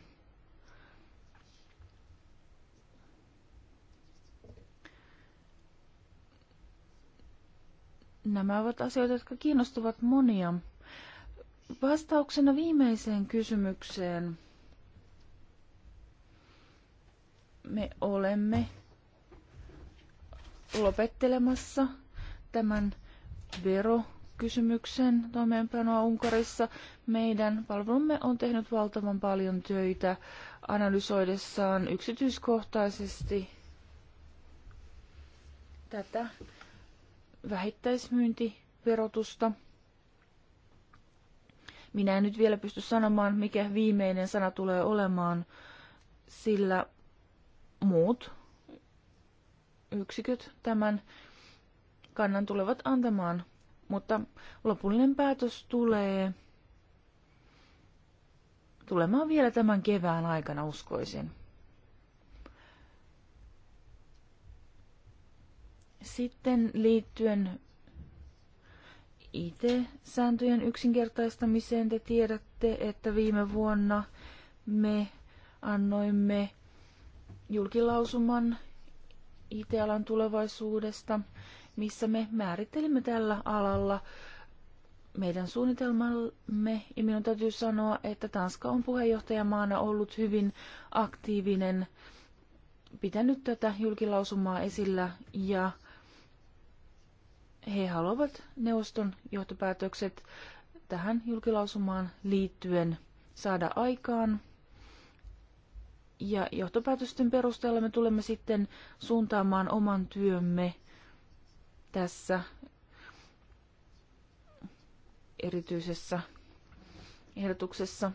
Nämä ovat asioita, jotka kiinnostavat monia. Vastauksena viimeiseen kysymykseen me olemme lopettelemassa tämän verokysymyksen toimeenpanoa Unkarissa. Meidän palvelumme on tehnyt valtavan paljon töitä analysoidessaan yksityiskohtaisesti tätä vähittäismyyntiverotusta. Minä en nyt vielä pysty sanomaan, mikä viimeinen sana tulee olemaan, sillä muut yksiköt tämän kannan tulevat antamaan, mutta lopullinen päätös tulee tulemaan vielä tämän kevään aikana, uskoisin. Sitten liittyen IT-sääntöjen yksinkertaistamiseen te tiedätte, että viime vuonna me annoimme julkilausuman IT-alan tulevaisuudesta, missä me määrittelimme tällä alalla meidän suunnitelmamme. Ja minun täytyy sanoa, että Tanska on puheenjohtajamaana ollut hyvin aktiivinen, pitänyt tätä julkilausumaa esillä ja he haluavat neuvoston johtopäätökset tähän julkilausumaan liittyen saada aikaan. Ja johtopäätösten perusteella me tulemme sitten suuntaamaan oman työmme tässä erityisessä ehdotuksessa.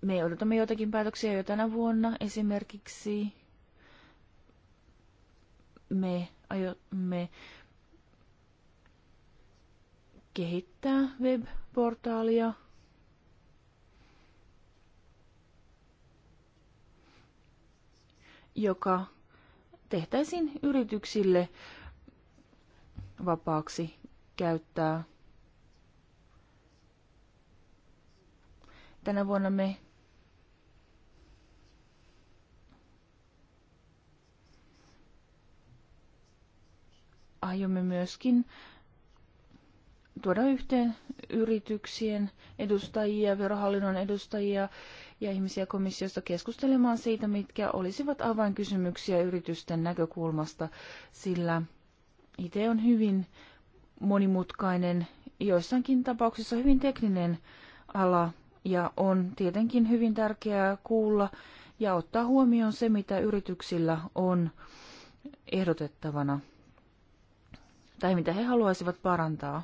Me odotamme joitakin päätöksiä jo tänä vuonna. Esimerkiksi me aiomme kehittää webportaalia. joka tehtäisiin yrityksille vapaaksi käyttää. Tänä vuonna me aiomme myöskin tuoda yhteen yrityksien edustajia, verohallinnon edustajia ja ihmisiä komissiosta keskustelemaan siitä, mitkä olisivat avainkysymyksiä yritysten näkökulmasta, sillä itse on hyvin monimutkainen, joissakin tapauksissa hyvin tekninen ala ja on tietenkin hyvin tärkeää kuulla ja ottaa huomioon se, mitä yrityksillä on ehdotettavana tai mitä he haluaisivat parantaa.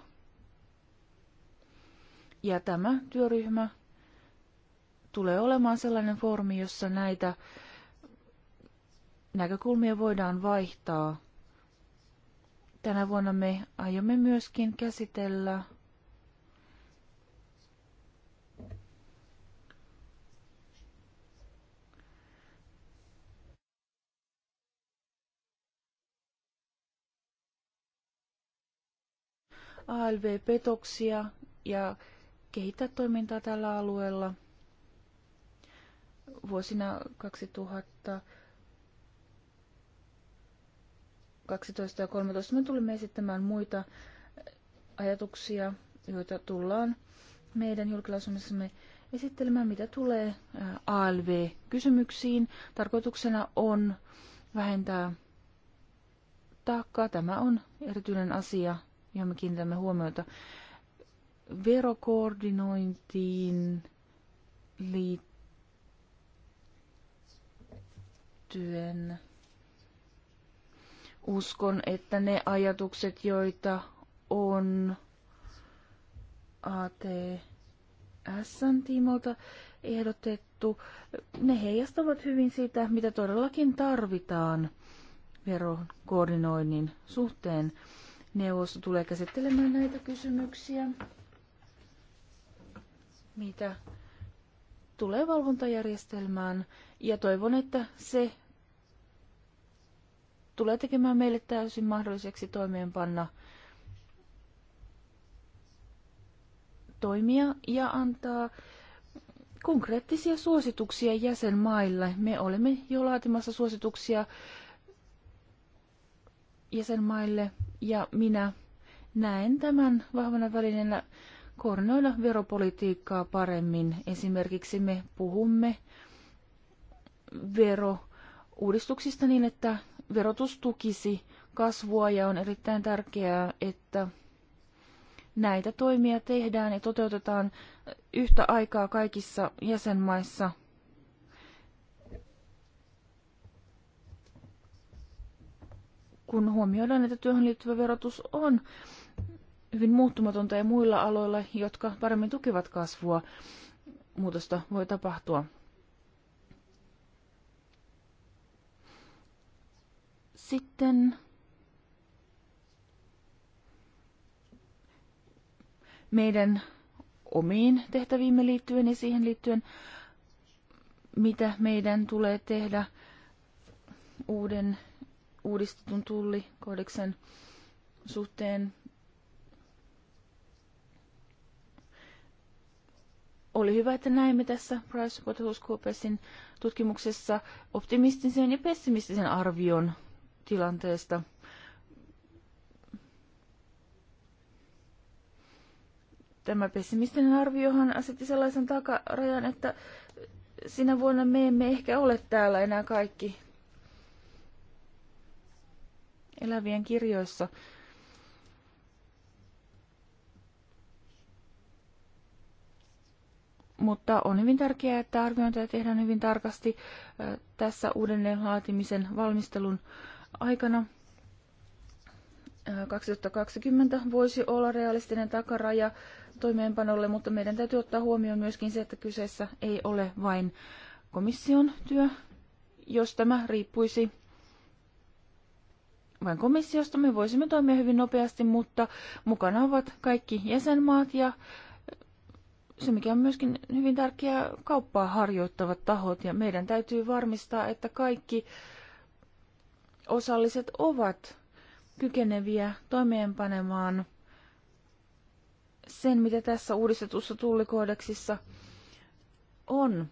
Ja tämä työryhmä tulee olemaan sellainen foorumi, jossa näitä näkökulmia voidaan vaihtaa. Tänä vuonna me aiomme myöskin käsitellä ALV-petoksia ja kehittää toimintaa tällä alueella vuosina 2000 2012 ja 2013 me tulimme esittämään muita ajatuksia, joita tullaan meidän julkilausumissamme esittelemään, mitä tulee ALV-kysymyksiin. Tarkoituksena on vähentää taakkaa. Tämä on erityinen asia, johon me kiinnitämme huomiota verokoordinointiin liittyen uskon, että ne ajatukset, joita on ats tiimoilta ehdotettu, ne heijastavat hyvin sitä, mitä todellakin tarvitaan verokoordinoinnin suhteen. Neuvosto tulee käsittelemään näitä kysymyksiä mitä tulee valvontajärjestelmään ja toivon, että se tulee tekemään meille täysin mahdolliseksi toimeenpanna toimia ja antaa konkreettisia suosituksia jäsenmaille. Me olemme jo laatimassa suosituksia jäsenmaille ja minä näen tämän vahvana välineenä koordinoida veropolitiikkaa paremmin. Esimerkiksi me puhumme verouudistuksista niin, että verotus tukisi kasvua ja on erittäin tärkeää, että näitä toimia tehdään ja toteutetaan yhtä aikaa kaikissa jäsenmaissa. Kun huomioidaan, että työhön liittyvä verotus on hyvin muuttumatonta ja muilla aloilla, jotka paremmin tukevat kasvua, muutosta voi tapahtua. Sitten meidän omiin tehtäviimme liittyen ja siihen liittyen, mitä meidän tulee tehdä uuden uudistetun tullikodeksen suhteen oli hyvä, että näimme tässä PricewaterhouseCoopersin tutkimuksessa optimistisen ja pessimistisen arvion tilanteesta. Tämä pessimistinen arviohan asetti sellaisen takarajan, että sinä vuonna me emme ehkä ole täällä enää kaikki elävien kirjoissa. mutta on hyvin tärkeää, että arviointia tehdään hyvin tarkasti tässä uudelleen laatimisen valmistelun aikana. 2020 voisi olla realistinen takaraja toimeenpanolle, mutta meidän täytyy ottaa huomioon myöskin se, että kyseessä ei ole vain komission työ. Jos tämä riippuisi vain komissiosta, me voisimme toimia hyvin nopeasti, mutta mukana ovat kaikki jäsenmaat ja se, mikä on myöskin hyvin tärkeää, kauppaa harjoittavat tahot, ja meidän täytyy varmistaa, että kaikki osalliset ovat kykeneviä toimeenpanemaan sen, mitä tässä uudistetussa tullikoodeksissa on.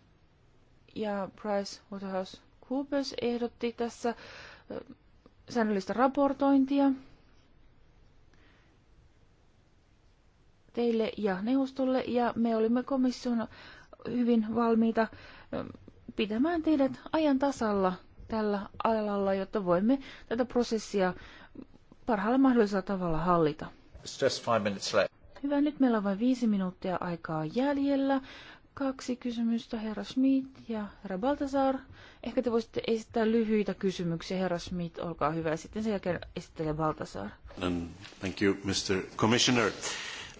Ja Price Waterhouse Coopers ehdotti tässä säännöllistä raportointia teille ja neuvostolle ja me olimme komission hyvin valmiita pitämään teidät ajan tasalla tällä alalla, jotta voimme tätä prosessia parhaalla mahdollisella tavalla hallita. Hyvä, nyt meillä on vain viisi minuuttia aikaa jäljellä. Kaksi kysymystä, herra Schmidt ja herra Baltasar. Ehkä te voisitte esittää lyhyitä kysymyksiä, herra Schmidt, olkaa hyvä. Sitten sen jälkeen esittelee Baltasar. Um, thank you, Mr. Commissioner.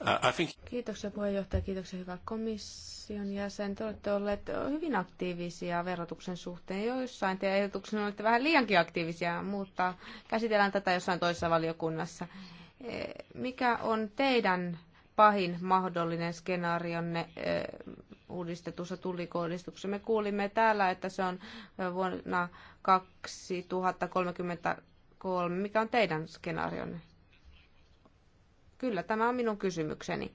Uh, I think... Kiitoksia puheenjohtaja, kiitoksia hyvä komission jäsen. Te olette olleet hyvin aktiivisia verotuksen suhteen. Joissain teidän ehdotuksena olette vähän liiankin aktiivisia, mutta käsitellään tätä jossain toisessa valiokunnassa. Eh, mikä on teidän pahin mahdollinen skenaarionne eh, uudistetussa tullikoodistuksessa? Me kuulimme täällä, että se on eh, vuonna 2033. Mikä on teidän skenaarionne? Kyllä, tämä on minun kysymykseni.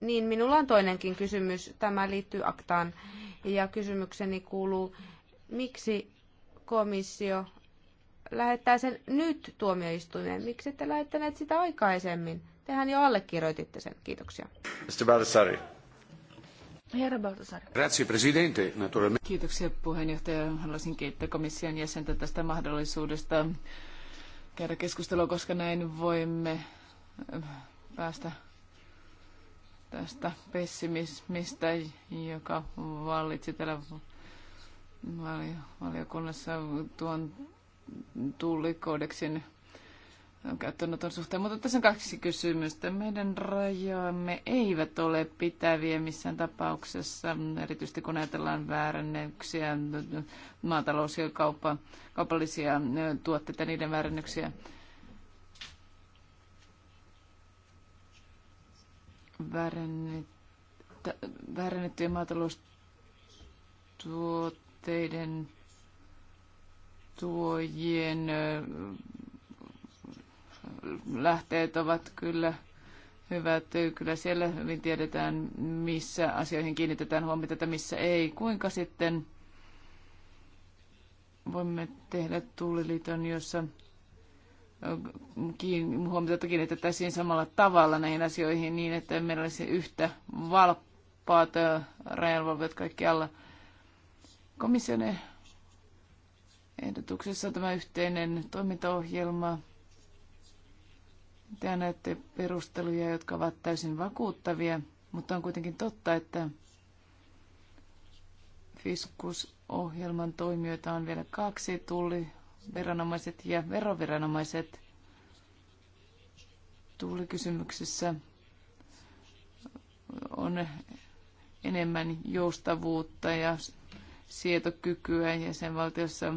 Niin, minulla on toinenkin kysymys. Tämä liittyy aktaan. Ja kysymykseni kuuluu, miksi komissio lähettää sen nyt tuomioistuimeen? Miksi ette lähettäneet sitä aikaisemmin? Tehän jo allekirjoititte sen. Kiitoksia. Mr. Baldassari. Herra Baltasar. Grazie, presidente. Naturalmente. Kiitoksia puheenjohtaja. Haluaisin kiittää komission jäsentä tästä mahdollisuudesta käydä keskustelua, koska näin voimme äh, päästä tästä pessimismistä, joka vallitsi täällä valiokunnassa tuon tullikoodeksin käyttöönoton suhteen. Mutta tässä on kaksi kysymystä. Meidän rajoamme eivät ole pitäviä missään tapauksessa, erityisesti kun ajatellaan väärännyksiä, maatalous- ja kauppa, kaupallisia tuotteita, niiden väärännyksiä. Väärännettyjä maataloustuotteiden tuojien lähteet ovat kyllä hyvät. Kyllä siellä hyvin tiedetään, missä asioihin kiinnitetään huomiota että missä ei. Kuinka sitten voimme tehdä tuuliliiton, jossa huomiota kiinnitettäisiin samalla tavalla näihin asioihin niin, että meillä olisi yhtä valppaat äh, rajanvalvojat kaikkialla. Komission ehdotuksessa on tämä yhteinen toimintaohjelma – te näette perusteluja, jotka ovat täysin vakuuttavia, mutta on kuitenkin totta, että fiskusohjelman toimijoita on vielä kaksi, tulliviranomaiset ja veroviranomaiset. Tullikysymyksessä on enemmän joustavuutta ja sietokykyä valtiossa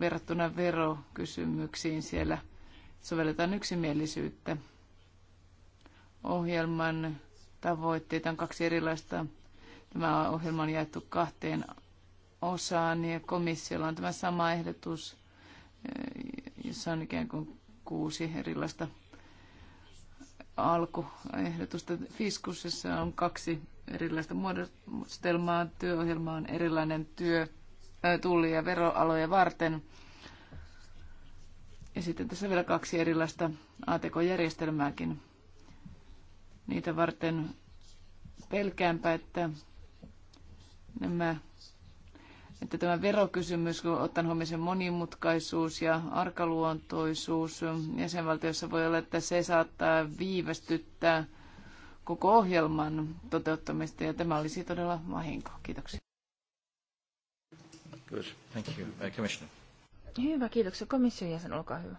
verrattuna verokysymyksiin siellä – sovelletaan yksimielisyyttä. Ohjelman tavoitteita on kaksi erilaista. Tämä ohjelma on jaettu kahteen osaan ja komissiolla on tämä sama ehdotus, jossa on ikään kuin kuusi erilaista alkuehdotusta. Fiskussissa on kaksi erilaista muodostelmaa. Työohjelma on erilainen työ tulli- ja veroaloja varten – ja sitten tässä vielä kaksi erilaista ATK-järjestelmääkin. Niitä varten pelkäänpä, että nämä että tämä verokysymys, kun otan huomioon sen monimutkaisuus ja arkaluontoisuus jäsenvaltiossa voi olla, että se saattaa viivästyttää koko ohjelman toteuttamista ja tämä olisi todella vahinko. Kiitoksia. Good. Thank you. Uh, commissioner. Hyvä, kiitoksia. Komission jäsen, olkaa hyvä.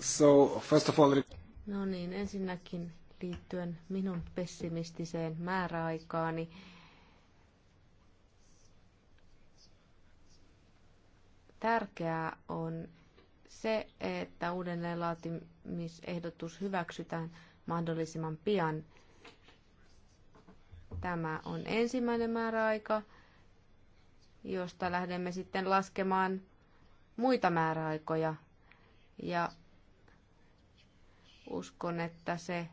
So, first of all... No niin, ensinnäkin liittyen minun pessimistiseen määräaikaani. Tärkeää on se, että uudelleenlaatimisehdotus laatimisehdotus hyväksytään mahdollisimman pian. Tämä on ensimmäinen määräaika, josta lähdemme sitten laskemaan muita määräaikoja. Ja uskon, että se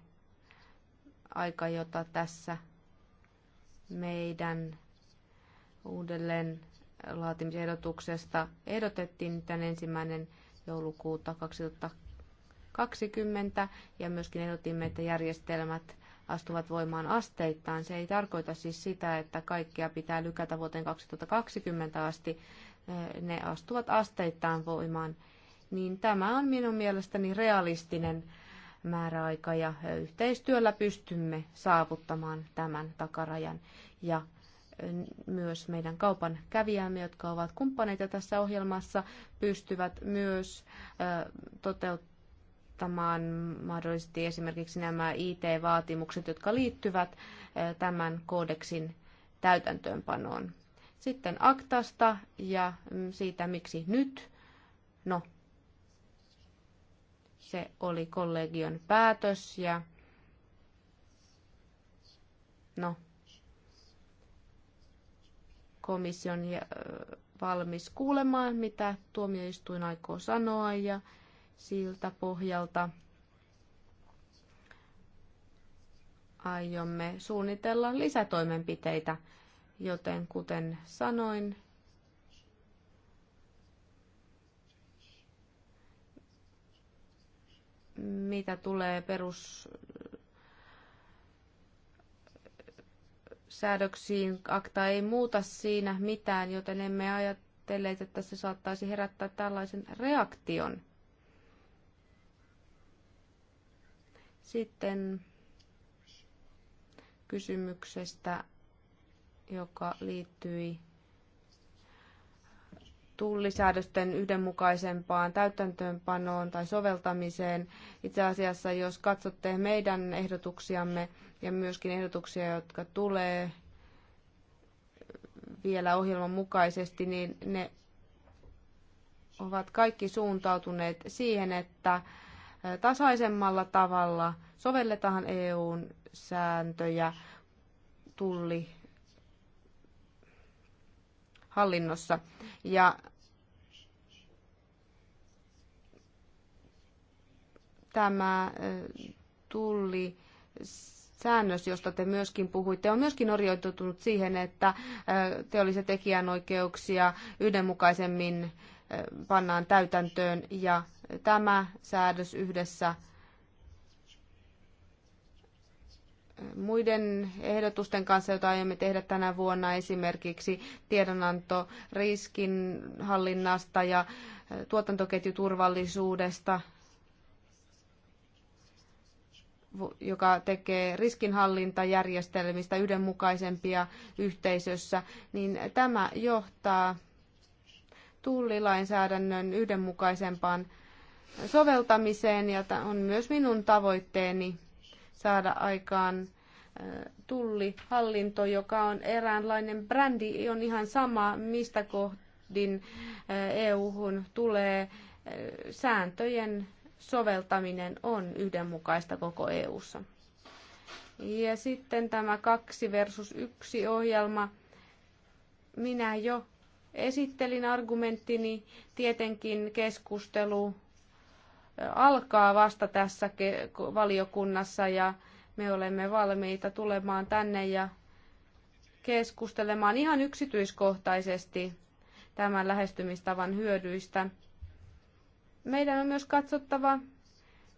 aika, jota tässä meidän uudelleen laatimisehdotuksesta ehdotettiin tämän ensimmäinen joulukuuta 2020 ja myöskin ehdotimme, että järjestelmät astuvat voimaan asteittain. Se ei tarkoita siis sitä, että kaikkea pitää lykätä vuoteen 2020 asti ne astuvat asteittain voimaan, niin tämä on minun mielestäni realistinen määräaika ja yhteistyöllä pystymme saavuttamaan tämän takarajan ja myös meidän kaupan kävijämme, jotka ovat kumppaneita tässä ohjelmassa, pystyvät myös toteuttamaan mahdollisesti esimerkiksi nämä IT-vaatimukset, jotka liittyvät tämän koodeksin täytäntöönpanoon. Sitten aktasta ja mm, siitä, miksi nyt. No, se oli kollegion päätös ja no, komission valmis kuulemaan, mitä tuomioistuin aikoo sanoa ja siltä pohjalta aiomme suunnitella lisätoimenpiteitä joten kuten sanoin, mitä tulee perus säädöksiin, akta ei muuta siinä mitään, joten emme ajatelleet, että se saattaisi herättää tällaisen reaktion. Sitten kysymyksestä joka liittyi tullisäädösten yhdenmukaisempaan täytäntöönpanoon tai soveltamiseen. Itse asiassa, jos katsotte meidän ehdotuksiamme ja myöskin ehdotuksia, jotka tulee vielä ohjelman mukaisesti, niin ne ovat kaikki suuntautuneet siihen, että tasaisemmalla tavalla sovelletaan EUn sääntöjä tulli hallinnossa. Ja tämä tulli säännös, josta te myöskin puhuitte, on myöskin orientoitunut siihen, että teollisia tekijänoikeuksia yhdenmukaisemmin pannaan täytäntöön ja tämä säädös yhdessä muiden ehdotusten kanssa, joita aiomme tehdä tänä vuonna, esimerkiksi tiedonanto riskinhallinnasta ja äh, tuotantoketjuturvallisuudesta, joka tekee riskinhallintajärjestelmistä yhdenmukaisempia yhteisössä, niin tämä johtaa tullilainsäädännön yhdenmukaisempaan soveltamiseen ja on myös minun tavoitteeni saada aikaan äh, tullihallinto, joka on eräänlainen brändi, on ihan sama, mistä kohdin äh, EU-hun tulee. Äh, sääntöjen soveltaminen on yhdenmukaista koko EU:ssa. Ja sitten tämä 2 versus 1 ohjelma. Minä jo esittelin argumenttini, tietenkin keskustelu alkaa vasta tässä valiokunnassa ja me olemme valmiita tulemaan tänne ja keskustelemaan ihan yksityiskohtaisesti tämän lähestymistavan hyödyistä. Meidän on myös katsottava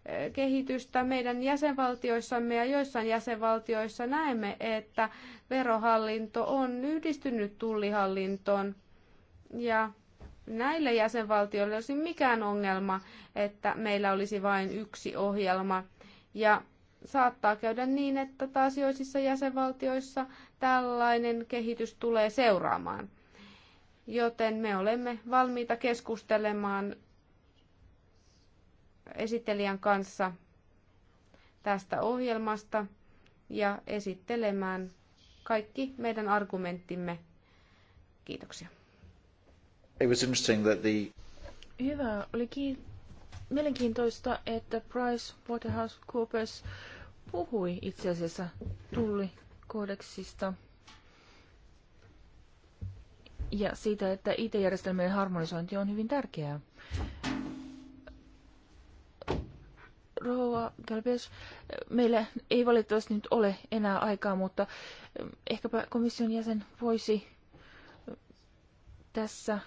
eh, kehitystä meidän jäsenvaltioissamme ja joissain jäsenvaltioissa näemme, että verohallinto on yhdistynyt tullihallintoon ja näille jäsenvaltioille olisi mikään ongelma, että meillä olisi vain yksi ohjelma. Ja saattaa käydä niin, että taas joisissa jäsenvaltioissa tällainen kehitys tulee seuraamaan. Joten me olemme valmiita keskustelemaan esittelijän kanssa tästä ohjelmasta ja esittelemään kaikki meidän argumenttimme. Kiitoksia. It was interesting that the... Hyvä. Oli kiin... mielenkiintoista, että Price Waterhouse Coopers puhui itse asiassa tullikodeksista ja siitä, että IT-järjestelmien harmonisointi on hyvin tärkeää. Rouva Galbes, meillä ei valitettavasti nyt ole enää aikaa, mutta eh, ehkäpä komission jäsen voisi eh, tässä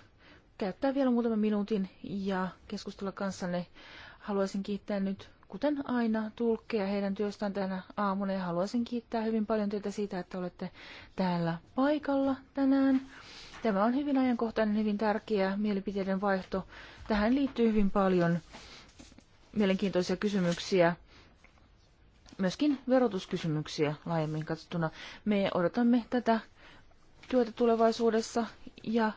käyttää vielä muutaman minuutin ja keskustella kanssanne. Haluaisin kiittää nyt, kuten aina, tulkkeja heidän työstään tänä aamuna ja haluaisin kiittää hyvin paljon teitä siitä, että olette täällä paikalla tänään. Tämä on hyvin ajankohtainen, hyvin tärkeä mielipiteiden vaihto. Tähän liittyy hyvin paljon mielenkiintoisia kysymyksiä, myöskin verotuskysymyksiä laajemmin katsottuna. Me odotamme tätä työtä tulevaisuudessa ja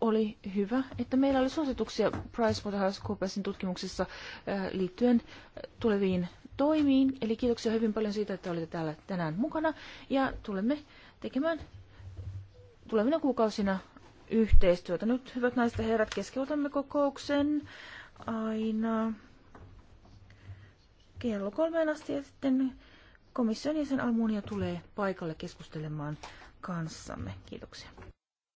oli hyvä, että meillä oli suosituksia PricewaterhouseCoopersin tutkimuksessa äh, liittyen äh, tuleviin toimiin. Eli kiitoksia hyvin paljon siitä, että olitte täällä tänään mukana ja tulemme tekemään tulevina kuukausina yhteistyötä. Nyt, hyvät naiset ja herrat, keskeytämme kokouksen aina kello kolmeen asti ja sitten komission jäsen Almunia tulee paikalle keskustelemaan kanssamme. Kiitoksia.